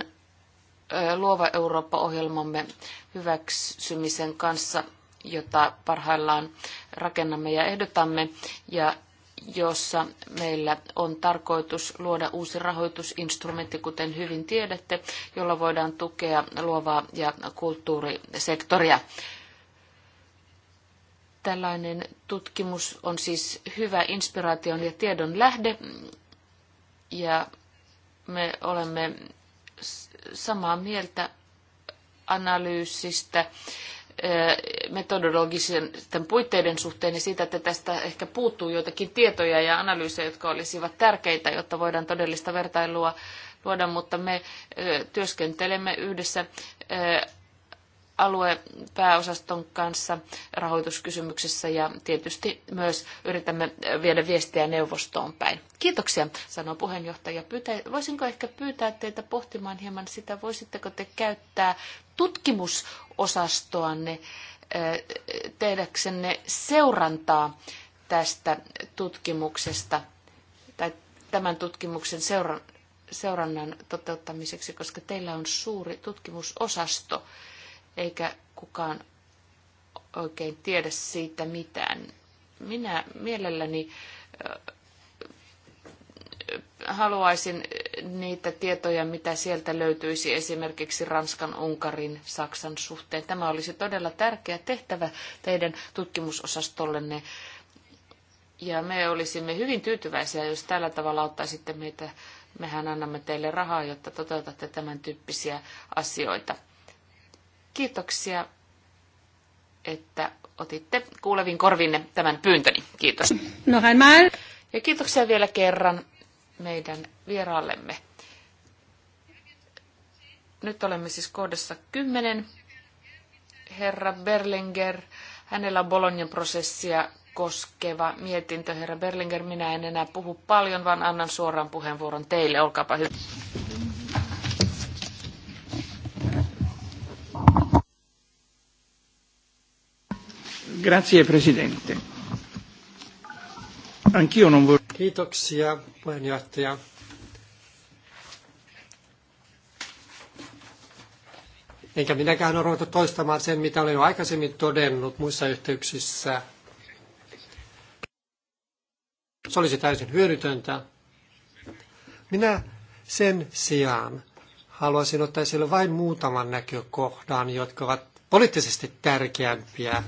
Luova Eurooppa-ohjelmamme hyväksymisen kanssa, jota parhaillaan rakennamme ja ehdotamme, ja jossa meillä on tarkoitus luoda uusi rahoitusinstrumentti, kuten hyvin tiedätte, jolla voidaan tukea luovaa ja kulttuurisektoria. Tällainen tutkimus on siis hyvä inspiraation ja tiedon lähde, ja me olemme samaa mieltä analyysistä metodologisten puitteiden suhteen ja siitä, että tästä ehkä puuttuu joitakin tietoja ja analyysejä, jotka olisivat tärkeitä, jotta voidaan todellista vertailua luoda, mutta me työskentelemme yhdessä aluepääosaston kanssa rahoituskysymyksissä ja tietysti myös yritämme viedä viestiä neuvostoon päin. Kiitoksia, sanoo puheenjohtaja. Pyytä, voisinko ehkä pyytää teitä pohtimaan hieman sitä, voisitteko te käyttää tutkimusosastoanne eh, tehdäksenne seurantaa tästä tutkimuksesta tai tämän tutkimuksen seura- seurannan toteuttamiseksi, koska teillä on suuri tutkimusosasto eikä kukaan oikein tiedä siitä mitään. Minä mielelläni äh, haluaisin niitä tietoja, mitä sieltä löytyisi esimerkiksi Ranskan, Unkarin, Saksan suhteen. Tämä olisi todella tärkeä tehtävä teidän tutkimusosastollenne. Ja me olisimme hyvin tyytyväisiä, jos tällä tavalla auttaisitte meitä. Mehän annamme teille rahaa, jotta toteutatte tämän tyyppisiä asioita. Kiitoksia, että otitte kuuleviin korvinne tämän pyyntöni. Kiitos. No Ja kiitoksia vielä kerran meidän vieraallemme. Nyt olemme siis kohdassa 10. Herra Berlinger, hänellä on Bolognan prosessia koskeva mietintö. Herra Berlinger, minä en enää puhu paljon, vaan annan suoraan puheenvuoron teille. Olkaapa hyvä. Grazie Presidente. Anch'io non puheenjohtaja. Enkä minäkään ole ruveta toistamaan sen, mitä olen jo aikaisemmin todennut muissa yhteyksissä. Se olisi täysin hyödytöntä. Minä sen sijaan haluaisin ottaa esille vain muutaman näkökohdan, jotka ovat poliittisesti tärkeämpiä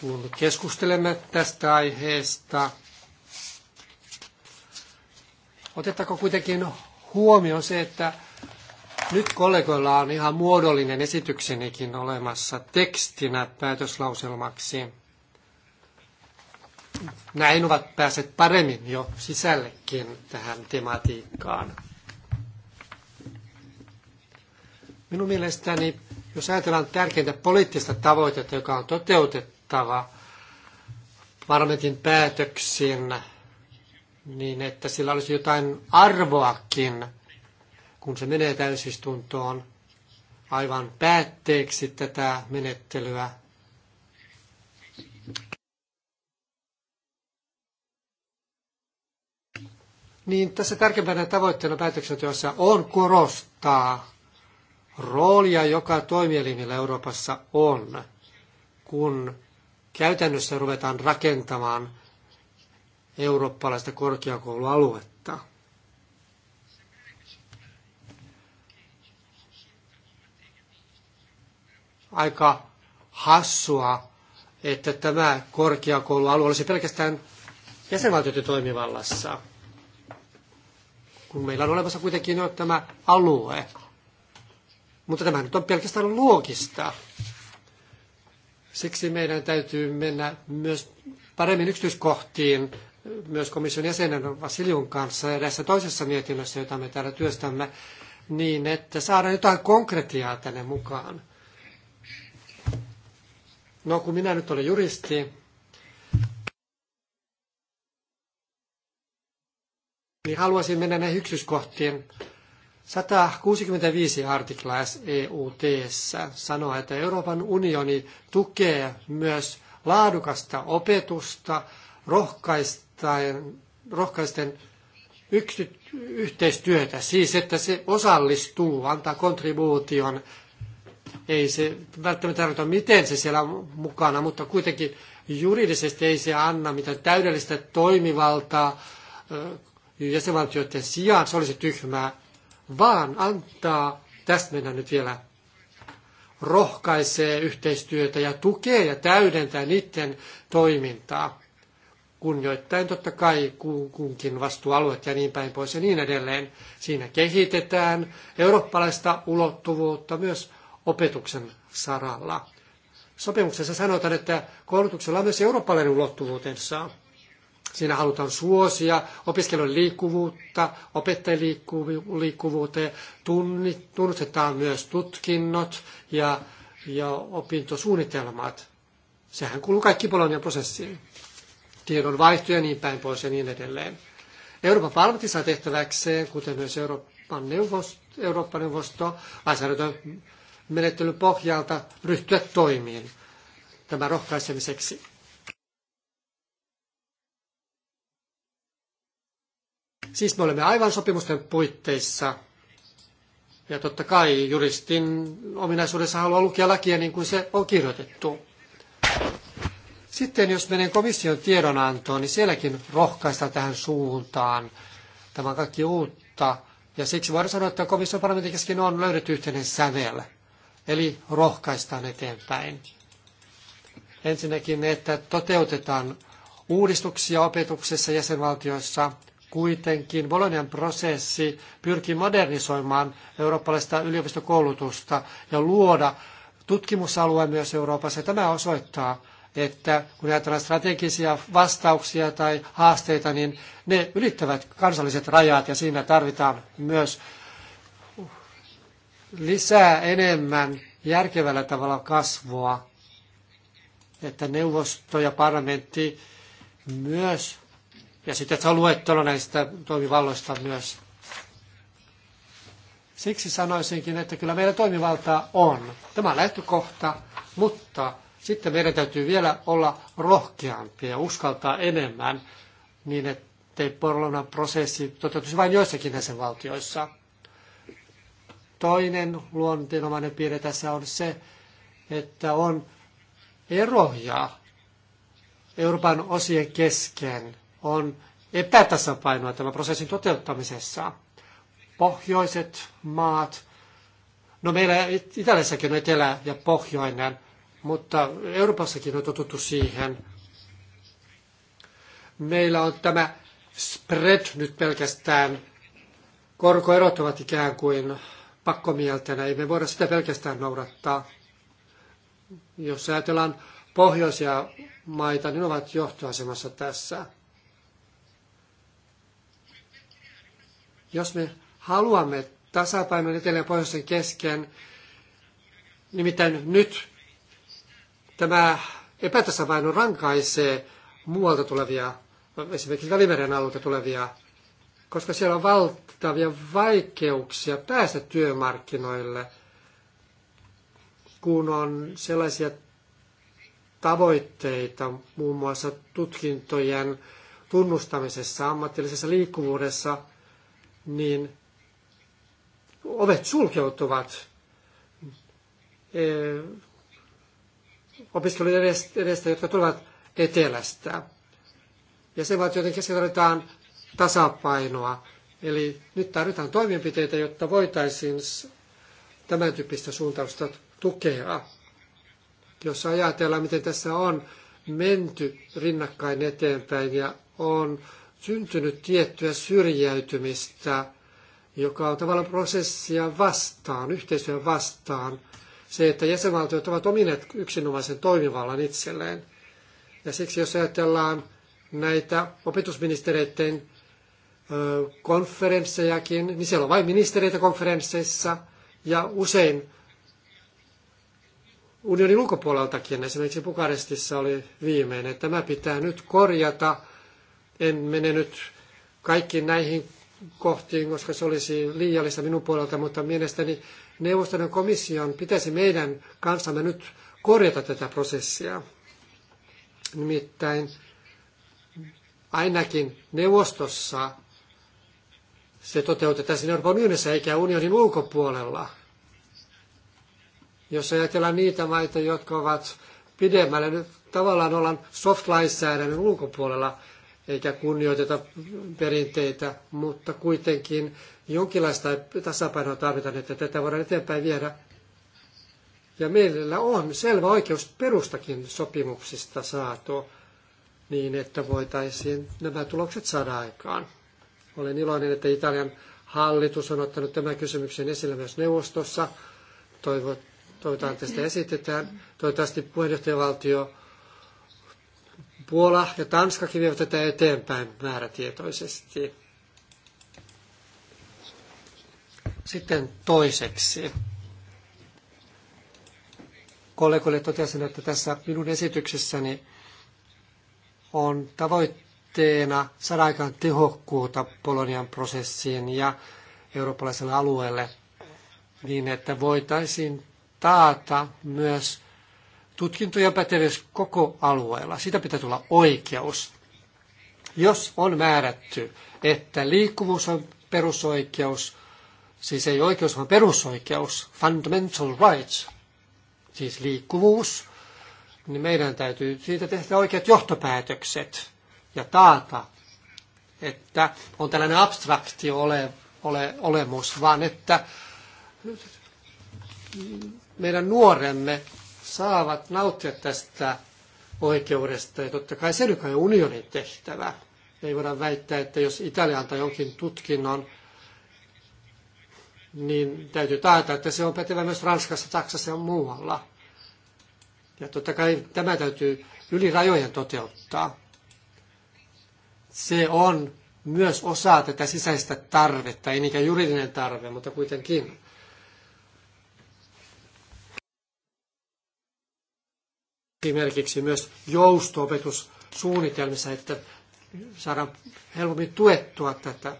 kun keskustelemme tästä aiheesta. Otetaanko kuitenkin huomioon se, että nyt kollegoilla on ihan muodollinen esityksenikin olemassa tekstinä päätöslauselmaksi. Näin ovat päässeet paremmin jo sisällekin tähän tematiikkaan. Minun mielestäni, jos ajatellaan tärkeintä poliittista tavoitetta, joka on toteutettu, kattava parlamentin päätöksin niin, että sillä olisi jotain arvoakin, kun se menee täysistuntoon aivan päätteeksi tätä menettelyä. Niin tässä tärkeimpänä tavoitteena päätöksenteossa on korostaa roolia, joka toimielimillä Euroopassa on, kun käytännössä ruvetaan rakentamaan eurooppalaista korkeakoulualuetta. Aika hassua, että tämä korkeakoulualue olisi pelkästään jäsenvaltioiden toimivallassa, kun meillä on olemassa kuitenkin jo tämä alue. Mutta tämä nyt on pelkästään luokista. Siksi meidän täytyy mennä myös paremmin yksityiskohtiin myös komission jäsenen Vasiljun kanssa Tässä toisessa mietinnössä, jota me täällä työstämme, niin että saadaan jotain konkretiaa tänne mukaan. No kun minä nyt olen juristi, niin haluaisin mennä näihin yksityiskohtiin 165 artikla eut sanoo, että Euroopan unioni tukee myös laadukasta opetusta rohkaisten, rohkaisten yksity, yhteistyötä, siis että se osallistuu, antaa kontribuution. Ei se välttämättä tarkoita, miten se siellä on mukana, mutta kuitenkin juridisesti ei se anna mitään täydellistä toimivaltaa jäsenvaltioiden sijaan. Se olisi tyhmää vaan antaa, tästä mennään nyt vielä, rohkaisee yhteistyötä ja tukee ja täydentää niiden toimintaa, kunnioittain totta kai kunkin vastuualueet ja niin päin pois ja niin edelleen. Siinä kehitetään eurooppalaista ulottuvuutta myös opetuksen saralla. Sopimuksessa sanotaan, että koulutuksella on myös eurooppalainen ulottuvuutensa Siinä halutaan suosia opiskelijoiden liikkuvuutta, opettajien liikkuvuutta, tunnustetaan myös tutkinnot ja, ja opintosuunnitelmat. Sehän kuuluu kaikki Bolonian prosessiin. Tiedon vaihto ja niin päin pois ja niin edelleen. Euroopan parlamentti saa tehtäväkseen, kuten myös Euroopan neuvosto, Euroopan neuvosto menettelyn pohjalta ryhtyä toimiin tämän rohkaisemiseksi. Siis me olemme aivan sopimusten puitteissa. Ja totta kai juristin ominaisuudessa haluaa lukea lakia niin kuin se on kirjoitettu. Sitten jos menen komission tiedonantoon, niin sielläkin rohkaista tähän suuntaan. Tämä on kaikki uutta. Ja siksi voidaan sanoa, että komission parlamentin kesken on löydetty yhteinen sävel. Eli rohkaistaan eteenpäin. Ensinnäkin, että toteutetaan uudistuksia opetuksessa jäsenvaltioissa, Kuitenkin Bolonian prosessi pyrki modernisoimaan eurooppalaista yliopistokoulutusta ja luoda tutkimusalue myös Euroopassa. Tämä osoittaa, että kun ajatellaan strategisia vastauksia tai haasteita, niin ne ylittävät kansalliset rajat ja siinä tarvitaan myös lisää enemmän järkevällä tavalla kasvua, että neuvosto ja parlamentti myös ja sitten on luettelo näistä toimivalloista myös. Siksi sanoisinkin, että kyllä meillä toimivaltaa on. Tämä on lähtökohta, mutta sitten meidän täytyy vielä olla rohkeampia ja uskaltaa enemmän niin, ettei Porlonan prosessi toteutuisi vain joissakin valtioissa. Toinen luonteenomainen piirre tässä on se, että on eroja Euroopan osien kesken – on epätasapainoa tämän prosessin toteuttamisessa. Pohjoiset maat, no meillä Italiassakin on etelä ja pohjoinen, mutta Euroopassakin on totuttu siihen. Meillä on tämä spread nyt pelkästään. Korkoerot ovat ikään kuin pakkomieltenä, ei me voida sitä pelkästään noudattaa. Jos ajatellaan pohjoisia maita, niin ne ovat johtoasemassa tässä. Jos me haluamme tasapainon etelän ja pohjoisen kesken, nimittäin nyt tämä epätasapaino rankaisee muualta tulevia, esimerkiksi Välimeren alueelta tulevia, koska siellä on valtavia vaikeuksia päästä työmarkkinoille, kun on sellaisia tavoitteita muun muassa tutkintojen tunnustamisessa, ammatillisessa liikkuvuudessa – niin ovet sulkeutuvat e, opiskelijoiden edestä, jotka tulevat etelästä. Ja se vaatii jotenkin että tarvitaan tasapainoa. Eli nyt tarvitaan toimenpiteitä, jotta voitaisiin tämän tyyppistä suuntausta tukea. Jos ajatellaan, miten tässä on menty rinnakkain eteenpäin ja on syntynyt tiettyä syrjäytymistä, joka on tavallaan prosessia vastaan, yhteisön vastaan. Se, että jäsenvaltiot ovat omineet yksinomaisen toimivallan itselleen. Ja siksi jos ajatellaan näitä opetusministereiden konferenssejakin, niin siellä on vain ministereitä konferensseissa ja usein unionin ulkopuoleltakin, esimerkiksi Bukarestissa oli viimeinen. Tämä pitää nyt korjata en mene nyt kaikkiin näihin kohtiin, koska se olisi liiallista minun puolelta, mutta mielestäni neuvoston ja komission pitäisi meidän kanssamme nyt korjata tätä prosessia. Nimittäin ainakin neuvostossa se toteutetaan Euroopan unionissa eikä unionin ulkopuolella. Jos ajatellaan niitä maita, jotka ovat pidemmälle, nyt tavallaan ollaan soft-lainsäädännön ulkopuolella, eikä kunnioiteta perinteitä, mutta kuitenkin jonkinlaista tasapainoa tarvitaan, että tätä voidaan eteenpäin viedä. Ja meillä on selvä oikeus perustakin sopimuksista saatu niin, että voitaisiin nämä tulokset saada aikaan. Olen iloinen, että Italian hallitus on ottanut tämän kysymyksen esille myös neuvostossa. Toivotaan, että sitä esitetään. Toivottavasti puheenjohtajavaltio Puola ja Tanskakin vievät tätä eteenpäin määrätietoisesti. Sitten toiseksi. Kollegoille totesin, että tässä minun esityksessäni on tavoitteena saada aikaan tehokkuutta Polonian prosessiin ja eurooppalaiselle alueelle niin, että voitaisiin taata myös Tutkintoja ja pätevyys koko alueella. Sitä pitää tulla oikeus. Jos on määrätty, että liikkuvuus on perusoikeus, siis ei oikeus, vaan perusoikeus, fundamental rights, siis liikkuvuus, niin meidän täytyy siitä tehdä oikeat johtopäätökset ja taata, että on tällainen abstrakti ole, ole, olemus, vaan että meidän nuoremme saavat nauttia tästä oikeudesta. Ja totta kai se nyt on unionin tehtävä. Ei voida väittää, että jos Italia antaa jonkin tutkinnon, niin täytyy taata, että se on pätevä myös Ranskassa, Saksassa ja muualla. Ja totta kai tämä täytyy yli rajojen toteuttaa. Se on myös osa tätä sisäistä tarvetta, ei niinkään juridinen tarve, mutta kuitenkin. esimerkiksi myös joustoopetussuunnitelmissa, että saadaan helpommin tuettua tätä.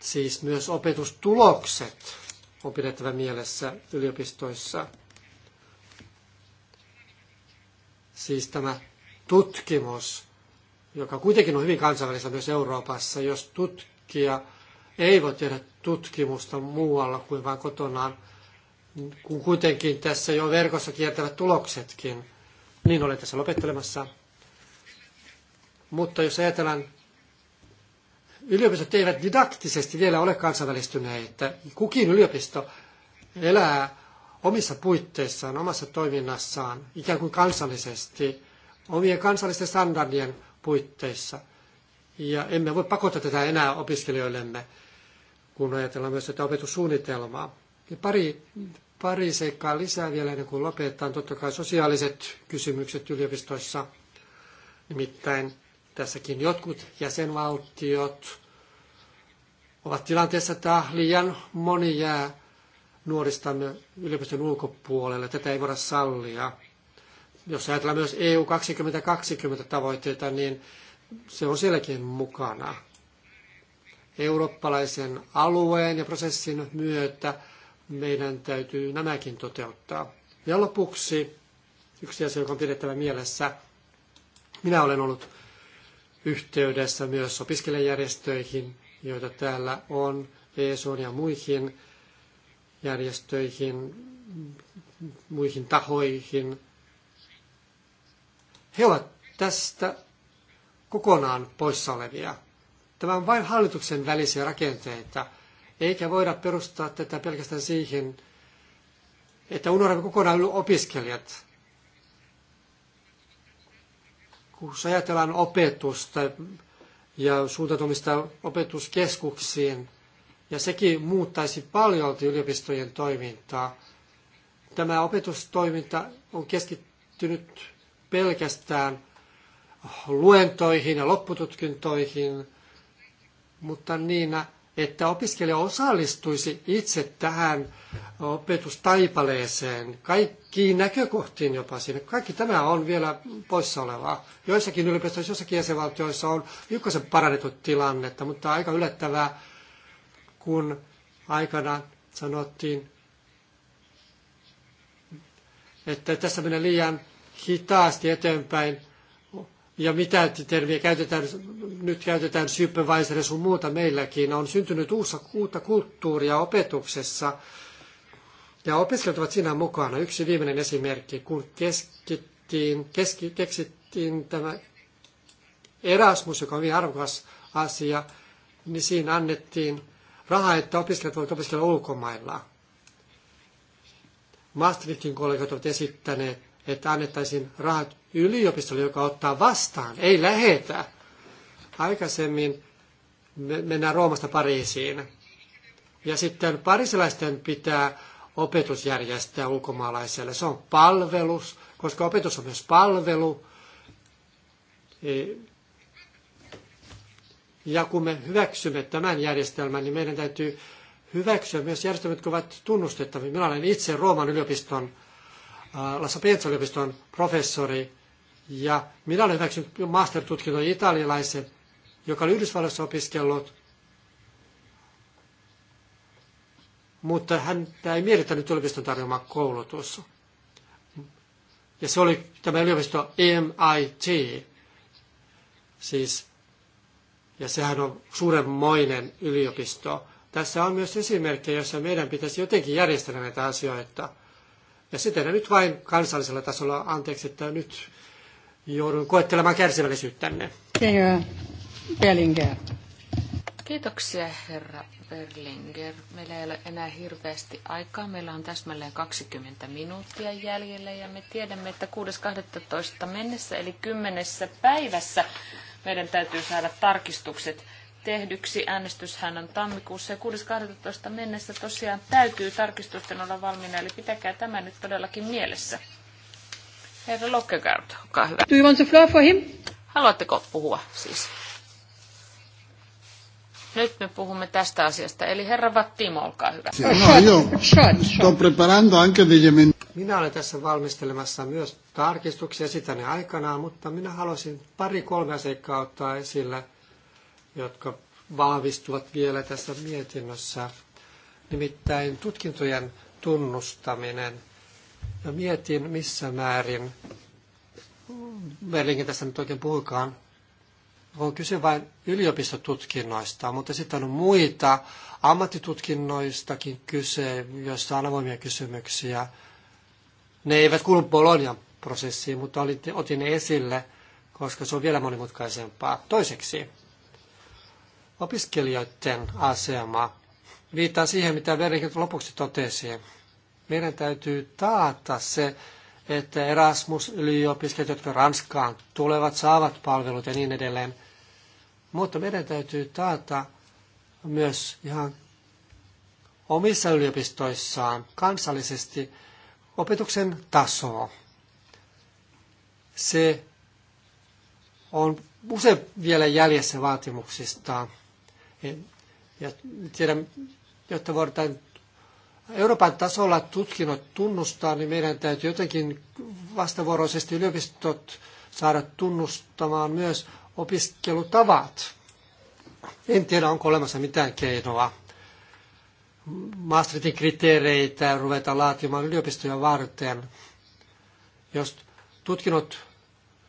Siis myös opetustulokset on pidettävä mielessä yliopistoissa. Siis tämä tutkimus, joka kuitenkin on hyvin kansainvälistä myös Euroopassa, jos tutkija ei voi tehdä tutkimusta muualla kuin vain kotonaan, kun kuitenkin tässä jo verkossa kiertävät tuloksetkin – niin olen tässä lopettelemassa. Mutta jos ajatellaan, yliopistot eivät didaktisesti vielä ole että Kukin yliopisto elää omissa puitteissaan, omassa toiminnassaan, ikään kuin kansallisesti, omien kansallisten standardien puitteissa. Ja emme voi pakottaa tätä enää opiskelijoillemme, kun ajatellaan myös tätä opetussuunnitelmaa. Ja pari Pari seikkaa lisää vielä ennen kuin lopetetaan. Totta kai sosiaaliset kysymykset yliopistoissa. Nimittäin tässäkin jotkut jäsenvaltiot ovat tilanteessa, että liian moni jää nuoristamme yliopiston ulkopuolelle. Tätä ei voida sallia. Jos ajatellaan myös EU 2020 tavoitteita, niin se on sielläkin mukana. Eurooppalaisen alueen ja prosessin myötä meidän täytyy nämäkin toteuttaa. Ja lopuksi yksi asia, joka on pidettävä mielessä. Minä olen ollut yhteydessä myös opiskelijajärjestöihin, joita täällä on, ESOn ja muihin järjestöihin, muihin tahoihin. He ovat tästä kokonaan poissa olevia. Tämä on vain hallituksen välisiä rakenteita – eikä voida perustaa tätä pelkästään siihen, että unohdamme kokonaan opiskelijat. Kun ajatellaan opetusta ja suuntautumista opetuskeskuksiin, ja sekin muuttaisi paljon yliopistojen toimintaa. Tämä opetustoiminta on keskittynyt pelkästään luentoihin ja loppututkintoihin, mutta niinä että opiskelija osallistuisi itse tähän opetustaipaleeseen, kaikkiin näkökohtiin jopa sinne. Kaikki tämä on vielä poissa olevaa. Joissakin yliopistoissa, joissakin jäsenvaltioissa on ykkösen parannettu tilannetta, mutta aika yllättävää, kun aikana sanottiin, että tässä menee liian hitaasti eteenpäin – ja mitä termiä käytetään, nyt käytetään supervisor ja sun muuta meilläkin, on syntynyt uusi, uutta kulttuuria opetuksessa. Ja opiskelijat ovat siinä mukana. Yksi viimeinen esimerkki, kun keskittiin, keski, keksittiin tämä Erasmus, joka on hyvin arvokas asia, niin siinä annettiin rahaa, että opiskelijat voivat opiskella ulkomailla. Maastrichtin kollegat ovat esittäneet että annettaisiin rahat yliopistolle, joka ottaa vastaan, ei lähetä. Aikaisemmin mennään Roomasta Pariisiin. Ja sitten parisilaisten pitää opetus järjestää ulkomaalaiselle. Se on palvelus, koska opetus on myös palvelu. E, ja kun me hyväksymme tämän järjestelmän, niin meidän täytyy hyväksyä myös järjestelmät, jotka ovat tunnustettavia. Minä olen itse Rooman yliopiston Äh, Lassa Pietsa yliopiston professori, ja minä olen hyväksynyt master-tutkinnon italialaisen, joka oli Yhdysvalloissa opiskellut, mutta hän ei miellyttänyt yliopiston tarjoama koulutusta. Ja se oli tämä yliopisto MIT, siis, ja sehän on suuremmoinen yliopisto. Tässä on myös esimerkkejä, joissa meidän pitäisi jotenkin järjestellä näitä asioita – ja se tehdään nyt vain kansallisella tasolla. Anteeksi, että nyt joudun koettelemaan kärsivällisyyttänne. Berlinger. Kiitoksia, herra Berlinger. Meillä ei ole enää hirveästi aikaa. Meillä on täsmälleen 20 minuuttia jäljellä ja me tiedämme, että 6.12. mennessä eli 10 päivässä meidän täytyy saada tarkistukset tehdyksi. Äänestyshän on tammikuussa ja 6.12. mennessä tosiaan täytyy tarkistusten olla valmiina, eli pitäkää tämä nyt todellakin mielessä. Herra Lokkegaard, olkaa hyvä. Do you want to floor for him? Haluatteko puhua siis? Nyt me puhumme tästä asiasta, eli herra Vattimo, olkaa hyvä. No, minä olen tässä valmistelemassa myös tarkistuksia sitä ne aikanaan, mutta minä haluaisin pari kolme seikkaa ottaa esille, jotka vahvistuvat vielä tässä mietinnössä. Nimittäin tutkintojen tunnustaminen. Ja mietin, missä määrin, Berlingin tässä nyt oikein puhukaan, on kyse vain yliopistotutkinnoista, mutta sitten on muita ammattitutkinnoistakin kyse, joissa on avoimia kysymyksiä. Ne eivät kuulu Bolonian prosessiin, mutta otin ne esille, koska se on vielä monimutkaisempaa. Toiseksi, opiskelijoiden asema. Viittaa siihen, mitä Verrikin lopuksi totesi. Meidän täytyy taata se, että Erasmus-yliopiskelijat, jotka Ranskaan tulevat, saavat palvelut ja niin edelleen. Mutta meidän täytyy taata myös ihan omissa yliopistoissaan kansallisesti opetuksen tasoa. Se on usein vielä jäljessä vaatimuksistaan. Niin, ja tiedän, jotta voidaan Euroopan tasolla tutkinnot tunnustaa, niin meidän täytyy jotenkin vastavuoroisesti yliopistot saada tunnustamaan myös opiskelutavat. En tiedä, onko olemassa mitään keinoa. Maastritin kriteereitä ruveta laatimaan yliopistoja varten. Jos tutkinnot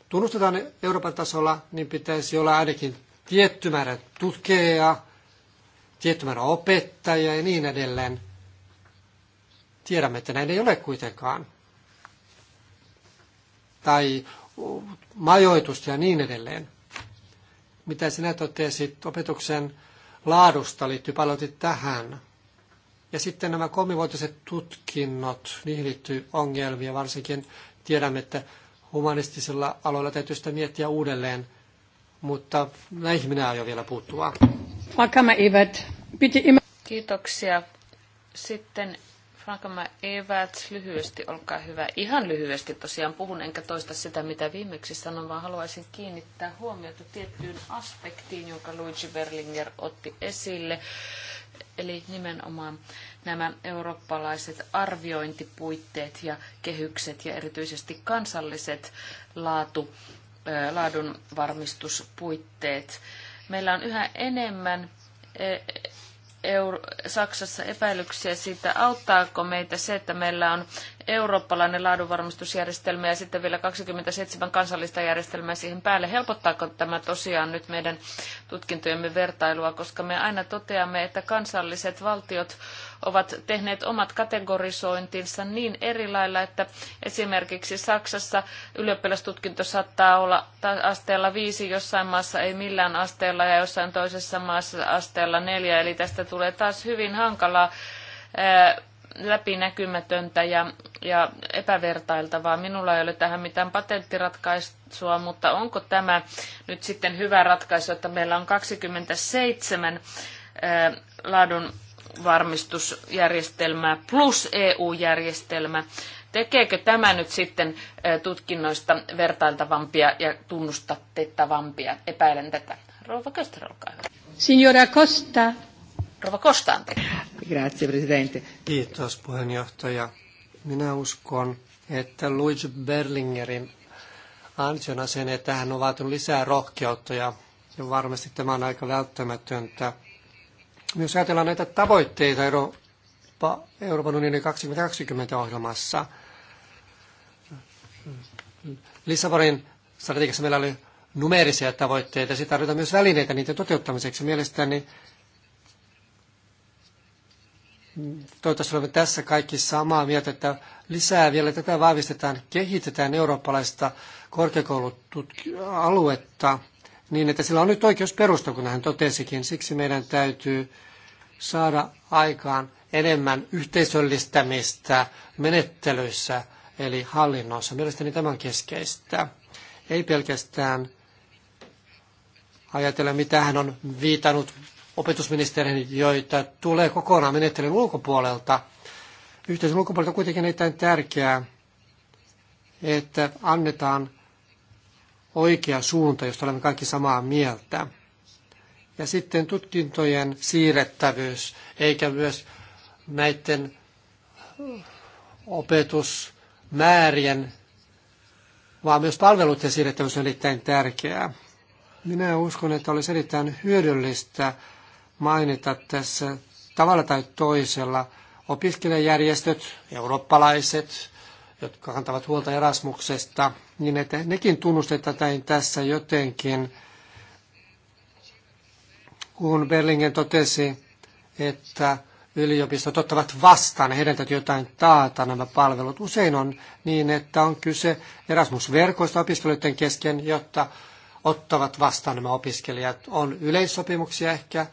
tunnustetaan Euroopan tasolla, niin pitäisi olla ainakin tietty määrä tutkeja tietty määrä opettajia ja niin edelleen. Tiedämme, että näin ei ole kuitenkaan. Tai majoitusta ja niin edelleen. Mitä sinä totesit opetuksen laadusta liittyy paljon tähän. Ja sitten nämä kolmivuotiset tutkinnot, niihin liittyy ongelmia, varsinkin tiedämme, että humanistisilla aloilla täytyy sitä miettiä uudelleen, mutta näihin minä aion vielä puuttua. Fakama Evert, piti Kiitoksia. Sitten Fakama Evert, lyhyesti, olkaa hyvä. Ihan lyhyesti tosiaan puhun, enkä toista sitä, mitä viimeksi sanon, vaan haluaisin kiinnittää huomiota tiettyyn aspektiin, jonka Luigi Berlinger otti esille. Eli nimenomaan nämä eurooppalaiset arviointipuitteet ja kehykset ja erityisesti kansalliset laatu, laadun varmistuspuitteet Meillä on yhä enemmän e, Euro- Saksassa epäilyksiä siitä, auttaako meitä se, että meillä on eurooppalainen laadunvarmistusjärjestelmä ja sitten vielä 27 kansallista järjestelmää siihen päälle. Helpottaako tämä tosiaan nyt meidän tutkintojemme vertailua, koska me aina toteamme, että kansalliset valtiot ovat tehneet omat kategorisointinsa niin eri lailla, että esimerkiksi Saksassa ylioppilastutkinto saattaa olla asteella viisi, jossain maassa ei millään asteella ja jossain toisessa maassa asteella neljä, eli tästä tulee taas hyvin hankalaa läpinäkymätöntä ja, ja epävertailtavaa. Minulla ei ole tähän mitään patenttiratkaisua, mutta onko tämä nyt sitten hyvä ratkaisu, että meillä on 27 laadun varmistusjärjestelmää plus EU-järjestelmä. Tekeekö tämä nyt sitten tutkinnoista vertailtavampia ja tunnustettavampia? Epäilen tätä. Rouva Köster, olkaa hyvä. Signora Costa. Rouva Costa, anteeksi. Grazie, presidente. Kiitos, puheenjohtaja. Minä uskon, että Luigi Berlingerin ansiona sen, että hän on vaatinut lisää rohkeutta ja varmasti tämä on aika välttämätöntä – jos ajatellaan näitä tavoitteita Eurooppa, Euroopan unionin 2020-ohjelmassa, Lissabonin strategiassa meillä oli numeerisia tavoitteita, ja tarvitaan myös välineitä niiden toteuttamiseksi. Mielestäni toivottavasti olemme tässä kaikki samaa mieltä, että lisää vielä tätä vahvistetaan, kehitetään eurooppalaista aluetta niin että sillä on nyt oikeus perusta, kun hän totesikin. Siksi meidän täytyy saada aikaan enemmän yhteisöllistämistä menettelyissä, eli hallinnossa. Mielestäni tämä on keskeistä. Ei pelkästään ajatella, mitä hän on viitannut opetusministerin, joita tulee kokonaan menettelyn ulkopuolelta. Yhteisön ulkopuolelta kuitenkin erittäin tärkeää, että annetaan oikea suunta, josta olemme kaikki samaa mieltä. Ja sitten tutkintojen siirrettävyys, eikä myös näiden opetusmäärien, vaan myös palveluiden siirrettävyys on erittäin tärkeää. Minä uskon, että olisi erittäin hyödyllistä mainita tässä tavalla tai toisella opiskelijajärjestöt, eurooppalaiset, jotka kantavat huolta Erasmuksesta, niin että nekin tunnustetaan tässä jotenkin, kun Berlingen totesi, että yliopistot ottavat vastaan, niin heidän täytyy jotain taata nämä palvelut. Usein on niin, että on kyse Erasmus-verkoista opiskelijoiden kesken, jotta ottavat vastaan nämä opiskelijat. On yleissopimuksia ehkä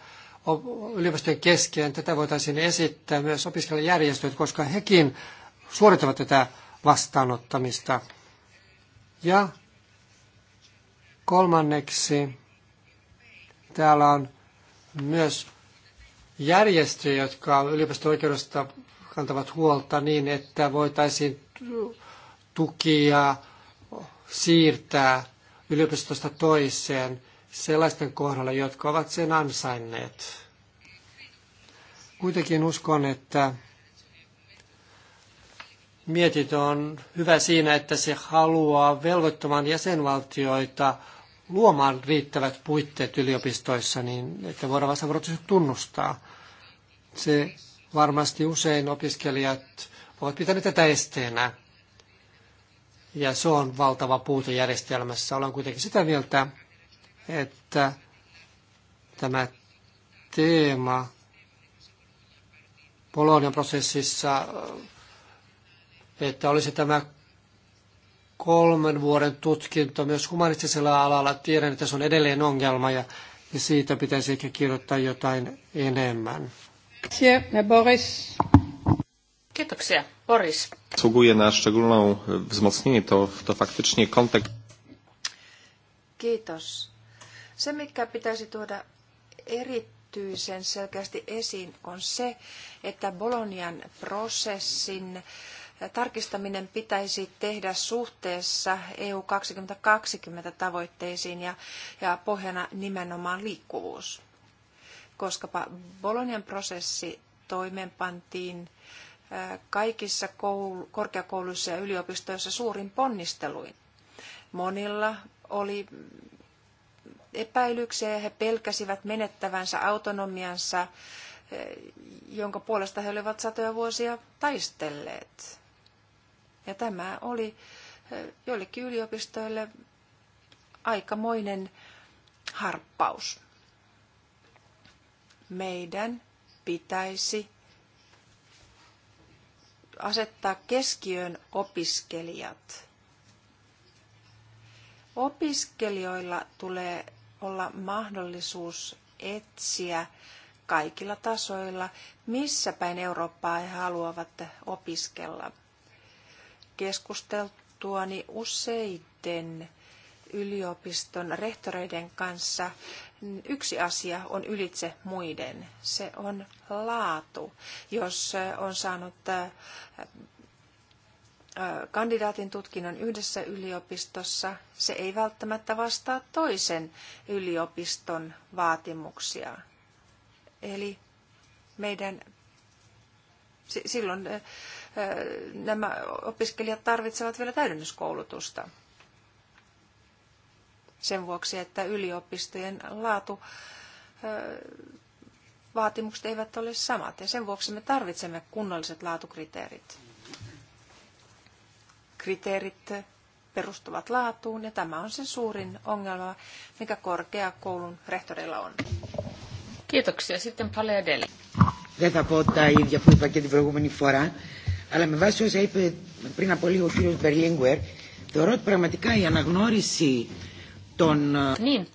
yliopistojen kesken. Tätä voitaisiin esittää myös opiskelijajärjestöt, koska hekin suorittavat tätä vastaanottamista. Ja kolmanneksi täällä on myös järjestöjä, jotka yliopisto-oikeudesta kantavat huolta niin, että voitaisiin tukia siirtää yliopistosta toiseen sellaisten kohdalla, jotka ovat sen ansainneet. Kuitenkin uskon, että mietintö on hyvä siinä, että se haluaa velvoittamaan jäsenvaltioita luomaan riittävät puitteet yliopistoissa, niin että voidaan vastavuoroisesti tunnustaa. Se varmasti usein opiskelijat ovat pitäneet tätä esteenä. Ja se on valtava puute järjestelmässä. Olen kuitenkin sitä mieltä, että tämä teema Polonian prosessissa että olisi tämä kolmen vuoden tutkinto myös humanistisella alalla. Tiedän, että se on edelleen ongelma ja, siitä pitäisi ehkä kirjoittaa jotain enemmän. Boris. Kiitoksia, Boris. Sługuje na szczególną e, wzmocnienie to, to faktycznie kontekst. Kiitos. Se, mikä pitäisi tuoda erityisen selkeästi esiin, on se, että Bolonian prosessin äh, tarkistaminen pitäisi tehdä suhteessa EU 2020 tavoitteisiin ja, ja pohjana nimenomaan liikkuvuus. koska Bolonian prosessi toimeenpantiin kaikissa koulu, korkeakouluissa ja yliopistoissa suurin ponnisteluin. Monilla oli epäilyksiä ja he pelkäsivät menettävänsä autonomiansa, jonka puolesta he olivat satoja vuosia taistelleet. Ja tämä oli joillekin yliopistoille aikamoinen harppaus. Meidän pitäisi asettaa keskiöön opiskelijat. Opiskelijoilla tulee olla mahdollisuus etsiä kaikilla tasoilla, missä päin Eurooppaa he haluavat opiskella keskusteltuani useiden yliopiston rehtoreiden kanssa niin yksi asia on ylitse muiden. Se on laatu. Jos on saanut kandidaatin tutkinnon yhdessä yliopistossa, se ei välttämättä vastaa toisen yliopiston vaatimuksia. Eli meidän silloin nämä opiskelijat tarvitsevat vielä täydennyskoulutusta. Sen vuoksi, että yliopistojen laatu vaatimukset eivät ole samat ja sen vuoksi me tarvitsemme kunnolliset laatukriteerit. Kriteerit perustuvat laatuun ja tämä on se suurin ongelma, mikä korkeakoulun rehtoreilla on. Kiitoksia. Sitten Paleadeli. Δεν θα πω τα ίδια που είπα και την προηγούμενη φορά αλλά με βάση όσα είπε πριν από λίγο ο κύριος Μπερλίνγκουερ, θεωρώ ότι πραγματικά η αναγνώριση των... Niin,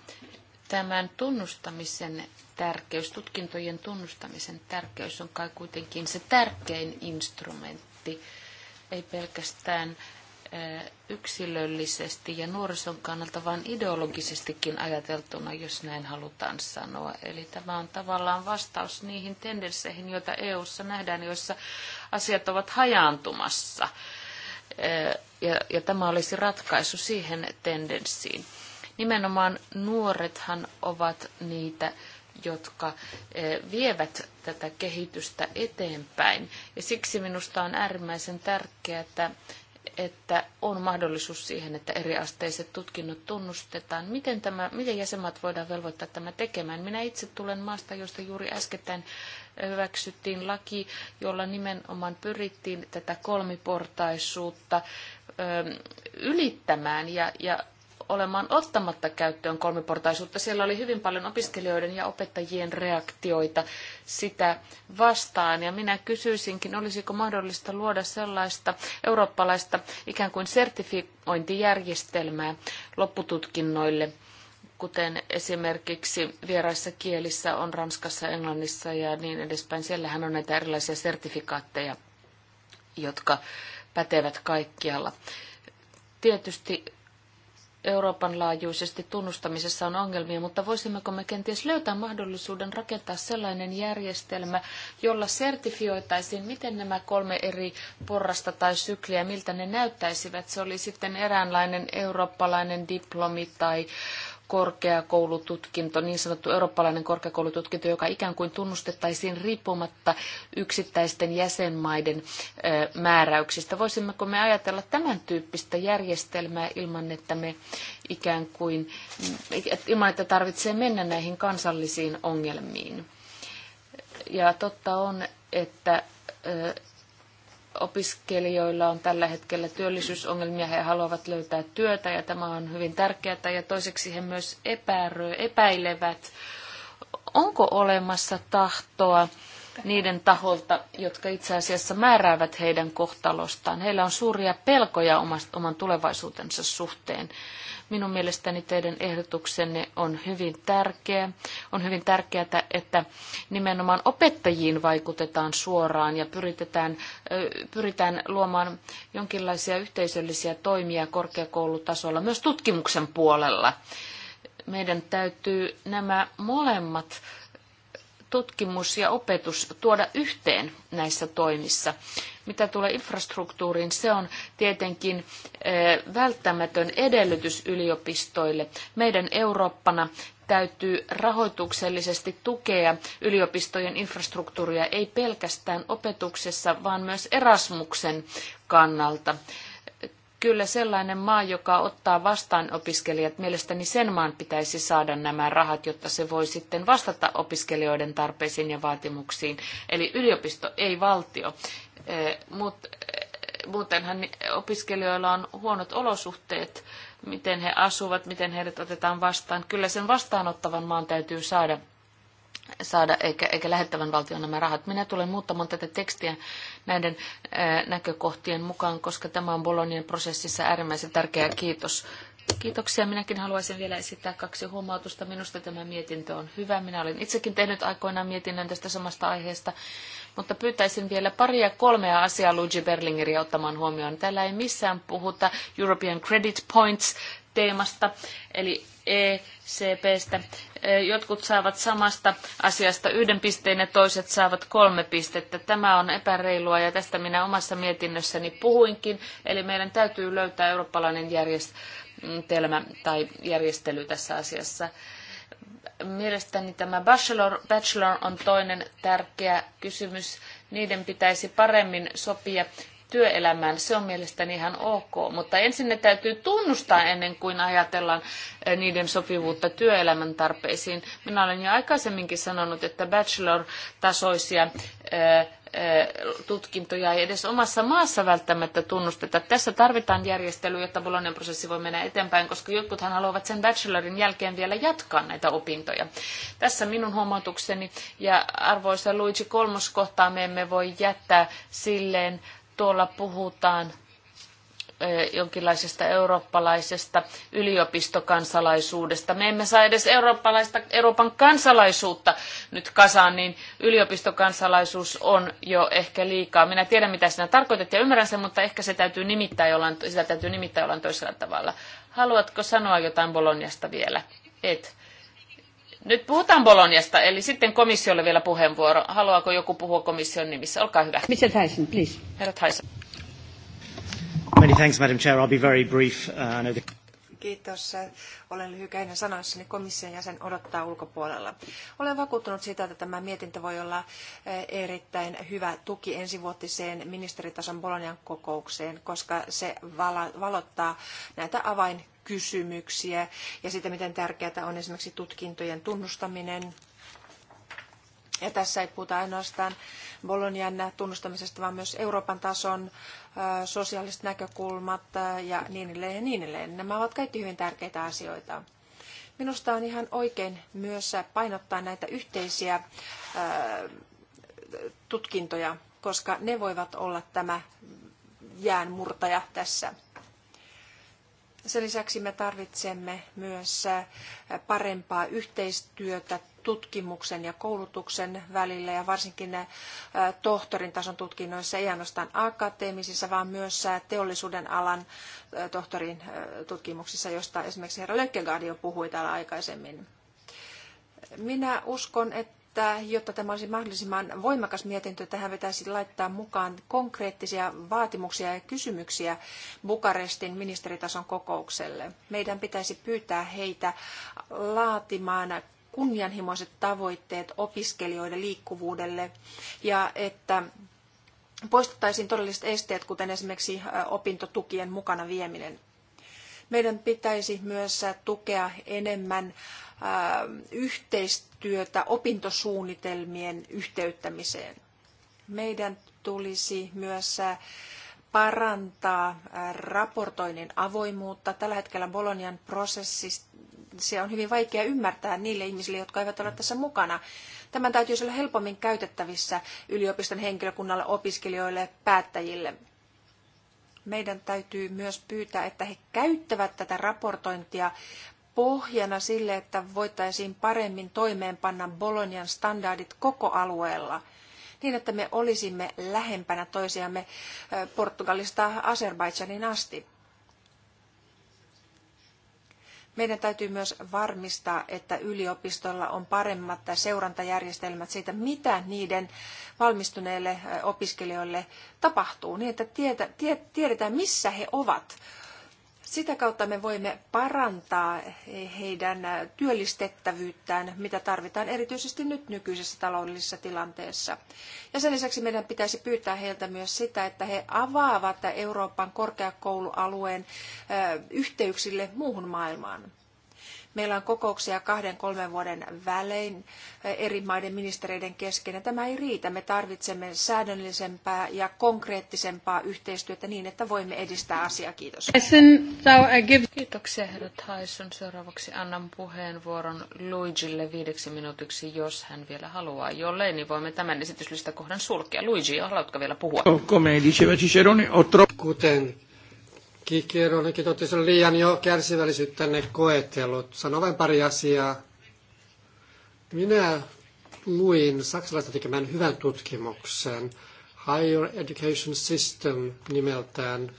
tämän tunnustamisen tärkeys, tutkintojen tunnustamisen tärkeys on kai kuitenkin se tärkein instrumentti, ei pelkästään yksilöllisesti ja nuorison kannalta, vaan ideologisestikin ajateltuna, jos näin halutaan sanoa. Eli tämä on tavallaan vastaus niihin tendensseihin, joita EU:ssa nähdään, joissa asiat ovat hajaantumassa. Eh, ja, ja tämä olisi ratkaisu siihen tendenssiin. Nimenomaan nuorethan ovat niitä, jotka eh, vievät tätä kehitystä eteenpäin. Ja siksi minusta on äärimmäisen tärkeää, että että on mahdollisuus siihen, että eriasteiset tutkinnot tunnustetaan. Miten, tämä, miten jäsenmaat voidaan velvoittaa tämä tekemään? Minä itse tulen maasta, josta juuri äskettäin hyväksyttiin laki, jolla nimenomaan pyrittiin tätä kolmiportaisuutta ylittämään ja, ja olemaan ottamatta käyttöön kolmiportaisuutta. Siellä oli hyvin paljon opiskelijoiden ja opettajien reaktioita sitä vastaan. Ja minä kysyisinkin, olisiko mahdollista luoda sellaista eurooppalaista ikään kuin sertifiointijärjestelmää loppututkinnoille – kuten esimerkiksi vieraissa kielissä on Ranskassa, Englannissa ja niin edespäin. Siellähän on näitä erilaisia sertifikaatteja, jotka pätevät kaikkialla. Tietysti Euroopan laajuisesti tunnustamisessa on ongelmia, mutta voisimmeko me kenties löytää mahdollisuuden rakentaa sellainen järjestelmä, jolla sertifioitaisiin, miten nämä kolme eri porrasta tai sykliä, miltä ne näyttäisivät. Se oli sitten eräänlainen eurooppalainen diplomi tai korkeakoulututkinto, niin sanottu eurooppalainen korkeakoulututkinto, joka ikään kuin tunnustettaisiin riippumatta yksittäisten jäsenmaiden määräyksistä. Voisimmeko me ajatella tämän tyyppistä järjestelmää ilman, että me ikään kuin, ilman että tarvitsee mennä näihin kansallisiin ongelmiin? Ja totta on, että opiskelijoilla on tällä hetkellä työllisyysongelmia, he haluavat löytää työtä ja tämä on hyvin tärkeää. Ja toiseksi he myös epäröi, epäilevät, onko olemassa tahtoa niiden taholta, jotka itse asiassa määräävät heidän kohtalostaan. Heillä on suuria pelkoja oman tulevaisuutensa suhteen. Minun mielestäni teidän ehdotuksenne on hyvin tärkeä. On hyvin tärkeää, että nimenomaan opettajiin vaikutetaan suoraan ja pyritetään, pyritään luomaan jonkinlaisia yhteisöllisiä toimia korkeakoulutasolla myös tutkimuksen puolella. Meidän täytyy nämä molemmat tutkimus ja opetus tuoda yhteen näissä toimissa. Mitä tulee infrastruktuuriin, se on tietenkin eh, välttämätön edellytys yliopistoille. Meidän Eurooppana täytyy rahoituksellisesti tukea yliopistojen infrastruktuuria ei pelkästään opetuksessa, vaan myös Erasmuksen kannalta kyllä sellainen maa, joka ottaa vastaan opiskelijat, mielestäni sen maan pitäisi saada nämä rahat, jotta se voi sitten vastata opiskelijoiden tarpeisiin ja vaatimuksiin. Eli yliopisto, ei valtio. Eh, Mutta eh, muutenhan opiskelijoilla on huonot olosuhteet, miten he asuvat, miten heidät otetaan vastaan. Kyllä sen vastaanottavan maan täytyy saada saada eikä, eikä lähettävän valtion nämä rahat. Minä tulen muuttamaan tätä tekstiä näiden ää, näkökohtien mukaan, koska tämä on Bolonian prosessissa äärimmäisen tärkeä kiitos. Kiitoksia. Minäkin haluaisin vielä esittää kaksi huomautusta. Minusta tämä mietintö on hyvä. Minä olen itsekin tehnyt aikoinaan mietinnän tästä samasta aiheesta, mutta pyytäisin vielä paria kolmea asiaa Luigi Berlingeriä ottamaan huomioon. Täällä ei missään puhuta European Credit Points teemasta, eli ECPstä, jotkut saavat samasta asiasta yhden pisteen ja toiset saavat kolme pistettä. Tämä on epäreilua ja tästä minä omassa mietinnössäni puhuinkin. Eli meidän täytyy löytää eurooppalainen järjestelmä tai järjestely tässä asiassa. Mielestäni tämä bachelor, bachelor on toinen tärkeä kysymys. Niiden pitäisi paremmin sopia työelämään, se on mielestäni ihan ok. Mutta ensin ne täytyy tunnustaa ennen kuin ajatellaan eh, niiden sopivuutta työelämän tarpeisiin. Minä olen jo aikaisemminkin sanonut, että bachelor-tasoisia eh, eh, tutkintoja ei edes omassa maassa välttämättä tunnusteta. Tässä tarvitaan järjestely, jotta Bolognan prosessi voi mennä eteenpäin, koska jotkuthan haluavat sen bachelorin jälkeen vielä jatkaa näitä opintoja. Tässä minun huomautukseni ja arvoisa Luigi kolmoskohtaa me emme voi jättää silleen tuolla puhutaan jonkinlaisesta eurooppalaisesta yliopistokansalaisuudesta. Me emme saa edes eurooppalaista, Euroopan kansalaisuutta nyt kasaan, niin yliopistokansalaisuus on jo ehkä liikaa. Minä tiedän, mitä sinä tarkoitat ja ymmärrän sen, mutta ehkä se täytyy nimittää jollain, sitä täytyy nimittää jollain toisella tavalla. Haluatko sanoa jotain Boloniasta vielä? Et. Nyt puhutaan Bolognasta, eli sitten komissiolle vielä puheenvuoro. Haluaako joku puhua komission nimissä? Olkaa hyvä. Mr. Tyson, please. Herra Tyson. Many thanks, Madam Chair. I'll be very brief. Uh, Kiitos. Olen lyhykäinen sanoissani. Komission jäsen odottaa ulkopuolella. Olen vakuuttunut siitä, että tämä mietintö voi olla eh, erittäin hyvä tuki ensivuotiseen ministeritason Bolonian kokoukseen, koska se valottaa näitä avain kysymyksiä ja sitä, miten tärkeää on esimerkiksi tutkintojen tunnustaminen. Ja tässä ei puhuta ainoastaan Bolognan tunnustamisesta, vaan myös Euroopan tason sosiaaliset näkökulmat ja niin edelleen ja niin edelleen. Nämä ovat kaikki hyvin tärkeitä asioita. Minusta on ihan oikein myös painottaa näitä yhteisiä tutkintoja, koska ne voivat olla tämä jäänmurtaja tässä. Sen lisäksi me tarvitsemme myös parempaa yhteistyötä tutkimuksen ja koulutuksen välillä ja varsinkin tohtorin tason tutkinnoissa, ei ainoastaan akateemisissa, vaan myös teollisuuden alan tohtorin tutkimuksissa, josta esimerkiksi herra Lökkegaard jo puhui täällä aikaisemmin. Minä uskon, että että jotta tämä olisi mahdollisimman voimakas mietintö, tähän pitäisi laittaa mukaan konkreettisia vaatimuksia ja kysymyksiä Bukarestin ministeritason kokoukselle. Meidän pitäisi pyytää heitä laatimaan kunnianhimoiset tavoitteet opiskelijoiden liikkuvuudelle ja että poistettaisiin todelliset esteet, kuten esimerkiksi opintotukien mukana vieminen. Meidän pitäisi myös tukea enemmän Ähm, yhteistyötä opintosuunnitelmien yhteyttämiseen. Meidän tulisi myös äh, parantaa äh, raportoinnin avoimuutta. Tällä hetkellä Bolonian prosessista se on hyvin vaikea ymmärtää niille ihmisille, jotka eivät ole tässä mukana. Tämän täytyisi olla helpommin käytettävissä yliopiston henkilökunnalle, opiskelijoille, päättäjille. Meidän täytyy myös pyytää, että he käyttävät tätä raportointia pohjana sille, että voitaisiin paremmin toimeenpanna Bolonian standardit koko alueella niin, että me olisimme lähempänä toisiamme Portugalista Azerbaidžanin asti. Meidän täytyy myös varmistaa, että yliopistolla on paremmat seurantajärjestelmät siitä, mitä niiden valmistuneille opiskelijoille tapahtuu, niin että tiedetään, missä he ovat sitä kautta me voimme parantaa heidän työllistettävyyttään, mitä tarvitaan erityisesti nyt nykyisessä taloudellisessa tilanteessa. Ja sen lisäksi meidän pitäisi pyytää heiltä myös sitä, että he avaavat Euroopan korkeakoulualueen yhteyksille muuhun maailmaan. Meillä on kokouksia kahden, kolmen vuoden välein eri maiden ministereiden kesken, ja tämä ei riitä. Me tarvitsemme säännöllisempää ja konkreettisempaa yhteistyötä niin, että voimme edistää asiaa. Kiitos. Kiitoksia, herra Tyson. Seuraavaksi annan puheenvuoron Luigille viideksi minuutiksi, jos hän vielä haluaa. Jollei, niin voimme tämän esityslistakohdan sulkea. Luigi, haluatko vielä puhua? Kuten Kikeronenkin totesi, on liian jo ne koetellut. Sano vain pari asiaa. Minä luin saksalaista tekemään hyvän tutkimuksen, Higher Education System nimeltään.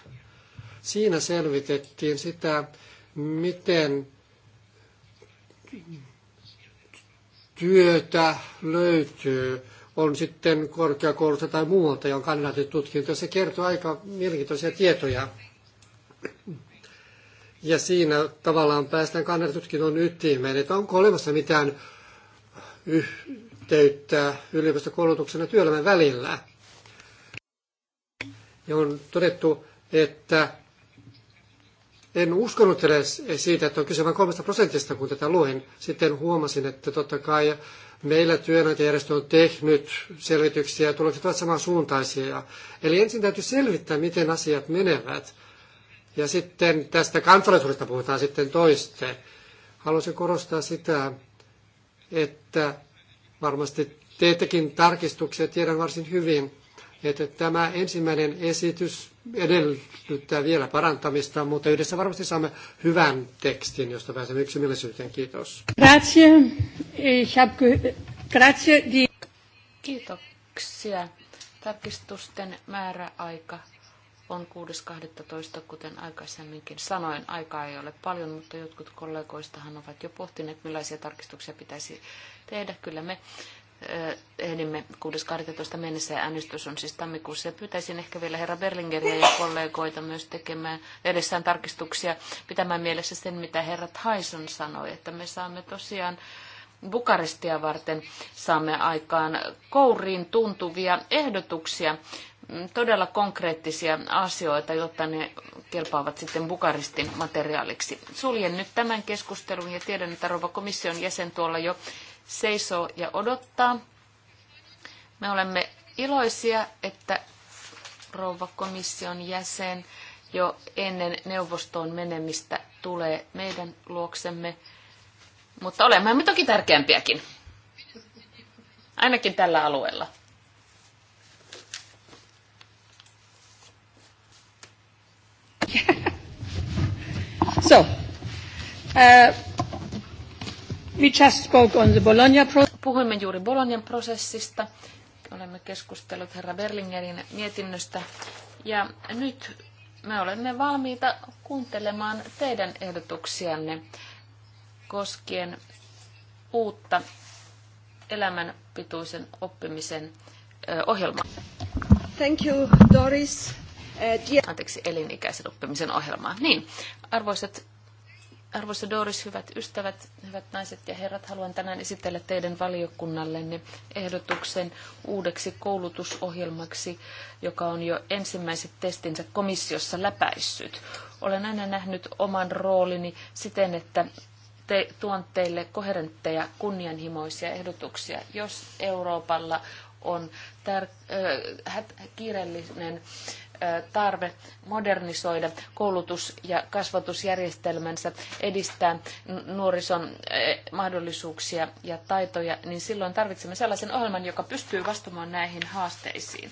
Siinä selvitettiin sitä, miten työtä löytyy, on sitten korkeakoulusta tai muualta, jonka kandidaatin tutkinto. Se kertoo aika mielenkiintoisia tietoja. Ja siinä tavallaan päästään kannatustutkinnon ytimeen, että onko olemassa mitään yhteyttä yliopistokoulutuksen ja työelämän välillä. Ja on todettu, että en uskonut edes siitä, että on kyse vain kolmesta prosentista, kun tätä luin. Sitten huomasin, että totta kai meillä työnantajärjestö on tehnyt selvityksiä ja tulokset ovat samansuuntaisia. Eli ensin täytyy selvittää, miten asiat menevät – ja sitten tästä kansalaisuudesta puhutaan sitten toiste. Haluaisin korostaa sitä, että varmasti teettekin tarkistuksia tiedän varsin hyvin, että tämä ensimmäinen esitys edellyttää vielä parantamista, mutta yhdessä varmasti saamme hyvän tekstin, josta pääsemme yksimielisyyteen. Kiitos. Kiitoksia. Tarkistusten määräaika on 6.12., kuten aikaisemminkin sanoin. Aikaa ei ole paljon, mutta jotkut kollegoistahan ovat jo pohtineet, millaisia tarkistuksia pitäisi tehdä. Kyllä me eh, ehdimme 6.12. mennessä ja äänestys on siis tammikuussa. Ja pyytäisin ehkä vielä herra Berlingeriä ja kollegoita myös tekemään edessään tarkistuksia, pitämään mielessä sen, mitä herra Tyson sanoi, että me saamme tosiaan Bukarestia varten saamme aikaan kouriin tuntuvia ehdotuksia, mm, todella konkreettisia asioita, jotta ne kelpaavat sitten Bukarestin materiaaliksi. Suljen nyt tämän keskustelun ja tiedän, että rouva komission jäsen tuolla jo seisoo ja odottaa. Me olemme iloisia, että rouva komission jäsen jo ennen neuvostoon menemistä tulee meidän luoksemme. Mutta olemme me toki tärkeämpiäkin. Ainakin tällä alueella. So, uh, we just spoke on the Bologna Puhuimme juuri Bolognan prosessista. Olemme keskustelleet herra Berlingerin mietinnöstä. Ja nyt me olemme valmiita kuuntelemaan teidän ehdotuksianne koskien uutta elämänpituisen oppimisen ohjelmaa. Thank you, Doris. Eh, Anteeksi, elinikäisen oppimisen ohjelmaa. Niin, arvoisat Arvoisa Doris, hyvät ystävät, hyvät naiset ja herrat, haluan tänään esitellä teidän valiokunnallenne ehdotuksen uudeksi koulutusohjelmaksi, joka on jo ensimmäiset testinsä komissiossa läpäissyt. Olen aina nähnyt oman roolini siten, että te, tuon teille koherentteja, kunnianhimoisia ehdotuksia. Jos Euroopalla on tär, äh, kiireellinen tarve modernisoida koulutus- ja kasvatusjärjestelmänsä, edistää nuorison mahdollisuuksia ja taitoja, niin silloin tarvitsemme sellaisen ohjelman, joka pystyy vastaamaan näihin haasteisiin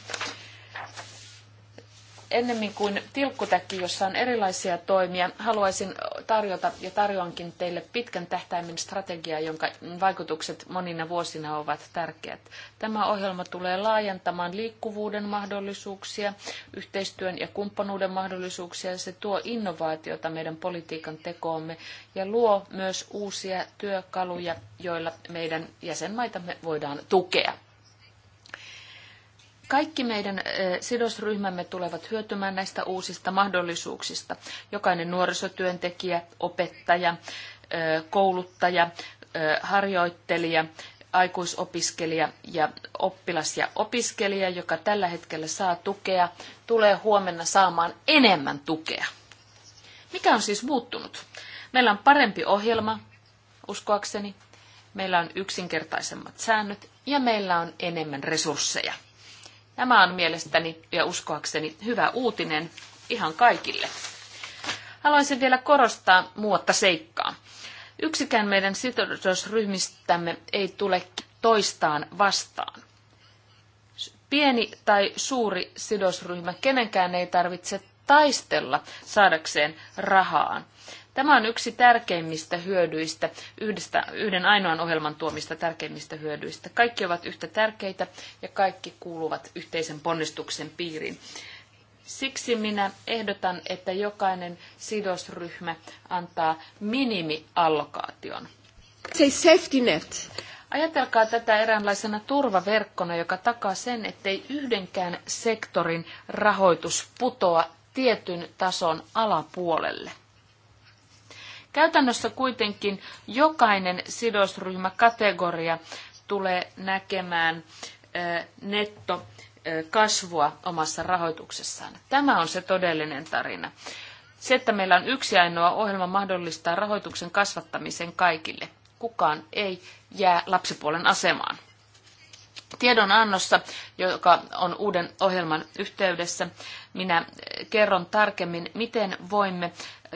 ennemmin kuin tilkkutäkki, jossa on erilaisia toimia, haluaisin tarjota ja tarjoankin teille pitkän tähtäimen strategiaa, jonka vaikutukset monina vuosina ovat tärkeät. Tämä ohjelma tulee laajentamaan liikkuvuuden mahdollisuuksia, yhteistyön ja kumppanuuden mahdollisuuksia. Se tuo innovaatiota meidän politiikan tekoomme ja luo myös uusia työkaluja, joilla meidän jäsenmaitamme voidaan tukea. Kaikki meidän sidosryhmämme tulevat hyötymään näistä uusista mahdollisuuksista. Jokainen nuorisotyöntekijä, opettaja, kouluttaja, harjoittelija, aikuisopiskelija ja oppilas ja opiskelija, joka tällä hetkellä saa tukea, tulee huomenna saamaan enemmän tukea. Mikä on siis muuttunut? Meillä on parempi ohjelma, uskoakseni. Meillä on yksinkertaisemmat säännöt ja meillä on enemmän resursseja. Tämä on mielestäni ja uskoakseni hyvä uutinen ihan kaikille. Haluaisin vielä korostaa muutta seikkaa. Yksikään meidän sidosryhmistämme ei tule toistaan vastaan. Pieni tai suuri sidosryhmä, kenenkään ei tarvitse taistella saadakseen rahaan. Tämä on yksi tärkeimmistä hyödyistä, yhdestä, yhden ainoan ohjelman tuomista tärkeimmistä hyödyistä. Kaikki ovat yhtä tärkeitä ja kaikki kuuluvat yhteisen ponnistuksen piiriin. Siksi minä ehdotan, että jokainen sidosryhmä antaa minimiallokaation. Se safety net. Ajatelkaa tätä eräänlaisena turvaverkkona, joka takaa sen, ettei yhdenkään sektorin rahoitus putoa tietyn tason alapuolelle. Käytännössä kuitenkin jokainen sidosryhmäkategoria tulee näkemään netto kasvua omassa rahoituksessaan. Tämä on se todellinen tarina. Se, että meillä on yksi ainoa ohjelma mahdollistaa rahoituksen kasvattamisen kaikille. Kukaan ei jää lapsipuolen asemaan tiedonannossa, joka on uuden ohjelman yhteydessä, minä kerron tarkemmin, miten voimme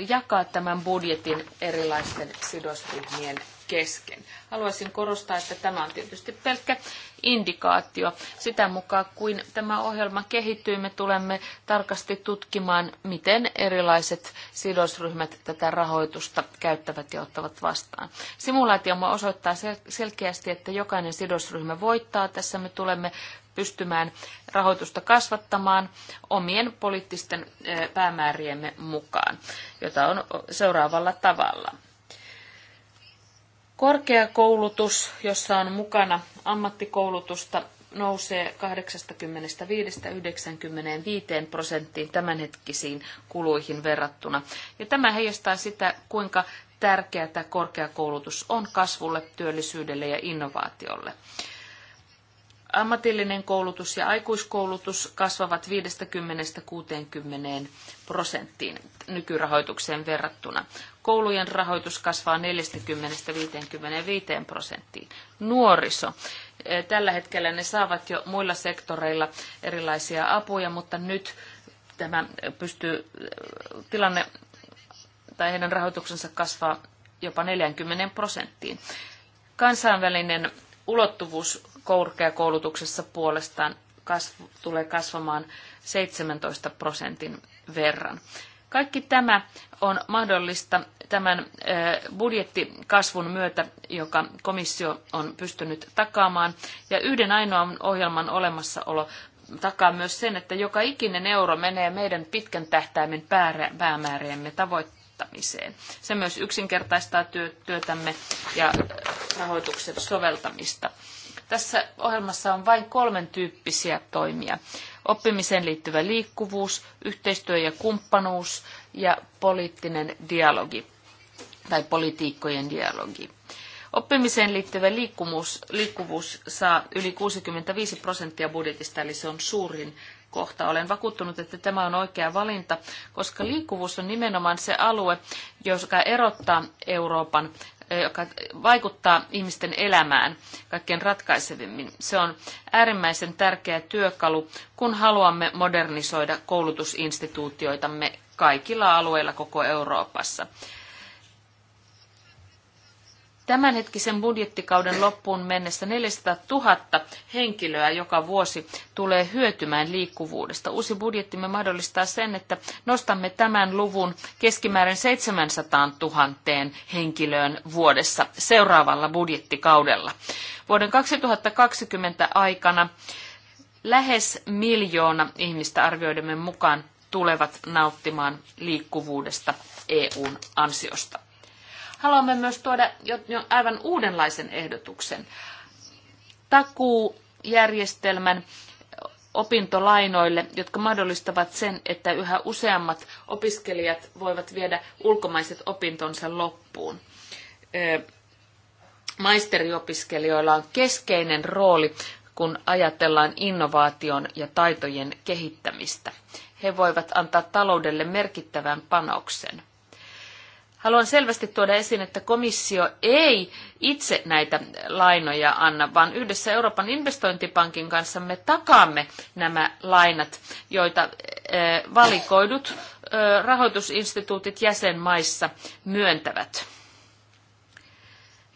jakaa tämän budjetin erilaisten sidosryhmien kesken. Haluaisin korostaa, että tämä on tietysti pelkkä indikaatio. Sitä mukaan, kuin tämä ohjelma kehittyy, me tulemme tarkasti tutkimaan, miten erilaiset sidosryhmät tätä rahoitusta käyttävät ja ottavat vastaan. Simulaatiomme osoittaa selkeästi, että jokainen sidosryhmä voittaa. Tässä me tulemme pystymään rahoitusta kasvattamaan omien poliittisten eh, päämääriemme mukaan, jota on seuraavalla tavalla. Korkeakoulutus, jossa on mukana ammattikoulutusta, nousee 85-95 prosenttiin tämänhetkisiin kuluihin verrattuna. Ja tämä heijastaa sitä, kuinka tärkeää korkeakoulutus on kasvulle, työllisyydelle ja innovaatiolle. Ammatillinen koulutus ja aikuiskoulutus kasvavat 50-60 prosenttiin nykyrahoitukseen verrattuna. Koulujen rahoitus kasvaa 40-55 prosenttiin. Nuoriso. E, tällä hetkellä ne saavat jo muilla sektoreilla erilaisia apuja, mutta nyt tämä pystyy, e, tilanne tai heidän rahoituksensa kasvaa jopa 40 prosenttiin. Kansainvälinen ulottuvuus korkeakoulutuksessa puolestaan kasvu, tulee kasvamaan 17 prosentin verran. Kaikki tämä on mahdollista tämän budjettikasvun myötä, joka komissio on pystynyt takaamaan. Ja yhden ainoan ohjelman olemassaolo takaa myös sen, että joka ikinen euro menee meidän pitkän tähtäimen päämääriemme tavoittamiseen. Se myös yksinkertaistaa työtämme ja rahoituksen soveltamista. Tässä ohjelmassa on vain kolmen tyyppisiä toimia. Oppimiseen liittyvä liikkuvuus, yhteistyö ja kumppanuus ja poliittinen dialogi tai politiikkojen dialogi. Oppimiseen liittyvä liikkuvuus, liikkuvuus saa yli 65 prosenttia budjetista, eli se on suurin kohta. Olen vakuuttunut, että tämä on oikea valinta, koska liikkuvuus on nimenomaan se alue, joka erottaa Euroopan Eh, joka vaikuttaa ihmisten elämään kaikkein ratkaisevimmin. Se on äärimmäisen tärkeä työkalu, kun haluamme modernisoida koulutusinstituutioitamme kaikilla alueilla koko Euroopassa. Tämänhetkisen budjettikauden loppuun mennessä 400 000 henkilöä joka vuosi tulee hyötymään liikkuvuudesta. Uusi budjettimme mahdollistaa sen, että nostamme tämän luvun keskimäärin 700 000 henkilöön vuodessa seuraavalla budjettikaudella. Vuoden 2020 aikana lähes miljoona ihmistä arvioidemme mukaan tulevat nauttimaan liikkuvuudesta EUn ansiosta. Haluamme myös tuoda aivan uudenlaisen ehdotuksen. Takuujärjestelmän opintolainoille, jotka mahdollistavat sen, että yhä useammat opiskelijat voivat viedä ulkomaiset opintonsa loppuun. Maisteriopiskelijoilla on keskeinen rooli, kun ajatellaan innovaation ja taitojen kehittämistä. He voivat antaa taloudelle merkittävän panoksen. Haluan selvästi tuoda esiin, että komissio ei itse näitä lainoja anna, vaan yhdessä Euroopan investointipankin kanssa me takaamme nämä lainat, joita eh, valikoidut eh, rahoitusinstituutit jäsenmaissa myöntävät.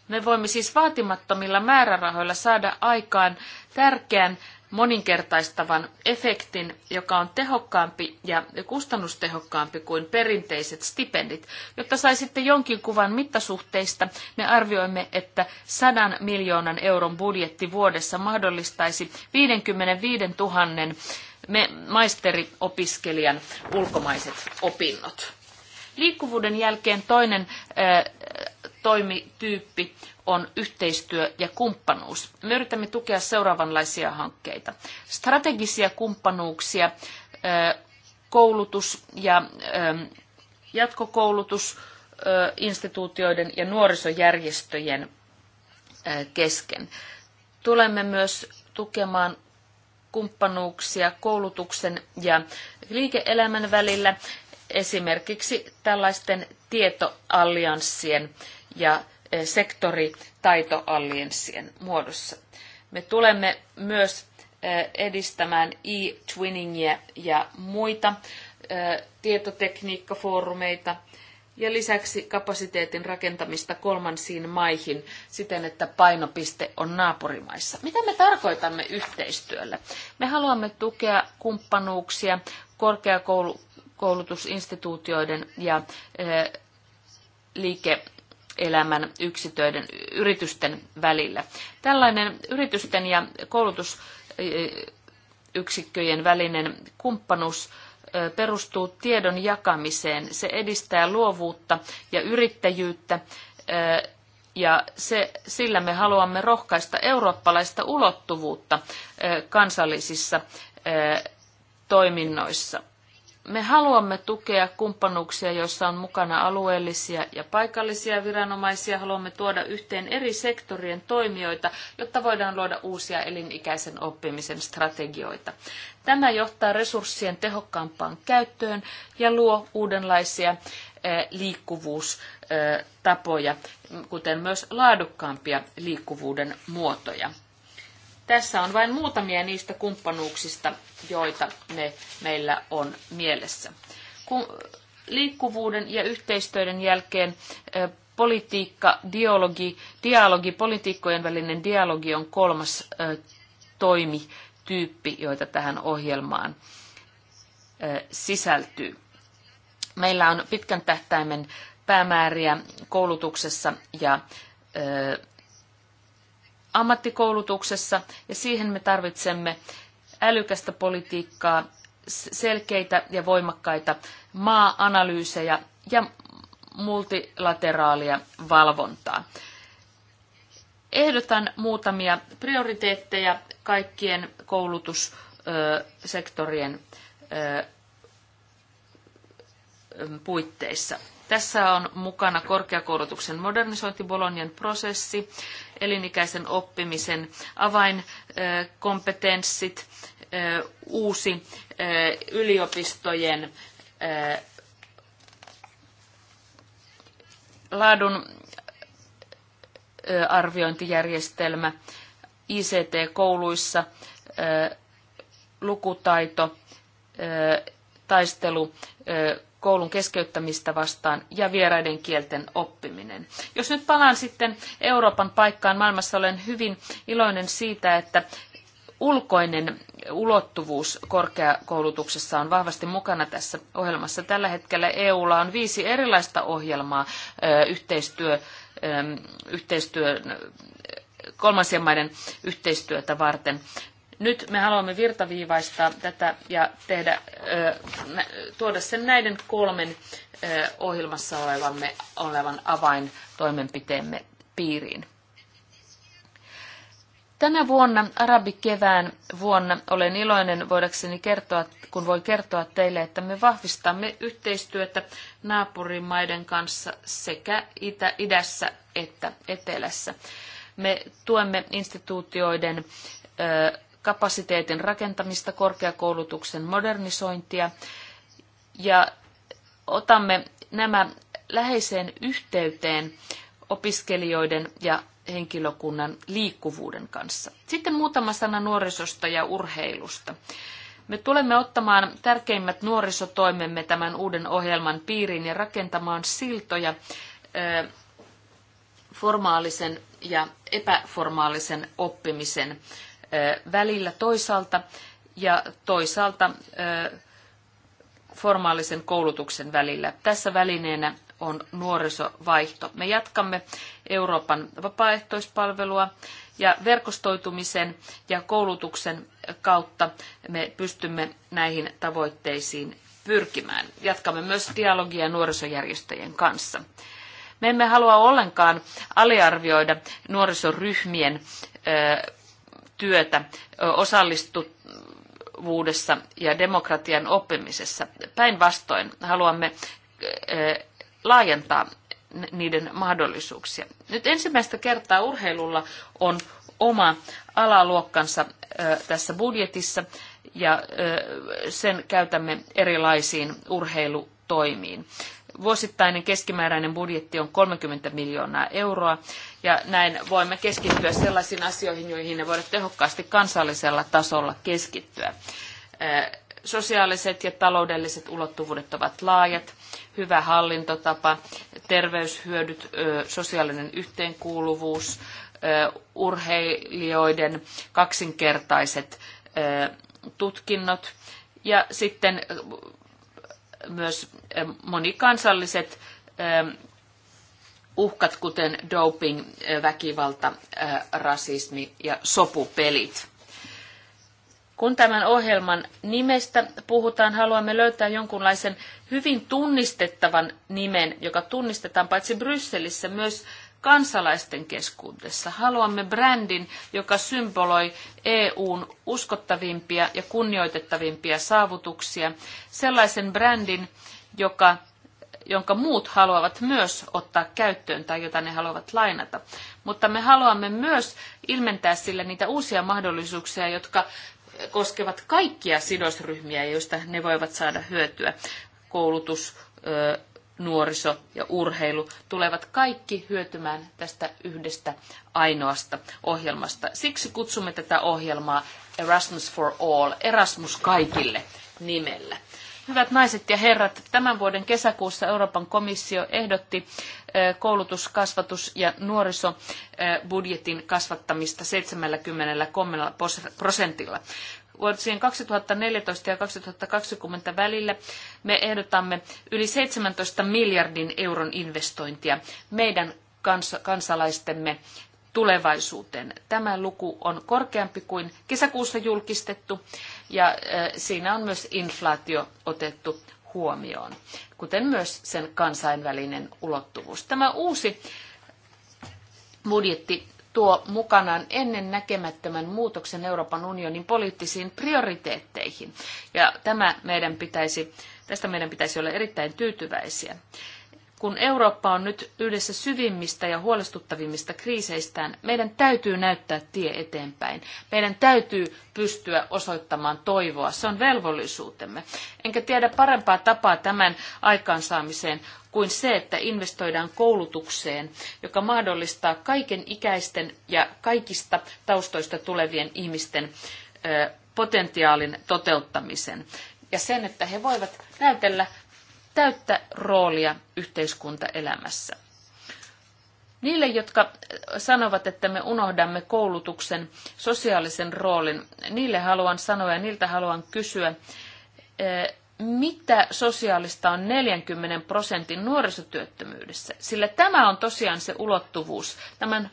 Me voimme siis vaatimattomilla määrärahoilla saada aikaan tärkeän moninkertaistavan efektin, joka on tehokkaampi ja kustannustehokkaampi kuin perinteiset stipendit. Jotta saisitte jonkin kuvan mittasuhteista, me arvioimme, että 100 miljoonan euron budjetti vuodessa mahdollistaisi 55 000 maisteriopiskelijan ulkomaiset opinnot. Liikkuvuuden jälkeen toinen toimityyppi on yhteistyö ja kumppanuus. Me yritämme tukea seuraavanlaisia hankkeita. Strategisia kumppanuuksia, koulutus ja jatkokoulutus instituutioiden ja nuorisojärjestöjen kesken. Tulemme myös tukemaan kumppanuuksia koulutuksen ja liike-elämän välillä, esimerkiksi tällaisten tietoallianssien ja e, sektoritaitoallienssien muodossa. Me tulemme myös e, edistämään e-twinningiä ja muita e, tietotekniikkafoorumeita ja lisäksi kapasiteetin rakentamista kolmansiin maihin siten, että painopiste on naapurimaissa. Mitä me tarkoitamme yhteistyöllä? Me haluamme tukea kumppanuuksia korkeakoulutusinstituutioiden ja liike- elämän yksityiden yritysten välillä. Tällainen yritysten ja koulutusyksikköjen eh, välinen kumppanuus eh, perustuu tiedon jakamiseen. Se edistää luovuutta ja yrittäjyyttä eh, ja se, sillä me haluamme rohkaista eurooppalaista ulottuvuutta kansallisissa toiminnoissa. Me haluamme tukea kumppanuuksia, joissa on mukana alueellisia ja paikallisia viranomaisia. Haluamme tuoda yhteen eri sektorien toimijoita, jotta voidaan luoda uusia elinikäisen oppimisen strategioita. Tämä johtaa resurssien tehokkaampaan käyttöön ja luo uudenlaisia eh, liikkuvuustapoja, kuten myös laadukkaampia liikkuvuuden muotoja. Tässä on vain muutamia niistä kumppanuuksista, joita meillä on mielessä. Kun liikkuvuuden ja yhteistyöiden jälkeen politiikka, dialogi, dialogi, politiikkojen välinen dialogi on kolmas toimityyppi, joita tähän ohjelmaan sisältyy. Meillä on pitkän tähtäimen päämääriä koulutuksessa ja ammattikoulutuksessa ja siihen me tarvitsemme älykästä politiikkaa, selkeitä ja voimakkaita maa-analyysejä ja multilateraalia valvontaa. Ehdotan muutamia prioriteetteja kaikkien koulutussektorien puitteissa. Tässä on mukana korkeakoulutuksen modernisointi Bolognan prosessi, elinikäisen oppimisen avainkompetenssit, uusi yliopistojen laadun arviointijärjestelmä ICT-kouluissa, lukutaito, taistelu koulun keskeyttämistä vastaan ja vieraiden kielten oppiminen. Jos nyt palaan sitten Euroopan paikkaan maailmassa, olen hyvin iloinen siitä, että ulkoinen ulottuvuus korkeakoulutuksessa on vahvasti mukana tässä ohjelmassa. Tällä hetkellä EUlla on viisi erilaista ohjelmaa yhteistyö, yhteistyö kolmansien maiden yhteistyötä varten. Nyt me haluamme virtaviivaistaa tätä ja tehdä, tuoda sen näiden kolmen ohjelmassa olevamme, olevan avaintoimenpiteemme piiriin. Tänä vuonna, arabikevään vuonna, olen iloinen voidakseni kertoa, kun voi kertoa teille, että me vahvistamme yhteistyötä naapurimaiden kanssa sekä itä, idässä että etelässä. Me tuemme instituutioiden kapasiteetin rakentamista, korkeakoulutuksen modernisointia ja otamme nämä läheiseen yhteyteen opiskelijoiden ja henkilökunnan liikkuvuuden kanssa. Sitten muutama sana nuorisosta ja urheilusta. Me tulemme ottamaan tärkeimmät nuorisotoimemme tämän uuden ohjelman piiriin ja rakentamaan siltoja formaalisen ja epäformaalisen oppimisen välillä toisaalta ja toisaalta formaalisen koulutuksen välillä. Tässä välineenä on nuorisovaihto. Me jatkamme Euroopan vapaaehtoispalvelua ja verkostoitumisen ja koulutuksen kautta me pystymme näihin tavoitteisiin pyrkimään. Jatkamme myös dialogia nuorisojärjestöjen kanssa. Me emme halua ollenkaan aliarvioida nuorisoryhmien työtä osallistuvuudessa ja demokratian oppimisessa. Päinvastoin haluamme laajentaa niiden mahdollisuuksia. Nyt ensimmäistä kertaa urheilulla on oma alaluokkansa tässä budjetissa ja sen käytämme erilaisiin urheilutoimiin vuosittainen keskimääräinen budjetti on 30 miljoonaa euroa, ja näin voimme keskittyä sellaisiin asioihin, joihin ne voidaan tehokkaasti kansallisella tasolla keskittyä. Sosiaaliset ja taloudelliset ulottuvuudet ovat laajat, hyvä hallintotapa, terveyshyödyt, sosiaalinen yhteenkuuluvuus, urheilijoiden kaksinkertaiset tutkinnot ja sitten myös monikansalliset uhkat, kuten doping, väkivalta, rasismi ja sopupelit. Kun tämän ohjelman nimestä puhutaan, haluamme löytää jonkunlaisen hyvin tunnistettavan nimen, joka tunnistetaan paitsi Brysselissä myös kansalaisten keskuudessa. Haluamme brändin, joka symboloi EUn uskottavimpia ja kunnioitettavimpia saavutuksia. Sellaisen brändin, joka jonka muut haluavat myös ottaa käyttöön tai jota ne haluavat lainata. Mutta me haluamme myös ilmentää sille niitä uusia mahdollisuuksia, jotka koskevat kaikkia sidosryhmiä, joista ne voivat saada hyötyä. Koulutus, nuoriso ja urheilu tulevat kaikki hyötymään tästä yhdestä ainoasta ohjelmasta. Siksi kutsumme tätä ohjelmaa Erasmus for All, Erasmus kaikille nimellä. Hyvät naiset ja herrat, tämän vuoden kesäkuussa Euroopan komissio ehdotti koulutus-, kasvatus- ja nuorisobudjetin kasvattamista 73 prosentilla vuosien 2014 ja 2020 välillä me ehdotamme yli 17 miljardin euron investointia meidän kans- kansalaistemme tulevaisuuteen. Tämä luku on korkeampi kuin kesäkuussa julkistettu ja siinä on myös inflaatio otettu huomioon, kuten myös sen kansainvälinen ulottuvuus. Tämä uusi budjetti tuo mukanaan ennen näkemättömän muutoksen Euroopan unionin poliittisiin prioriteetteihin. Ja tämä meidän pitäisi, tästä meidän pitäisi olla erittäin tyytyväisiä. Kun Eurooppa on nyt yhdessä syvimmistä ja huolestuttavimmista kriiseistään, meidän täytyy näyttää tie eteenpäin. Meidän täytyy pystyä osoittamaan toivoa. Se on velvollisuutemme. Enkä tiedä parempaa tapaa tämän aikaansaamiseen kuin se, että investoidaan koulutukseen, joka mahdollistaa kaiken ikäisten ja kaikista taustoista tulevien ihmisten potentiaalin toteuttamisen ja sen, että he voivat näytellä täyttä roolia yhteiskuntaelämässä. Niille, jotka sanovat, että me unohdamme koulutuksen sosiaalisen roolin, niille haluan sanoa ja niiltä haluan kysyä, mitä sosiaalista on 40 prosentin nuorisotyöttömyydessä, sillä tämä on tosiaan se ulottuvuus, tämän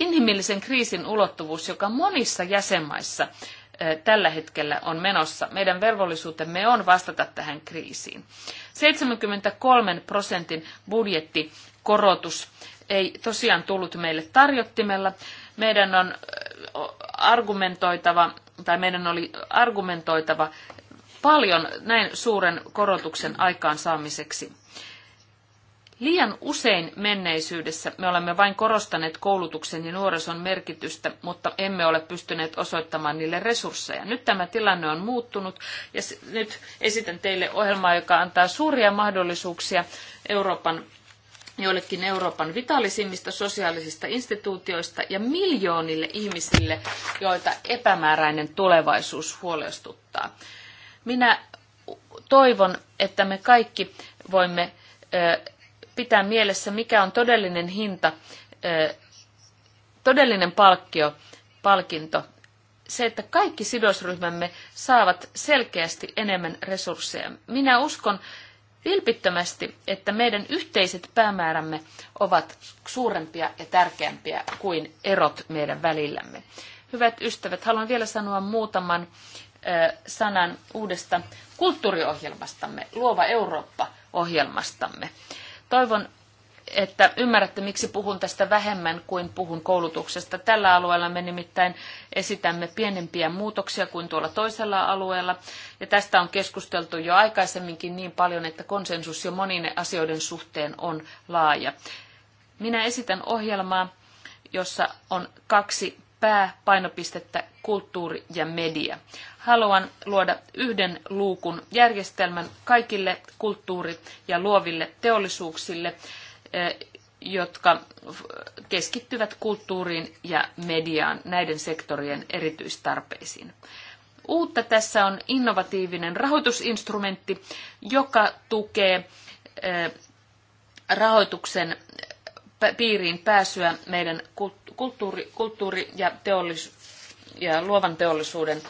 inhimillisen kriisin ulottuvuus, joka monissa jäsenmaissa tällä hetkellä on menossa. Meidän velvollisuutemme on vastata tähän kriisiin. 73 prosentin budjettikorotus ei tosiaan tullut meille tarjottimella. Meidän on argumentoitava, tai meidän oli argumentoitava paljon näin suuren korotuksen aikaansaamiseksi. Liian usein menneisyydessä me olemme vain korostaneet koulutuksen ja nuorison merkitystä, mutta emme ole pystyneet osoittamaan niille resursseja. Nyt tämä tilanne on muuttunut ja nyt esitän teille ohjelmaa, joka antaa suuria mahdollisuuksia Euroopan joillekin Euroopan vitalisimmista sosiaalisista instituutioista ja miljoonille ihmisille, joita epämääräinen tulevaisuus huolestuttaa. Minä toivon, että me kaikki voimme pitää mielessä, mikä on todellinen hinta, todellinen palkkio, palkinto. Se, että kaikki sidosryhmämme saavat selkeästi enemmän resursseja. Minä uskon vilpittömästi, että meidän yhteiset päämäärämme ovat suurempia ja tärkeämpiä kuin erot meidän välillämme. Hyvät ystävät, haluan vielä sanoa muutaman sanan uudesta kulttuuriohjelmastamme, Luova Eurooppa-ohjelmastamme. Toivon, että ymmärrätte, miksi puhun tästä vähemmän kuin puhun koulutuksesta. Tällä alueella me nimittäin esitämme pienempiä muutoksia kuin tuolla toisella alueella. Ja tästä on keskusteltu jo aikaisemminkin niin paljon, että konsensus jo monine asioiden suhteen on laaja. Minä esitän ohjelmaa, jossa on kaksi pääpainopistettä kulttuuri ja media haluan luoda yhden luukun järjestelmän kaikille kulttuuri- ja luoville teollisuuksille, eh, jotka keskittyvät kulttuuriin ja mediaan näiden sektorien erityistarpeisiin. Uutta tässä on innovatiivinen rahoitusinstrumentti, joka tukee eh, rahoituksen eh, piiriin pääsyä meidän kulttuuri-, kulttuuri ja teollisuus ja luovan teollisuuden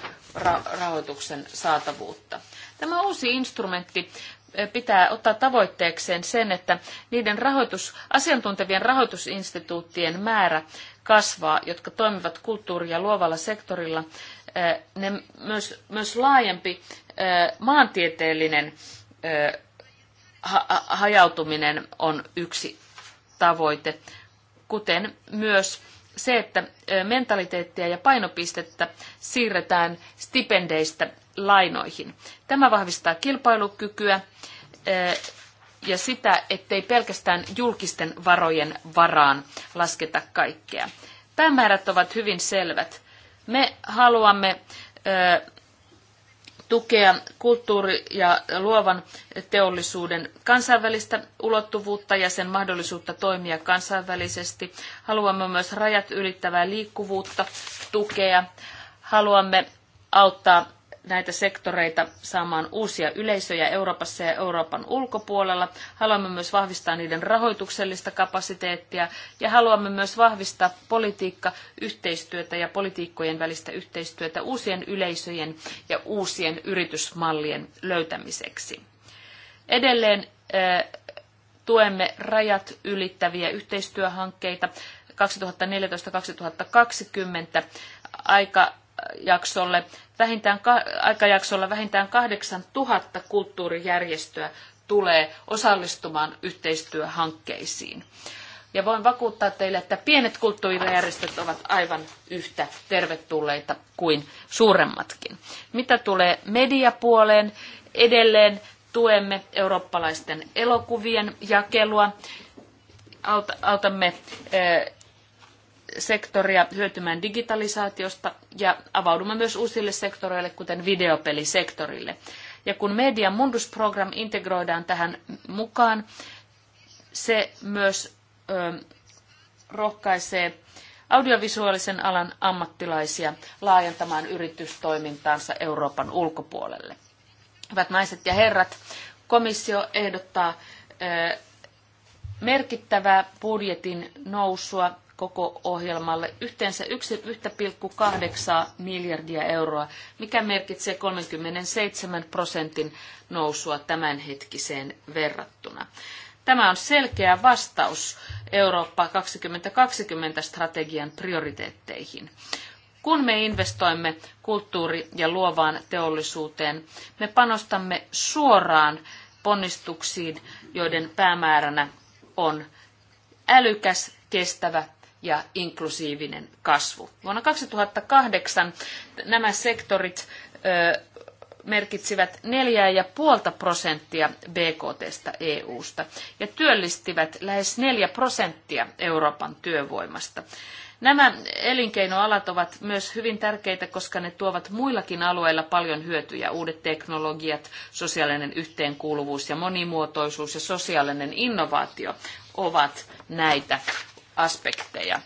rahoituksen saatavuutta. Tämä uusi instrumentti eh, pitää ottaa tavoitteekseen sen, että niiden rahoitus, asiantuntevien rahoitusinstituuttien määrä kasvaa, jotka toimivat kulttuuri- ja luovalla sektorilla. Eh, ne myös, myös laajempi eh, maantieteellinen hajautuminen on yksi tavoite, kuten myös se, että mentaliteettia ja painopistettä siirretään stipendeistä lainoihin. Tämä vahvistaa kilpailukykyä ja sitä, ettei pelkästään julkisten varojen varaan lasketa kaikkea. Päämäärät ovat hyvin selvät. Me haluamme tukea kulttuuri- ja luovan teollisuuden kansainvälistä ulottuvuutta ja sen mahdollisuutta toimia kansainvälisesti. Haluamme myös rajat ylittävää liikkuvuutta tukea. Haluamme auttaa näitä sektoreita saamaan uusia yleisöjä Euroopassa ja Euroopan ulkopuolella. Haluamme myös vahvistaa niiden rahoituksellista kapasiteettia ja haluamme myös vahvistaa politiikkayhteistyötä ja politiikkojen välistä yhteistyötä uusien yleisöjen ja uusien yritysmallien löytämiseksi. Edelleen tuemme rajat ylittäviä yhteistyöhankkeita 2014-2020 aika jaksolle vähintään, aikajaksolla vähintään 8000 kulttuurijärjestöä tulee osallistumaan yhteistyöhankkeisiin. Ja voin vakuuttaa teille, että pienet kulttuurijärjestöt ovat aivan yhtä tervetulleita kuin suuremmatkin. Mitä tulee mediapuoleen, edelleen tuemme eurooppalaisten elokuvien jakelua, autamme eh, sektoria hyötymään digitalisaatiosta ja avaudumme myös uusille sektoreille, kuten videopelisektorille. Ja kun Media Mundus Program integroidaan tähän mukaan, se myös ö, rohkaisee audiovisuaalisen alan ammattilaisia laajentamaan yritystoimintaansa Euroopan ulkopuolelle. Hyvät naiset ja herrat, komissio ehdottaa ö, merkittävää budjetin nousua koko ohjelmalle yhteensä 1,8 miljardia euroa, mikä merkitsee 37 prosentin nousua tämänhetkiseen verrattuna. Tämä on selkeä vastaus Eurooppa 2020-strategian prioriteetteihin. Kun me investoimme kulttuuri- ja luovaan teollisuuteen, me panostamme suoraan ponnistuksiin, joiden päämääränä on älykäs, kestävä ja inklusiivinen kasvu. Vuonna 2008 nämä sektorit merkitsivät 4,5 prosenttia BKTstä EUsta ja työllistivät lähes 4 prosenttia Euroopan työvoimasta. Nämä elinkeinoalat ovat myös hyvin tärkeitä, koska ne tuovat muillakin alueilla paljon hyötyjä. Uudet teknologiat, sosiaalinen yhteenkuuluvuus ja monimuotoisuus ja sosiaalinen innovaatio ovat näitä aspekteja.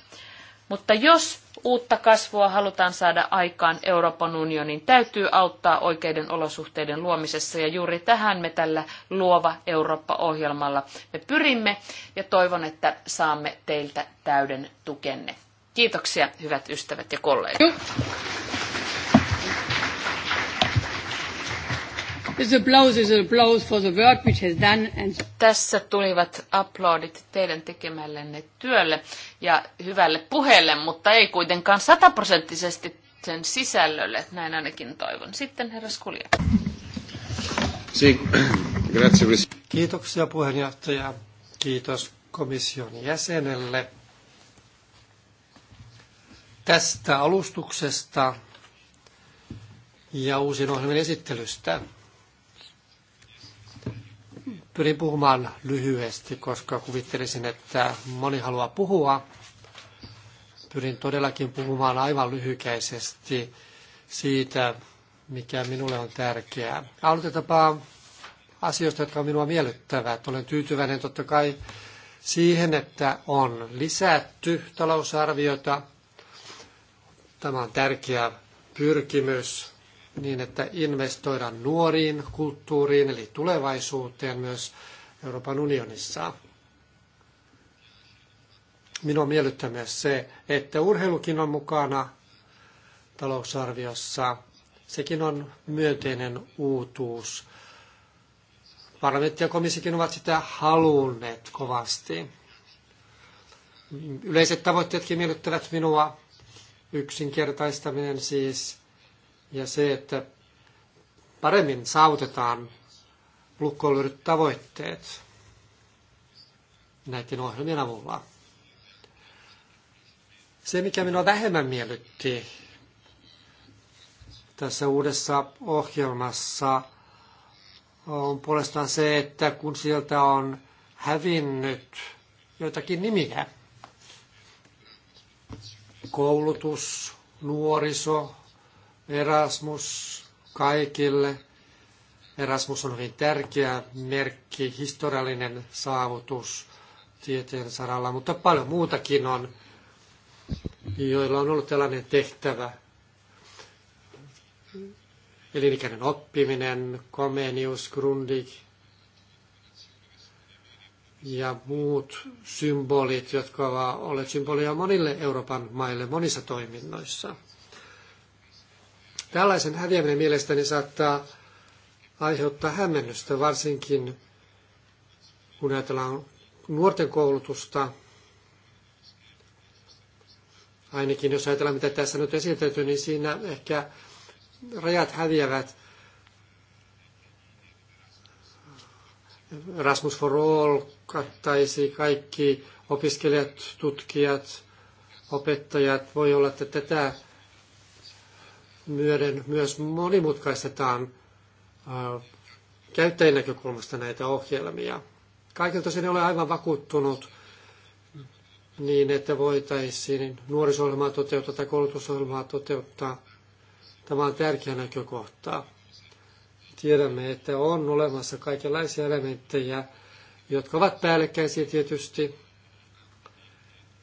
Mutta jos uutta kasvua halutaan saada aikaan Euroopan unionin, täytyy auttaa oikeiden olosuhteiden luomisessa ja juuri tähän me tällä Luova Eurooppa-ohjelmalla me pyrimme ja toivon, että saamme teiltä täyden tukenne. Kiitoksia hyvät ystävät ja kollegat. Tässä tulivat aplodit teidän tekemällenne työlle ja hyvälle puheelle, mutta ei kuitenkaan sataprosenttisesti sen sisällölle, näin ainakin toivon. Sitten herra Skulja. Kiitoksia puheenjohtaja. Kiitos komission jäsenelle tästä alustuksesta ja uusien ohjelmien esittelystä. Pyrin puhumaan lyhyesti, koska kuvittelisin, että moni haluaa puhua. Pyrin todellakin puhumaan aivan lyhykäisesti siitä, mikä minulle on tärkeää. Aloitetaanpa asioista, jotka minua miellyttävät. Olen tyytyväinen totta kai siihen, että on lisätty talousarviota. Tämä on tärkeä pyrkimys niin, että investoidaan nuoriin kulttuuriin, eli tulevaisuuteen myös Euroopan unionissa. Minua miellyttää myös se, että urheilukin on mukana talousarviossa. Sekin on myönteinen uutuus. Parlamentti ja komissikin ovat sitä halunneet kovasti. Yleiset tavoitteetkin miellyttävät minua. Yksinkertaistaminen siis ja se, että paremmin saavutetaan lukkoilyrit tavoitteet näiden ohjelmien avulla. Se, mikä minua vähemmän miellytti tässä uudessa ohjelmassa, on puolestaan se, että kun sieltä on hävinnyt joitakin nimiä, koulutus, nuoriso, Erasmus kaikille. Erasmus on hyvin tärkeä merkki, historiallinen saavutus tieteen saralla, mutta paljon muutakin on, joilla on ollut tällainen tehtävä. Elinikäinen oppiminen, Comenius, Grundig ja muut symbolit, jotka ovat olleet symbolia monille Euroopan maille monissa toiminnoissa – Tällaisen häviäminen mielestäni saattaa aiheuttaa hämmennystä, varsinkin kun ajatellaan nuorten koulutusta. Ainakin jos ajatellaan, mitä tässä nyt esitelty, niin siinä ehkä rajat häviävät. Rasmus for All kattaisi kaikki opiskelijat, tutkijat, opettajat. Voi olla, että tätä myöden myös monimutkaistetaan käyttäjän näkökulmasta näitä ohjelmia. Kaikilta sen ole aivan vakuuttunut niin, että voitaisiin nuorisohjelmaa toteuttaa tai koulutusohjelmaa toteuttaa. Tämä on tärkeä näkökohta. Tiedämme, että on olemassa kaikenlaisia elementtejä, jotka ovat päällekkäisiä tietysti.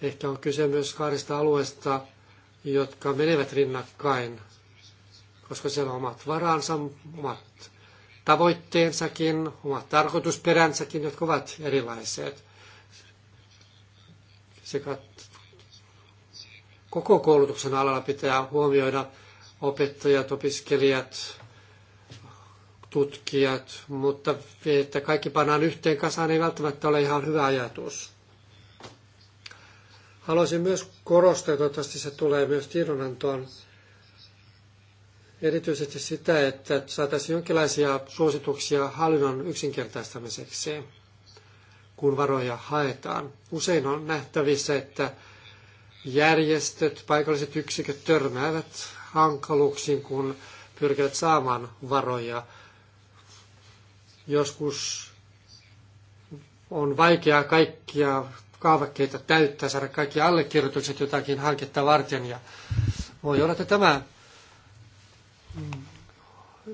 Ehkä on kyse myös kahdesta alueesta, jotka menevät rinnakkain koska siellä on omat varansa, omat tavoitteensakin, omat tarkoitusperänsäkin, jotka ovat erilaiset. Sekä koko koulutuksen alalla pitää huomioida opettajat, opiskelijat, tutkijat, mutta että kaikki pannaan yhteen kasaan ei välttämättä ole ihan hyvä ajatus. Haluaisin myös korostaa, toivottavasti se tulee myös tiedonantoon, erityisesti sitä, että saataisiin jonkinlaisia suosituksia hallinnon yksinkertaistamiseksi, kun varoja haetaan. Usein on nähtävissä, että järjestöt, paikalliset yksiköt törmäävät hankaluuksiin, kun pyrkivät saamaan varoja. Joskus on vaikeaa kaikkia kaavakkeita täyttää, saada kaikki allekirjoitukset jotakin hanketta varten. Ja voi olla, että tämä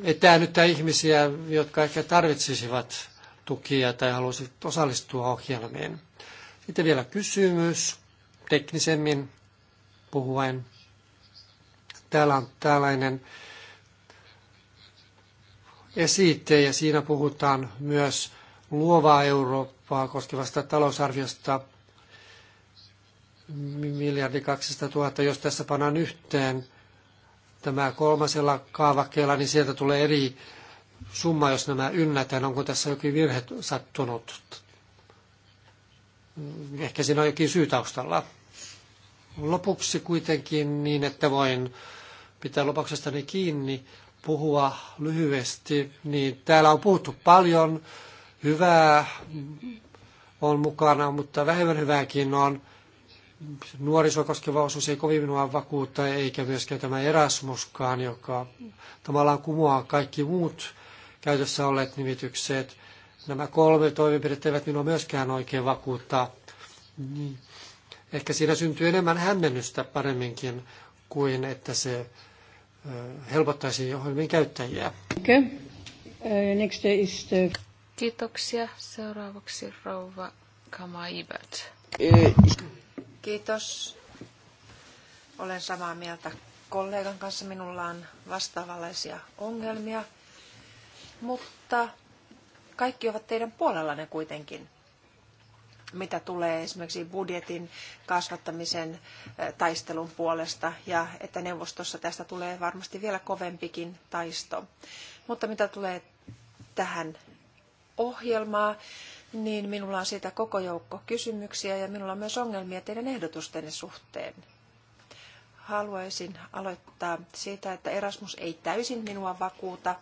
etäännyttää ihmisiä, jotka ehkä tarvitsisivat tukia tai haluaisivat osallistua ohjelmiin. Sitten vielä kysymys teknisemmin puhuen. Täällä on tällainen esite ja siinä puhutaan myös luovaa Eurooppaa koskevasta talousarviosta miljardi 200 000, jos tässä pannaan yhteen tämä kolmasella kaavakkeella, niin sieltä tulee eri summa, jos nämä ynnätään. Onko tässä jokin virhe sattunut? Ehkä siinä on jokin syy taustalla. Lopuksi kuitenkin niin, että voin pitää lupauksestani kiinni, puhua lyhyesti, niin täällä on puhuttu paljon hyvää on mukana, mutta vähemmän hyvääkin on nuorisoa koskeva osuus ei kovin minua vakuutta, eikä myöskään tämä Erasmuskaan, joka tavallaan kumoaa kaikki muut käytössä olleet nimitykset. Nämä kolme toimenpidettä eivät minua myöskään oikein vakuutta. Niin. Ehkä siinä syntyy enemmän hämmennystä paremminkin kuin että se helpottaisi ohjelmien käyttäjiä. Next is the... Kiitoksia. Seuraavaksi rouva Kamaibert. Kiitos. Olen samaa mieltä kollegan kanssa. Minulla on vastaavanlaisia ongelmia, mutta kaikki ovat teidän puolellanne kuitenkin mitä tulee esimerkiksi budjetin kasvattamisen eh, taistelun puolesta ja että neuvostossa tästä tulee varmasti vielä kovempikin taisto. Mutta mitä tulee tähän ohjelmaan, niin minulla on siitä koko joukko kysymyksiä ja minulla on myös ongelmia teidän ehdotustenne suhteen. Haluaisin aloittaa siitä, että Erasmus ei täysin minua vakuuta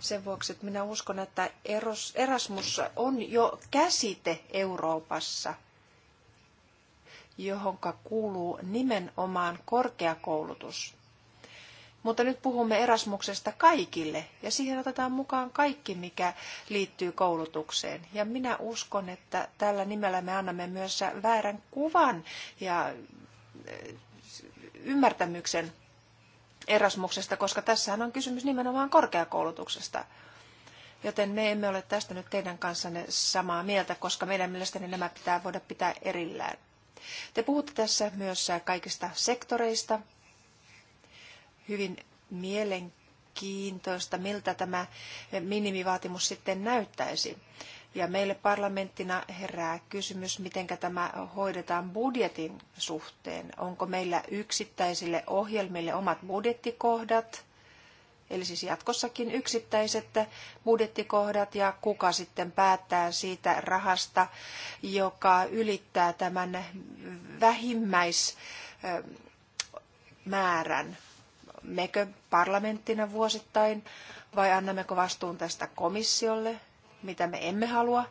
sen vuoksi, että minä uskon, että Erasmus on jo käsite Euroopassa, johon kuuluu nimenomaan korkeakoulutus. Mutta nyt puhumme Erasmuksesta kaikille ja siihen otetaan mukaan kaikki, mikä liittyy koulutukseen. Ja minä uskon, että tällä nimellä me annamme myös väärän kuvan ja eh, ymmärtämyksen Erasmuksesta, koska tässähän on kysymys nimenomaan korkeakoulutuksesta. Joten me emme ole tästä nyt teidän kanssanne samaa mieltä, koska meidän mielestäni nämä pitää voida pitää erillään. Te puhutte tässä myös kaikista sektoreista, hyvin mielenkiintoista, miltä tämä minimivaatimus sitten näyttäisi. Ja meille parlamenttina herää kysymys, miten tämä hoidetaan budjetin suhteen. Onko meillä yksittäisille ohjelmille omat budjettikohdat, eli siis jatkossakin yksittäiset budjettikohdat, ja kuka sitten päättää siitä rahasta, joka ylittää tämän vähimmäismäärän mekö parlamenttina vuosittain vai annammeko vastuun tästä komissiolle, mitä me emme halua.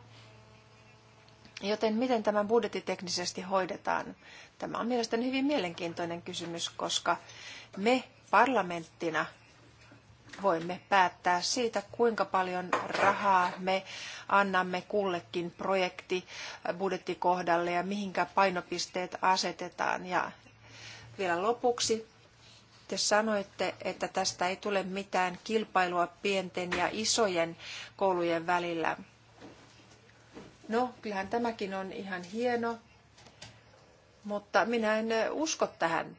Joten miten tämä teknisesti hoidetaan? Tämä on mielestäni hyvin mielenkiintoinen kysymys, koska me parlamenttina voimme päättää siitä, kuinka paljon rahaa me annamme kullekin projekti budjettikohdalle ja mihinkä painopisteet asetetaan. Ja vielä lopuksi te sanoitte, että tästä ei tule mitään kilpailua pienten ja isojen koulujen välillä. No, kyllähän tämäkin on ihan hieno, mutta minä en usko tähän,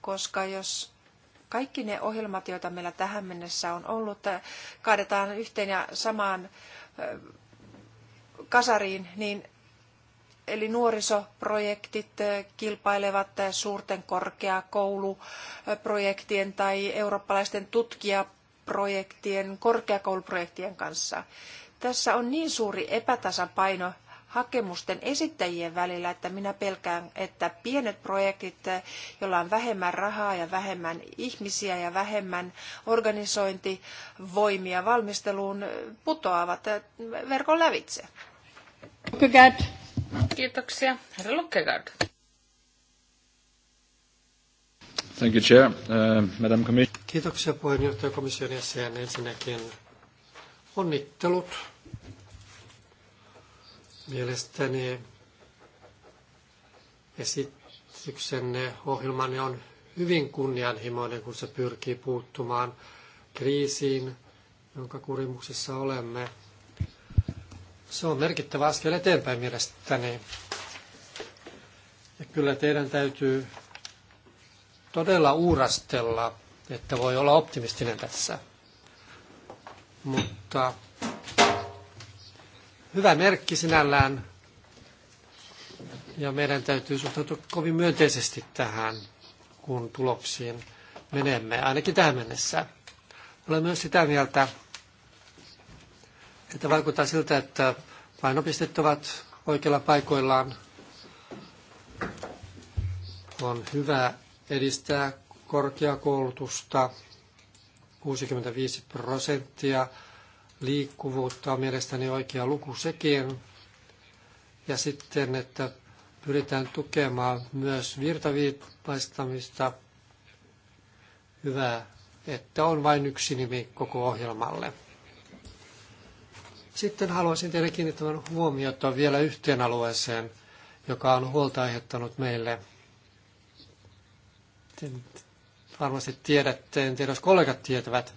koska jos kaikki ne ohjelmat, joita meillä tähän mennessä on ollut, kaadetaan yhteen ja samaan kasariin, niin Eli nuorisoprojektit kilpailevat suurten korkeakouluprojektien tai eurooppalaisten tutkijaprojektien, korkeakouluprojektien kanssa. Tässä on niin suuri epätasapaino hakemusten esittäjien välillä, että minä pelkään, että pienet projektit, joilla on vähemmän rahaa ja vähemmän ihmisiä ja vähemmän organisointivoimia valmisteluun, putoavat verkon lävitse. Lökegard. Kiitoksia. Herra Lukkegaard. Thank you, Chair. Uh, Madam Commission. Kiitoksia puheenjohtaja komission jäsen. Ensinnäkin onnittelut. Mielestäni esityksenne ohjelmanne on hyvin kunnianhimoinen, kun se pyrkii puuttumaan kriisiin, jonka kurimuksessa olemme. Se on merkittävä askel eteenpäin mielestäni. Ja kyllä teidän täytyy todella uurastella, että voi olla optimistinen tässä. Mutta hyvä merkki sinällään. Ja meidän täytyy suhtautua kovin myönteisesti tähän, kun tuloksiin menemme, ainakin tähän mennessä. Olen myös sitä mieltä, että vaikuttaa siltä, että painopistet ovat oikeilla paikoillaan. On hyvä edistää korkeakoulutusta. 65 prosenttia liikkuvuutta on mielestäni oikea luku sekin. Ja sitten, että pyritään tukemaan myös virtaviipaistamista. Hyvä, että on vain yksi nimi koko ohjelmalle. Sitten haluaisin teidän kiinnittävän huomiota vielä yhteen alueeseen, joka on huolta aiheuttanut meille. Varmasti tiedätte, en tiedä jos kollegat tietävät,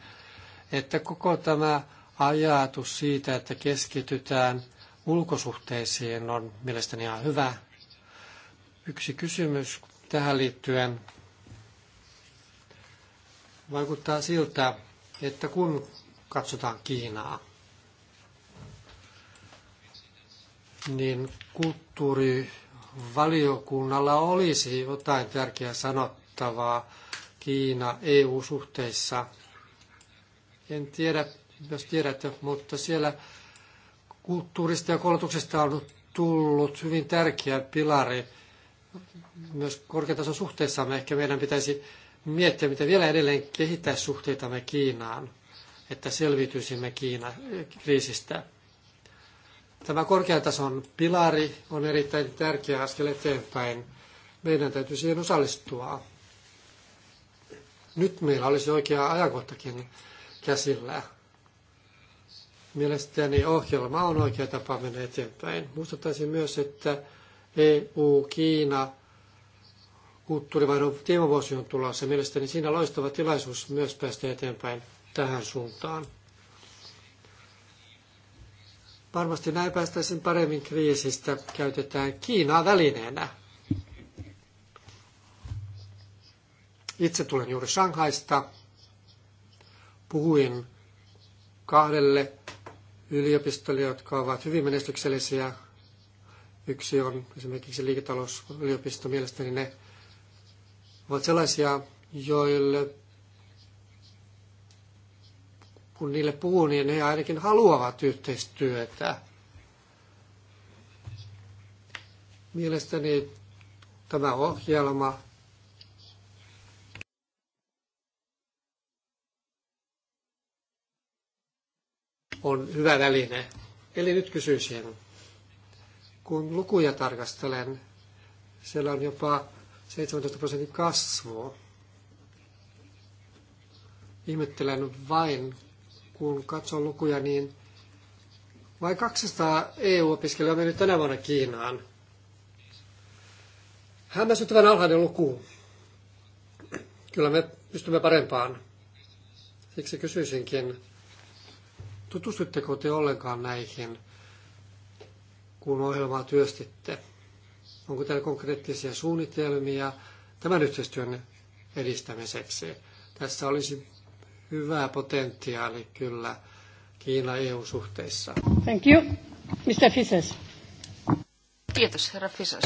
että koko tämä ajatus siitä, että keskitytään ulkosuhteisiin on mielestäni ihan hyvä. Yksi kysymys tähän liittyen vaikuttaa siltä, että kun katsotaan Kiinaa, niin kulttuurivaliokunnalla olisi jotain tärkeää sanottavaa Kiina-EU-suhteissa. En tiedä, jos tiedät, mutta siellä kulttuurista ja koulutuksesta on tullut hyvin tärkeä pilari myös korkeatason Me Ehkä meidän pitäisi miettiä, miten vielä edelleen kehittää suhteitamme Kiinaan, että selviytyisimme Kiina kriisistä. Tämä korkean tason pilari on erittäin tärkeä askel eteenpäin. Meidän täytyy siihen osallistua. Nyt meillä olisi oikea ajankohtakin käsillä. Mielestäni ohjelma on oikea tapa mennä eteenpäin. Muistuttaisin myös, että EU-Kiina kulttuurivaihdon teemavuosi on tulossa. Mielestäni siinä loistava tilaisuus myös päästä eteenpäin tähän suuntaan. Varmasti näin päästäisiin paremmin kriisistä. Käytetään Kiinaa välineenä. Itse tulen juuri Shanghaista. Puhuin kahdelle yliopistolle, jotka ovat hyvin menestyksellisiä. Yksi on esimerkiksi liiketalousyliopisto. Mielestäni ne ovat sellaisia, joille kun niille puhuu, niin ne ainakin haluavat yhteistyötä. Mielestäni tämä ohjelma on hyvä väline. Eli nyt kysyisin, kun lukuja tarkastelen, siellä on jopa 17 prosentin kasvua. Ihmettelen vain, kun katson lukuja, niin vain 200 EU-opiskelijaa on mennyt tänä vuonna Kiinaan. Hämmästyttävän alhainen luku. Kyllä me pystymme parempaan. Siksi kysyisinkin, tutustutteko te ollenkaan näihin, kun ohjelmaa työstitte? Onko teillä konkreettisia suunnitelmia tämän yhteistyön edistämiseksi? Tässä olisi hyvää potentiaali kyllä Kiina-EU-suhteissa. Thank you. Mr. Fisas. Kiitos, herra Fisas.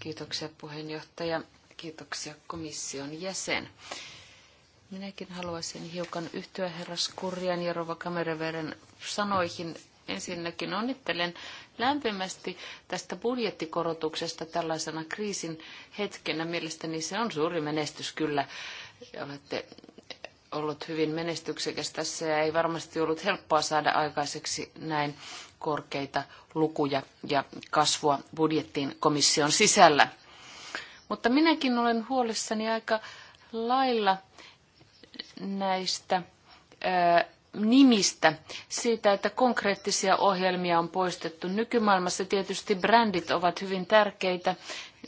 Kiitoksia, puheenjohtaja. Kiitoksia, komission jäsen. Minäkin haluaisin hiukan yhtyä herra Skurjan ja Rova Kamereveren sanoihin. Ensinnäkin onnittelen lämpimästi tästä budjettikorotuksesta tällaisena kriisin hetkenä. Mielestäni se on suuri menestys kyllä. Olette ollut hyvin menestyksekäs tässä ja ei varmasti ollut helppoa saada aikaiseksi näin korkeita lukuja ja kasvua budjettiin komission sisällä. Mutta minäkin olen huolissani aika lailla näistä ää, nimistä, siitä, että konkreettisia ohjelmia on poistettu. Nykymaailmassa tietysti brändit ovat hyvin tärkeitä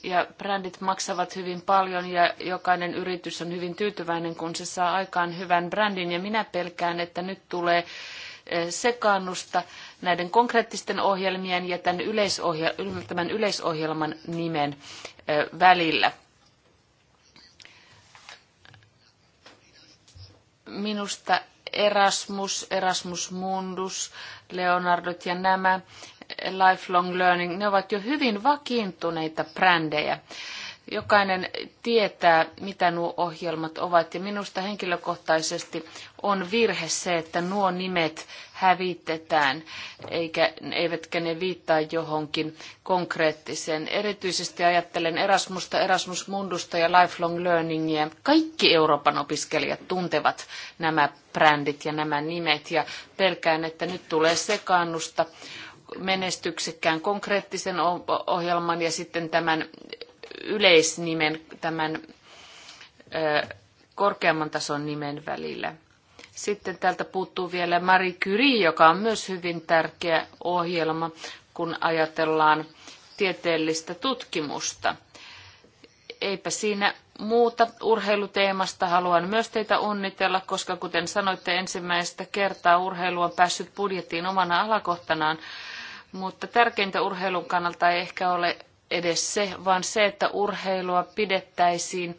ja brändit maksavat hyvin paljon ja jokainen yritys on hyvin tyytyväinen, kun se saa aikaan hyvän brändin. Ja minä pelkään, että nyt tulee eh, sekaannusta näiden konkreettisten ohjelmien ja tämän, tämän yleisohjelman nimen eh, välillä. Minusta Erasmus, Erasmus Mundus, Leonardot ja nämä lifelong learning, ne ovat jo hyvin vakiintuneita brändejä. Jokainen tietää, mitä nuo ohjelmat ovat ja minusta henkilökohtaisesti on virhe se, että nuo nimet hävitetään, eikä, eivätkä ne viittaa johonkin konkreettiseen. Erityisesti ajattelen Erasmusta, Erasmus Mundusta ja Lifelong Learningia. Kaikki Euroopan opiskelijat tuntevat nämä brändit ja nämä nimet ja pelkään, että nyt tulee sekaannusta menestyksekkään konkreettisen ohjelman ja sitten tämän yleisnimen, tämän korkeamman tason nimen välillä. Sitten täältä puuttuu vielä Marie Curie, joka on myös hyvin tärkeä ohjelma, kun ajatellaan tieteellistä tutkimusta. Eipä siinä muuta urheiluteemasta haluan myös teitä onnitella, koska kuten sanoitte ensimmäistä kertaa urheilu on päässyt budjettiin omana alakohtanaan mutta tärkeintä urheilun kannalta ei ehkä ole edes se, vaan se, että urheilua pidettäisiin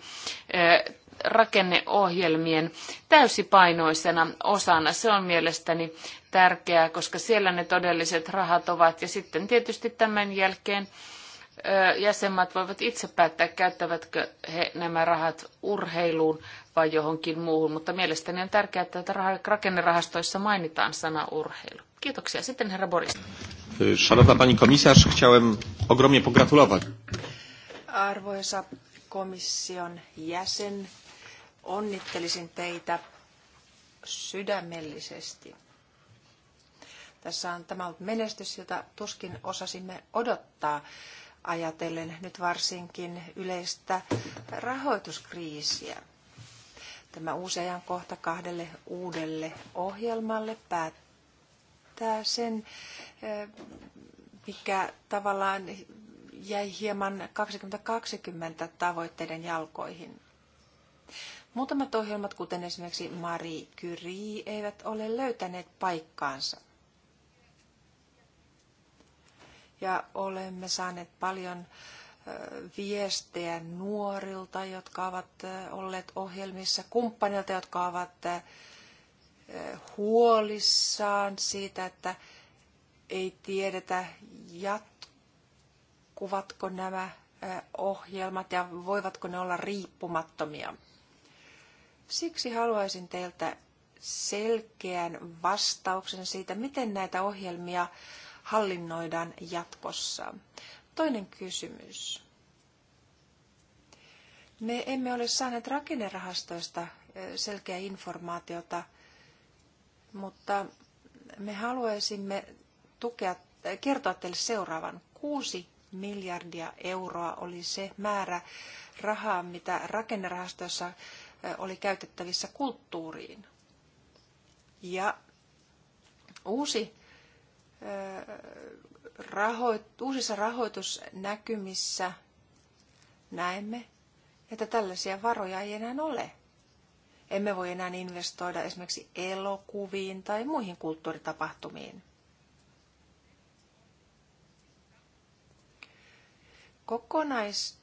rakenneohjelmien täysipainoisena osana. Se on mielestäni tärkeää, koska siellä ne todelliset rahat ovat. Ja sitten tietysti tämän jälkeen jäsenmaat voivat itse päättää, käyttävätkö he nämä rahat urheiluun vai johonkin muuhun. Mutta mielestäni on tärkeää, että rakennerahastoissa mainitaan sana urheilu. Kiitoksia. Sitten herra Boris. Szanowna pani komisarz, chciałem ogromnie pogratulować. Arvoisa komission jäsen, onnittelisin teitä sydämellisesti. Tässä on tämä ollut menestys, jota tuskin osasimme odottaa ajatellen nyt varsinkin yleistä rahoituskriisiä. Tämä uusi ajankohta kahdelle uudelle ohjelmalle päät selittää sen, mikä tavallaan jäi hieman 2020 tavoitteiden jalkoihin. Muutamat ohjelmat, kuten esimerkiksi Marie Curie, eivät ole löytäneet paikkaansa. Ja olemme saaneet paljon viestejä nuorilta, jotka ovat olleet ohjelmissa, kumppanilta, jotka ovat huolissaan siitä, että ei tiedetä jatkuvatko nämä ohjelmat ja voivatko ne olla riippumattomia. Siksi haluaisin teiltä selkeän vastauksen siitä, miten näitä ohjelmia hallinnoidaan jatkossa. Toinen kysymys. Me emme ole saaneet rakennerahastoista selkeää informaatiota mutta me haluaisimme tukea, kertoa teille seuraavan. 6 miljardia euroa oli se määrä rahaa, mitä rakennerahastoissa oli käytettävissä kulttuuriin. Ja uusi, rahoit, uusissa rahoitusnäkymissä näemme, että tällaisia varoja ei enää ole – emme voi enää investoida esimerkiksi elokuviin tai muihin kulttuuritapahtumiin. Kokonais,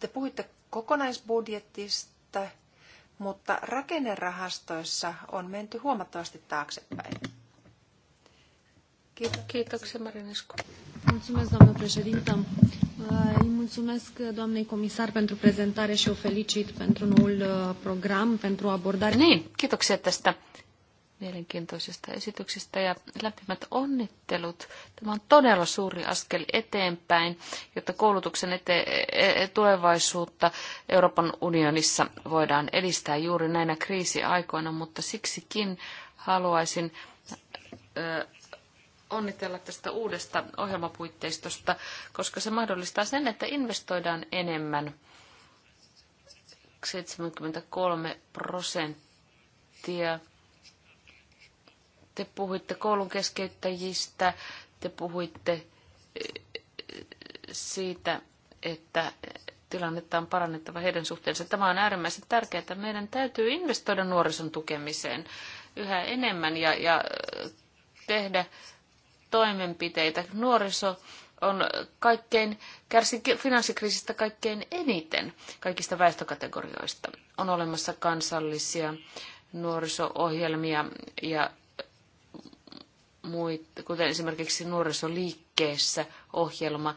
te puhuitte kokonaisbudjetista, mutta rakennerahastoissa on menty huomattavasti taaksepäin. Kiitoksia, Kiitoksia Mulțumesc, doamnă președintă. Îi mulțumesc doamnei comisar pentru prezentare și o felicit pentru noul uh, program, pentru abordare. Niin, kiitoksia tästä mielenkiintoisesta esityksestä ja lämpimät onnittelut. Tämä on todella suuri askel eteenpäin, jotta koulutuksen ete- e-, e-, tulevaisuutta Euroopan unionissa voidaan edistää juuri näinä kriisiaikoina, mutta siksikin haluaisin onnitella tästä uudesta ohjelmapuitteistosta, koska se mahdollistaa sen, että investoidaan enemmän. 73 prosenttia. Te puhuitte koulun keskeyttäjistä, te puhuitte eh, siitä, että tilannetta on parannettava heidän suhteensa. Tämä on äärimmäisen tärkeää, että meidän täytyy investoida nuorison tukemiseen yhä enemmän ja, ja eh, tehdä toimenpiteitä. Nuoriso on kaikkein, kärsi finanssikriisistä kaikkein eniten kaikista väestökategorioista. On olemassa kansallisia nuoriso-ohjelmia ja muit, kuten esimerkiksi nuorisoliikkeessä ohjelma,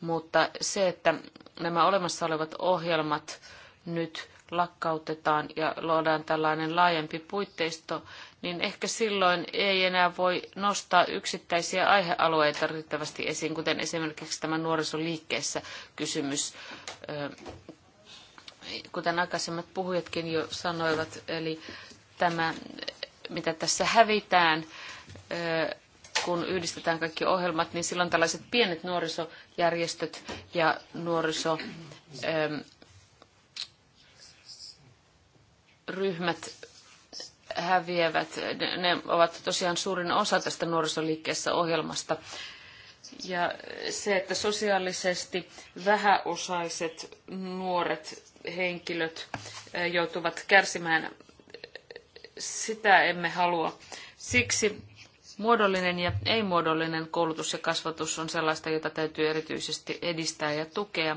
mutta se, että nämä olemassa olevat ohjelmat nyt lakkautetaan ja luodaan tällainen laajempi puitteisto, niin ehkä silloin ei enää voi nostaa yksittäisiä aihealueita riittävästi esiin, kuten esimerkiksi tämä nuorisoliikkeessä kysymys, kuten aikaisemmat puhujatkin jo sanoivat, eli tämä, mitä tässä hävitään, kun yhdistetään kaikki ohjelmat, niin silloin tällaiset pienet nuorisojärjestöt ja nuorisoryhmät häviävät. Ne ovat tosiaan suurin osa tästä nuorisoliikkeessä ohjelmasta. Ja se, että sosiaalisesti vähäosaiset nuoret henkilöt eh, joutuvat kärsimään, sitä emme halua. Siksi muodollinen ja ei-muodollinen koulutus ja kasvatus on sellaista, jota täytyy erityisesti edistää ja tukea.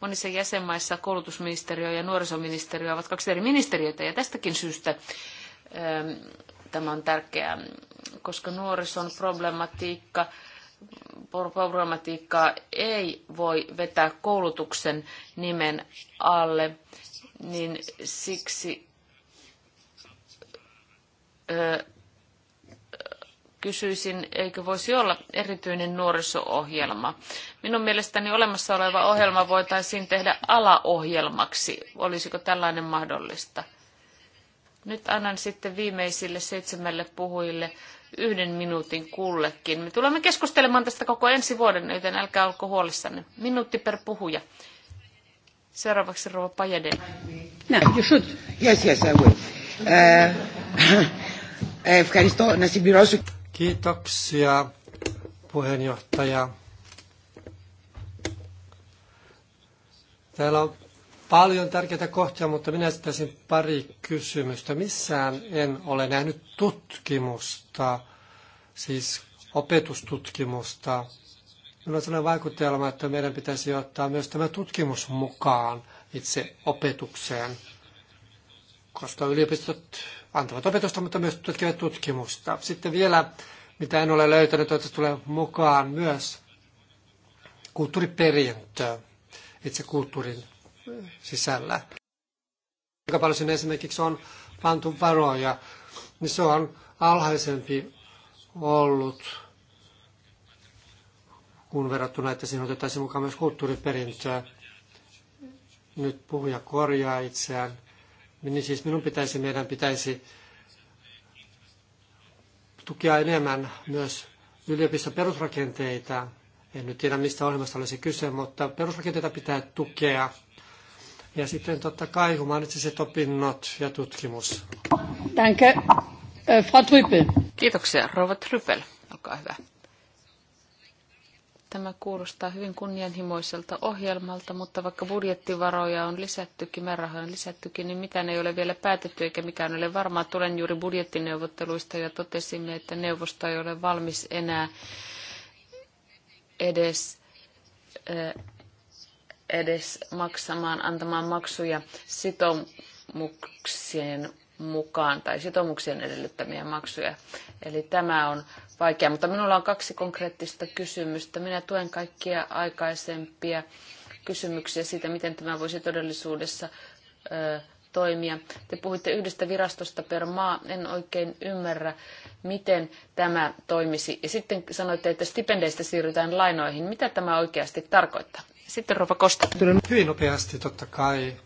Monissa jäsenmaissa koulutusministeriö ja nuorisoministeriö ovat kaksi eri ministeriötä ja tästäkin syystä Ehm, tämä on tärkeää, koska nuorison problematiikka, problematiikkaa ei voi vetää koulutuksen nimen alle, niin siksi kysyisin, eikö voisi olla erityinen nuoriso-ohjelma. Minun mielestäni olemassa oleva ohjelma voitaisiin tehdä alaohjelmaksi. Olisiko tällainen mahdollista? Nyt annan sitten viimeisille seitsemälle puhujille yhden minuutin kullekin. Me tulemme keskustelemaan tästä koko ensi vuoden, joten älkää olko huolissanne. Minuutti per puhuja. Seuraavaksi Rova Pajeden. No, you should. Yes, yes, I will. Ευχαριστώ eh, να eh, Kiitoksia, puheenjohtaja. Täällä on paljon tärkeitä kohtia, mutta minä esittäisin pari kysymystä. Missään en ole nähnyt tutkimusta, siis opetustutkimusta. Minulla on sellainen vaikutelma, että meidän pitäisi ottaa myös tämä tutkimus mukaan itse opetukseen, koska yliopistot antavat opetusta, mutta myös tutkivat tutkimusta. Sitten vielä, mitä en ole löytänyt, toivottavasti tulee mukaan myös kulttuuriperintö, itse kulttuurin sisällä. Kuinka paljon sinne esimerkiksi on pantu varoja, niin se on alhaisempi ollut, kun verrattuna, että siinä otettaisiin mukaan myös kulttuuriperintöä. Nyt puhuja korjaa itseään. Niin siis minun pitäisi, meidän pitäisi tukea enemmän myös yliopiston perusrakenteita. En nyt tiedä, mistä ohjelmasta olisi kyse, mutta perusrakenteita pitää tukea ja sitten totta kai humanistiset opinnot ja tutkimus. Danke. Äh, Frau Kiitoksia, rouva Trypel. Olkaa hyvä. Tämä kuulostaa hyvin kunnianhimoiselta ohjelmalta, mutta vaikka budjettivaroja on lisättykin, määrärahoja on lisättykin, niin mitään ei ole vielä päätetty eikä mikään ole varmaa. Tulen juuri budjettineuvotteluista ja totesimme, että neuvosto ei ole valmis enää edes äh, edes maksamaan, antamaan maksuja sitoumuksien mukaan tai sitoumuksien edellyttämiä maksuja. Eli tämä on vaikea, mutta minulla on kaksi konkreettista kysymystä. Minä tuen kaikkia aikaisempia kysymyksiä siitä, miten tämä voisi todellisuudessa ö, toimia. Te puhuitte yhdestä virastosta per maa. En oikein ymmärrä, miten tämä toimisi. Ja sitten sanoitte, että stipendeistä siirrytään lainoihin. Mitä tämä oikeasti tarkoittaa? Sitten Kosta. Hyvin nopeasti totta kai.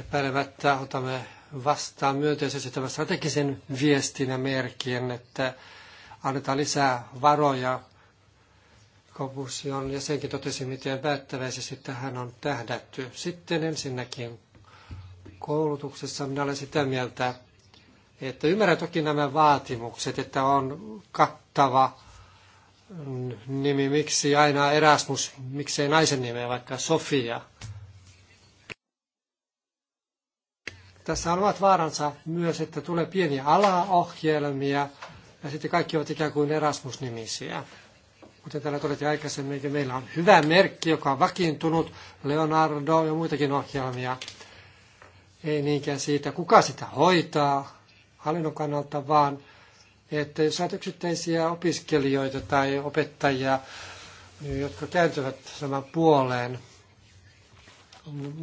Epäilemättä otamme vastaan myönteisesti tämän strategisen viestin ja merkin, että annetaan lisää varoja. Komission jäsenkin totesi, miten päättäväisesti tähän on tähdätty. Sitten ensinnäkin koulutuksessa minä olen sitä mieltä, että ymmärrän toki nämä vaatimukset, että on kattava nimi, miksi aina Erasmus, miksei naisen nimeä, vaikka Sofia. Tässä on omat vaaransa myös, että tulee pieniä alaohjelmia ja sitten kaikki ovat ikään kuin Erasmus-nimisiä. Kuten täällä todettiin aikaisemmin, niin meillä on hyvä merkki, joka on vakiintunut, Leonardo ja muitakin ohjelmia. Ei niinkään siitä, kuka sitä hoitaa hallinnon kannalta, vaan että jos on yksittäisiä opiskelijoita tai opettajia, jotka kääntyvät saman puoleen,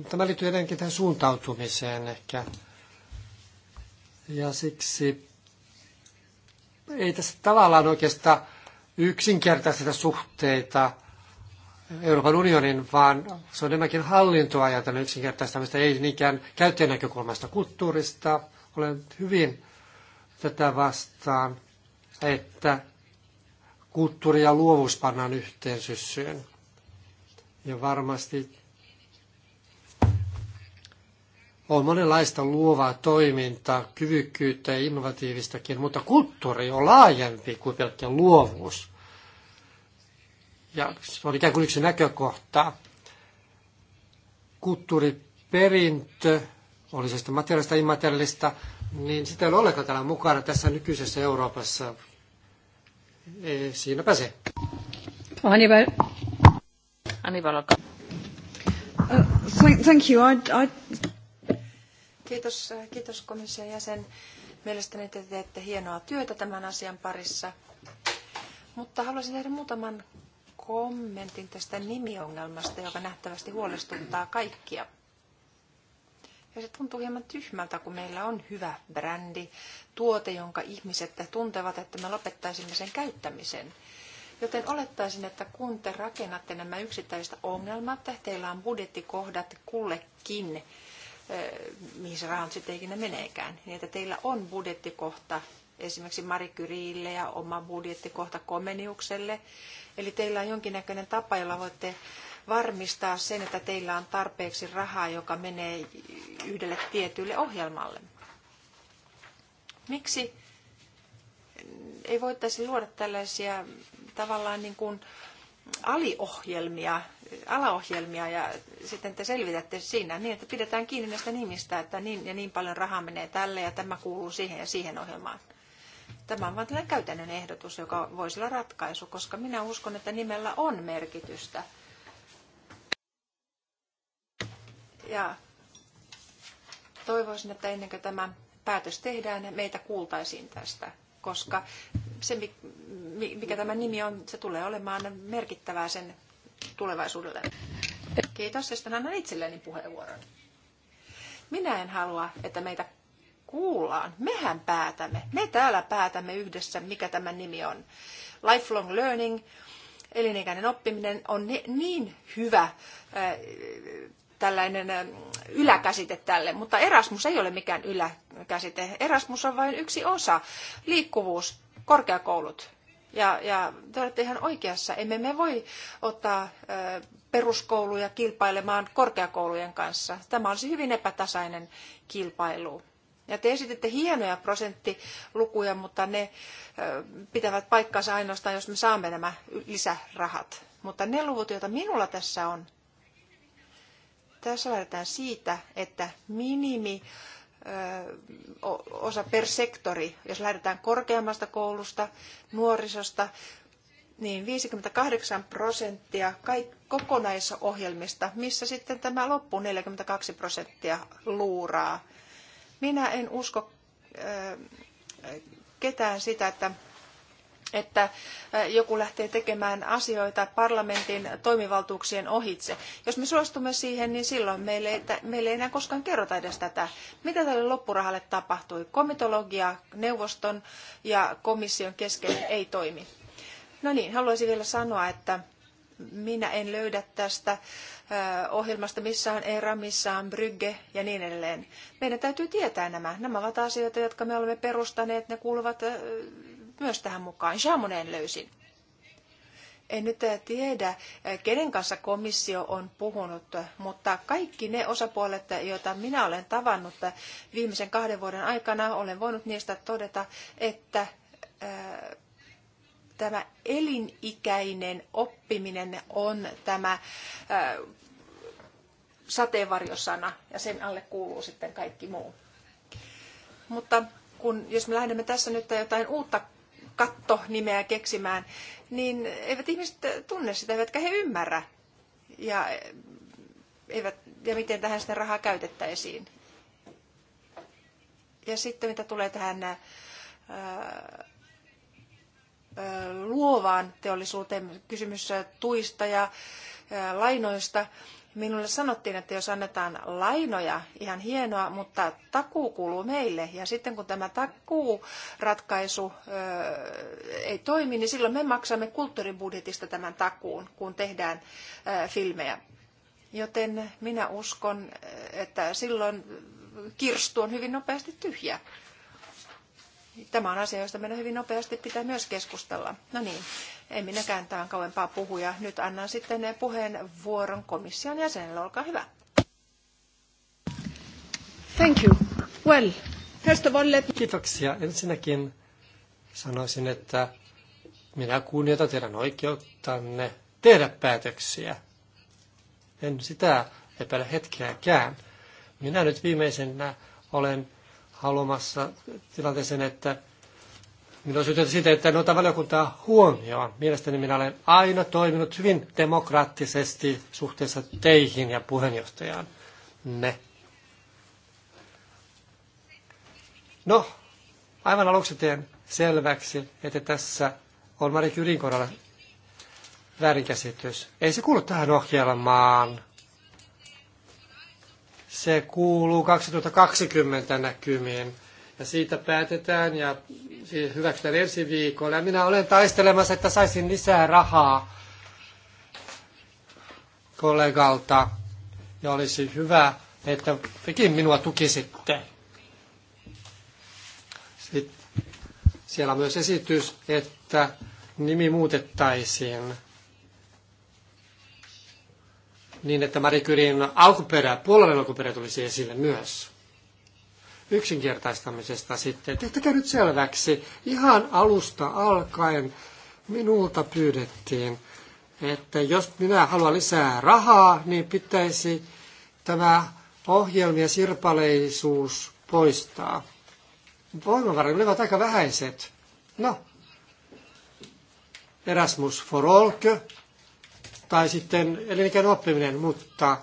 tämä liittyy edelleenkin tähän suuntautumiseen ehkä. Ja siksi ei tässä tavallaan oikeastaan yksinkertaiseta suhteita Euroopan unionin, vaan se on enemmänkin hallintoa yksinkertaistamista, ei niinkään käyttäjän näkökulmasta kulttuurista. Olen hyvin tätä vastaan, että kulttuuri ja luovuus pannaan yhteen syssyyn. Ja varmasti on monenlaista luovaa toimintaa, kyvykkyyttä ja innovatiivistakin, mutta kulttuuri on laajempi kuin pelkkä luovuus. Ja se on ikään kuin yksi näkökohta. Kulttuuriperintö, oli se sitten materiaalista, immateriaalista, niin sitä ei ole ollenkaan täällä mukana tässä nykyisessä Euroopassa. siinäpä se. Hannibal. Hannibal, olkaa. Uh, thank you. I, I... Kiitos, äh, kiitos komission jäsen. Mielestäni te teette hienoa työtä tämän asian parissa. Mutta haluaisin tehdä muutaman kommentin tästä nimiongelmasta, joka nähtävästi huolestuttaa kaikkia. Ja se tuntuu hieman tyhmältä, kun meillä on hyvä brändi, tuote, jonka ihmiset tuntevat, että me lopettaisimme sen käyttämisen. Joten olettaisin, että kun te rakennatte nämä yksittäiset ongelmat, teillä on budjettikohdat kullekin, eh, mihin se raha sitten ikinä meneekään, niin että teillä on budjettikohta esimerkiksi Marikyriille ja oma budjettikohta Komeniukselle. Eli teillä on jonkinnäköinen tapa, jolla voitte varmistaa sen, että teillä on tarpeeksi rahaa, joka menee yhdelle tietylle ohjelmalle. Miksi ei voitaisi luoda tällaisia tavallaan niin kuin aliohjelmia, alaohjelmia ja sitten te selvitätte siinä niin, että pidetään kiinni näistä nimistä, että niin ja niin paljon rahaa menee tälle ja tämä kuuluu siihen ja siihen ohjelmaan. Tämä on vain tällainen käytännön ehdotus, joka voisi olla ratkaisu, koska minä uskon, että nimellä on merkitystä – Ja toivoisin, että ennen kuin tämä päätös tehdään, meitä kuultaisiin tästä, koska se, mikä tämä nimi on, se tulee olemaan merkittävää sen tulevaisuudelle. Kiitos, ja sitten annan itselleni puheenvuoron. Minä en halua, että meitä kuullaan. Mehän päätämme. Me täällä päätämme yhdessä, mikä tämä nimi on. Lifelong learning, elinikäinen oppiminen, on niin hyvä äh, tällainen yläkäsite tälle, mutta Erasmus ei ole mikään yläkäsite. Erasmus on vain yksi osa. Liikkuvuus, korkeakoulut. Ja, ja te olette ihan oikeassa. Emme me voi ottaa ö, peruskouluja kilpailemaan korkeakoulujen kanssa. Tämä olisi hyvin epätasainen kilpailu. Ja te esititte hienoja prosenttilukuja, mutta ne ö, pitävät paikkansa ainoastaan, jos me saamme nämä lisärahat. Mutta ne luvut, joita minulla tässä on, tässä lähdetään siitä, että minimi osa per sektori, jos lähdetään korkeammasta koulusta, nuorisosta, niin 58 prosenttia kokonaisohjelmista, missä sitten tämä loppu 42 prosenttia luuraa. Minä en usko ketään sitä, että että joku lähtee tekemään asioita parlamentin toimivaltuuksien ohitse. Jos me suostumme siihen, niin silloin meille, ei, meille ei enää koskaan kerrota edes tätä. Mitä tälle loppurahalle tapahtui? Komitologia neuvoston ja komission kesken ei toimi. No niin, haluaisin vielä sanoa, että minä en löydä tästä ohjelmasta missään ERA, missään Brygge ja niin edelleen. Meidän täytyy tietää nämä. Nämä ovat asioita, jotka me olemme perustaneet. Ne kuuluvat myös tähän mukaan. Jaamoneen löysin. En nyt eh, tiedä, eh, kenen kanssa komissio on puhunut, mutta kaikki ne osapuolet, eh, joita minä olen tavannut viimeisen kahden vuoden aikana, olen voinut niistä todeta, että tämä elinikäinen oppiminen on tämä sateenvarjosana ja sen alle kuuluu sitten kaikki muu. Mutta kun, jos me lähdemme tässä nyt jotain uutta katto-nimeä keksimään, niin eivät ihmiset tunne sitä, eivätkä he ymmärrä, ja, eivät, ja miten tähän sitä rahaa käytettäisiin. Ja sitten mitä tulee tähän ää, luovaan teollisuuteen, kysymys tuista ja lainoista, Minulle sanottiin, että jos annetaan lainoja, ihan hienoa, mutta takuu kuuluu meille. Ja sitten kun tämä takuuratkaisu ö, ei toimi, niin silloin me maksamme kulttuuribudjetista tämän takuun, kun tehdään ö, filmejä. Joten minä uskon, että silloin kirstu on hyvin nopeasti tyhjä. Tämä on asia, josta meidän hyvin nopeasti pitää myös keskustella. No niin, en minäkään tämän kauempaa puhuja. Nyt annan sitten puheenvuoron komission jäsenelle. Olkaa hyvä. Thank you. Well, first of all, let... Kiitoksia. Ensinnäkin sanoisin, että minä kunnioitan teidän oikeuttanne tehdä päätöksiä. En sitä epäile hetkeäkään. Minä nyt viimeisenä olen haluamassa tilanteeseen, että minä olen syytetty siitä, että en ota valiokuntaa huomioon. Mielestäni minä olen aina toiminut hyvin demokraattisesti suhteessa teihin ja puheenjohtajaan. Ne. No, aivan aluksi teen selväksi, että tässä on Mari Kyrin kohdalla väärinkäsitys. Ei se kuulu tähän ohjelmaan. Se kuuluu 2020 näkymiin ja siitä päätetään ja siis hyväksytään ensi viikolla. Ja minä olen taistelemassa, että saisin lisää rahaa kollegalta ja olisi hyvä, että tekin minua tukisitte. Sitten siellä on myös esitys, että nimi muutettaisiin niin, että Marie Curien alkuperä, puolueen alkuperä tulisi esille myös yksinkertaistamisesta sitten. Tehtäkää nyt selväksi. Ihan alusta alkaen minulta pyydettiin, että jos minä haluan lisää rahaa, niin pitäisi tämä ohjelmien sirpaleisuus poistaa. Voimavarat olivat aika vähäiset. No, Erasmus for all, tai sitten elinikäinen oppiminen, mutta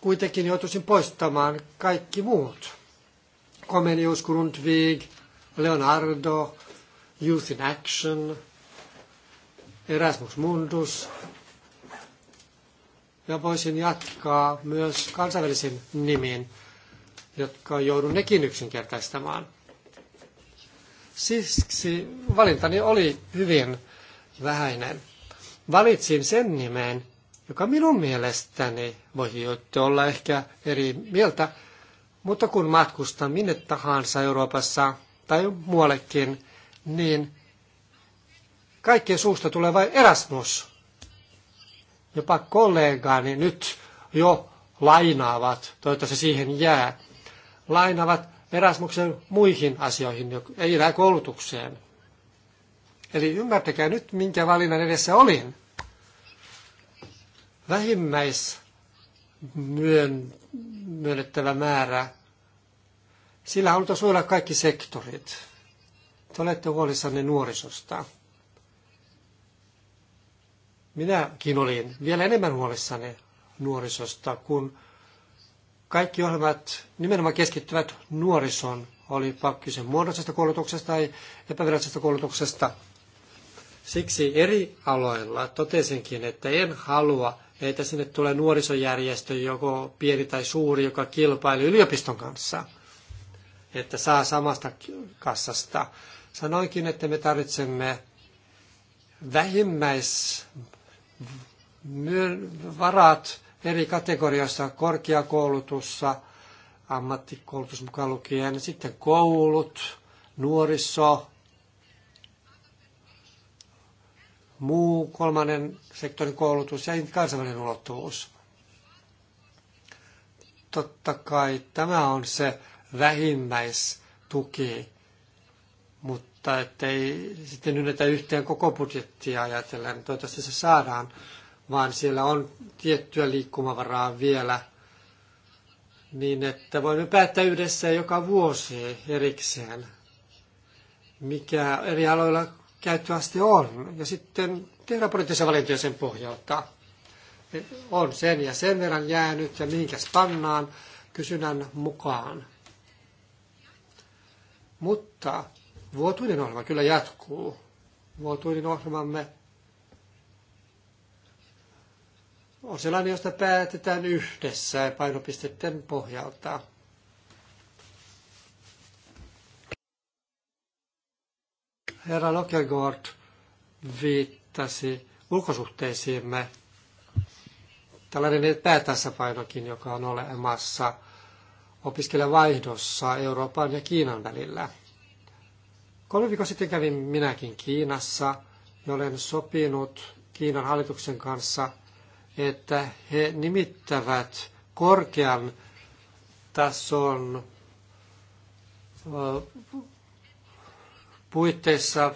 kuitenkin joutuisin poistamaan kaikki muut. Komenius Grundtvig, Leonardo, Youth in Action, Erasmus Mundus. Ja voisin jatkaa myös kansainvälisin nimin, jotka joudun nekin yksinkertaistamaan. Siksi valintani oli hyvin vähäinen. Valitsin sen nimen, joka minun mielestäni voi olla ehkä eri mieltä, mutta kun matkustan minne tahansa Euroopassa tai muuallekin, niin kaikkien suusta tulee vain Erasmus. Jopa kollegaani nyt jo lainaavat, toivottavasti siihen jää, lainaavat Erasmuksen muihin asioihin, ei enää koulutukseen. Eli ymmärtäkää nyt, minkä valinnan edessä olin. Vähimmäis myönnettävä määrä. Sillä halutaan suojella kaikki sektorit. Te olette huolissanne nuorisosta. Minäkin olin vielä enemmän huolissani nuorisosta, kun kaikki ohjelmat nimenomaan keskittyvät nuorison, oli kyse muodollisesta koulutuksesta tai epävirallisesta koulutuksesta. Siksi eri aloilla totesinkin, että en halua että sinne tulee nuorisojärjestö, joko pieni tai suuri, joka kilpailee yliopiston kanssa, että saa samasta kassasta. Sanoinkin, että me tarvitsemme vähimmäis varat eri kategorioissa, korkeakoulutussa, ammattikoulutus mukaan lukien, sitten koulut, nuoriso, muu kolmannen sektorin koulutus ja kansainvälinen ulottuvuus. Totta kai tämä on se vähimmäistuki, mutta ettei sitten ynnetä yhteen koko budjettia ajatellen. Toivottavasti se saadaan, vaan siellä on tiettyä liikkumavaraa vielä niin, että voimme päättää yhdessä joka vuosi erikseen, mikä eri aloilla käyttöaste on, ja sitten tehdään poliittisia valintoja sen pohjalta. On sen ja sen verran jäänyt, ja mihinkäs pannaan kysynnän mukaan. Mutta vuotuinen ohjelma kyllä jatkuu. Vuotuinen ohjelmamme on sellainen, josta päätetään yhdessä painopisteiden pohjalta. Herra Lokegord viittasi ulkosuhteisiimme. Tällainen päätasapainokin, joka on olemassa opiskelijavaihdossa Euroopan ja Kiinan välillä. Kolme viikkoa sitten kävin minäkin Kiinassa ja olen sopinut Kiinan hallituksen kanssa, että he nimittävät korkean tason puitteissa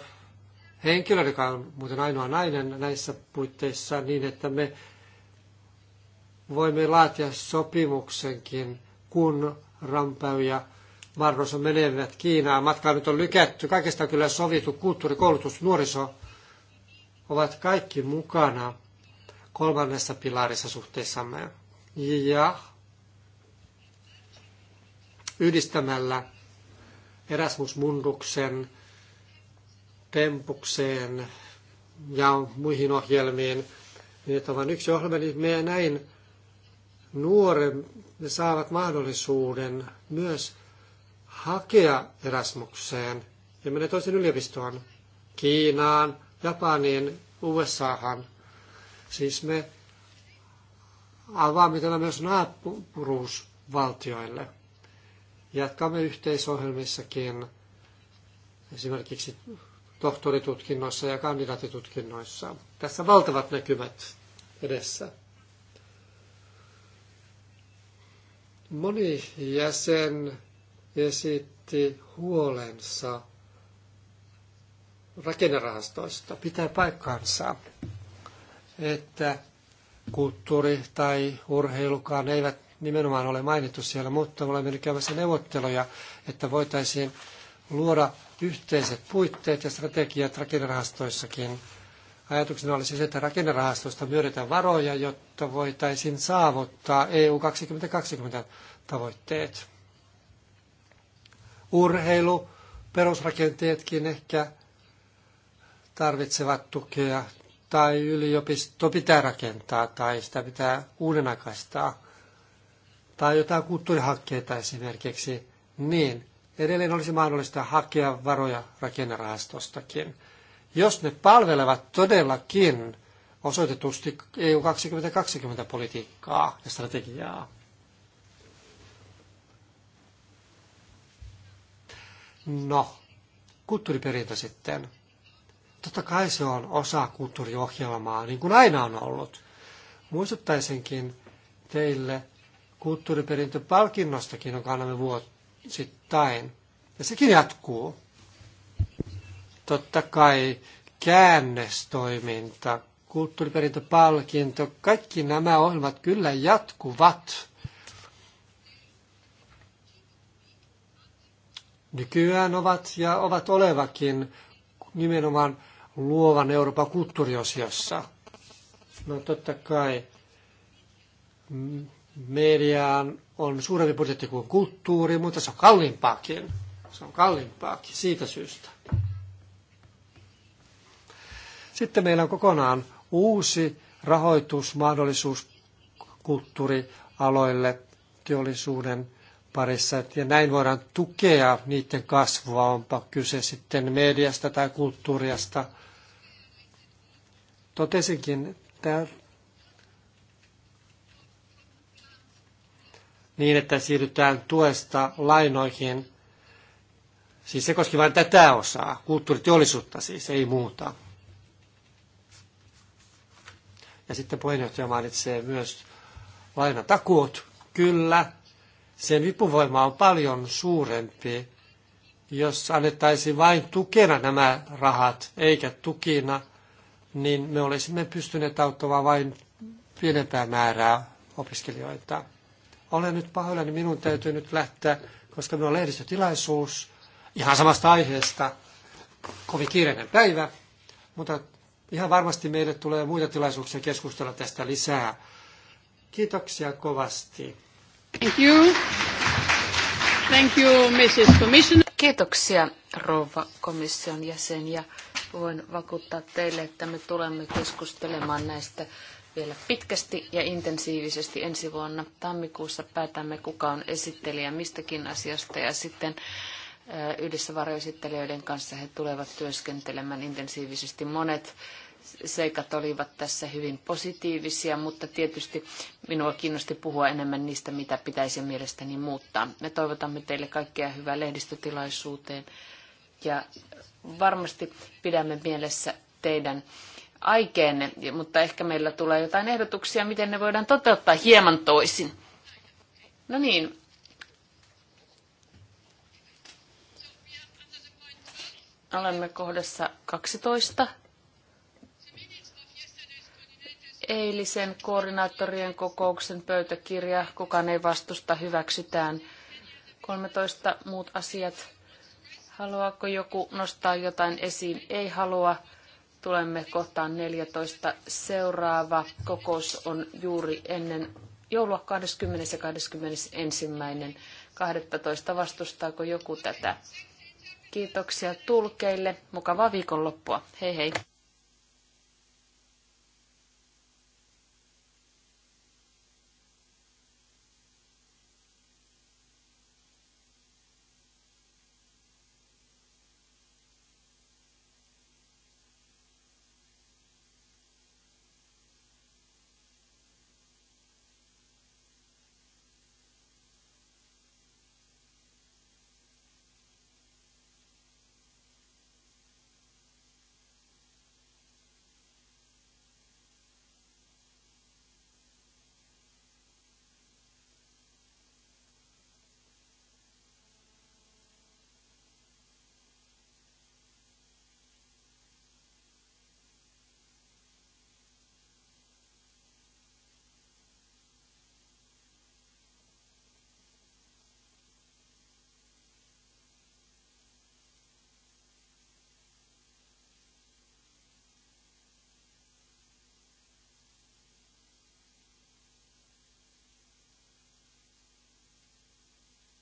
henkilö, joka on muuten ainoa nainen näissä puitteissa, niin että me voimme laatia sopimuksenkin, kun Rampäy ja Marroso menevät Kiinaan. Matka nyt on lykätty, kaikesta on kyllä sovittu, kulttuuri, koulutus, nuoriso ovat kaikki mukana kolmannessa pilarissa suhteessamme. Ja yhdistämällä Erasmus Munduksen tempukseen ja muihin ohjelmiin, niin että vain yksi ohjelma, niin me näin nuoren ne saavat mahdollisuuden myös hakea Erasmukseen ja menee toisen yliopistoon, Kiinaan, Japaniin, USAhan. Siis me avaamme tämä myös naapuruusvaltioille. Jatkamme yhteisohjelmissakin esimerkiksi tohtoritutkinnoissa ja kandidaatitutkinnoissa. Tässä valtavat näkymät edessä. Moni jäsen esitti huolensa rakennerahastoista. Pitää paikkansa, että kulttuuri tai urheilukaan eivät nimenomaan ole mainittu siellä, mutta olemme käymässä neuvotteluja, että voitaisiin luoda yhteiset puitteet ja strategiat rakennerahastoissakin. Ajatuksena olisi se, että rakennerahastoista myönnetään varoja, jotta voitaisiin saavuttaa EU 2020 tavoitteet. Urheilu, perusrakenteetkin ehkä tarvitsevat tukea tai yliopisto pitää rakentaa tai sitä pitää uudenaikaistaa tai jotain kulttuurihankkeita esimerkiksi niin, edelleen olisi mahdollista hakea varoja rakennerahastostakin, jos ne palvelevat todellakin osoitetusti EU 2020 politiikkaa ja strategiaa. No, kulttuuriperintö sitten. Totta kai se on osa kulttuuriohjelmaa, niin kuin aina on ollut. Muistuttaisinkin teille kulttuuriperintöpalkinnostakin, jonka annamme vuotta vuosittain. Ja sekin jatkuu. Totta kai käännöstoiminta, kulttuuriperintöpalkinto, kaikki nämä ohjelmat kyllä jatkuvat. Nykyään ovat ja ovat olevakin nimenomaan luovan Euroopan kulttuuriosiossa. No totta kai mm, mediaan on suurempi budjetti kuin kulttuuri, mutta se on kalliimpaakin. Se on kalliimpaakin siitä syystä. Sitten meillä on kokonaan uusi rahoitusmahdollisuus kulttuurialoille teollisuuden parissa. Ja näin voidaan tukea niiden kasvua, onpa kyse sitten mediasta tai kulttuuriasta. Totesinkin, tämä. niin, että siirrytään tuesta lainoihin. Siis se koski vain tätä osaa, kulttuuriteollisuutta siis, ei muuta. Ja sitten puheenjohtaja mainitsee myös lainatakuut. Kyllä, sen vipuvoima on paljon suurempi, jos annettaisiin vain tukena nämä rahat, eikä tukina, niin me olisimme pystyneet auttamaan vain pienempää määrää opiskelijoita. Olen nyt pahoillani, minun täytyy nyt lähteä, koska minulla on lehdistötilaisuus ihan samasta aiheesta. Kovin kiireinen päivä, mutta ihan varmasti meille tulee muita tilaisuuksia keskustella tästä lisää. Kiitoksia kovasti. Thank you. Thank you, Mrs. Commissioner. Kiitoksia, rouva komission jäsen, ja voin vakuuttaa teille, että me tulemme keskustelemaan näistä vielä pitkästi ja intensiivisesti ensi vuonna. Tammikuussa päätämme, kuka on esittelijä mistäkin asiasta ja sitten yhdessä varjoesittelijöiden kanssa he tulevat työskentelemään intensiivisesti. Monet seikat olivat tässä hyvin positiivisia, mutta tietysti minua kiinnosti puhua enemmän niistä, mitä pitäisi mielestäni muuttaa. Me toivotamme teille kaikkea hyvää lehdistötilaisuuteen ja varmasti pidämme mielessä teidän aikeenne, mutta ehkä meillä tulee jotain ehdotuksia, miten ne voidaan toteuttaa hieman toisin. No niin. Olemme kohdassa 12. Eilisen koordinaattorien kokouksen pöytäkirja, kukaan ei vastusta, hyväksytään. 13 muut asiat. Haluaako joku nostaa jotain esiin? Ei halua tulemme kohtaan 14. Seuraava kokous on juuri ennen joulua 20. ja 21. 12. Vastustaako joku tätä? Kiitoksia tulkeille. Mukavaa viikonloppua. Hei hei.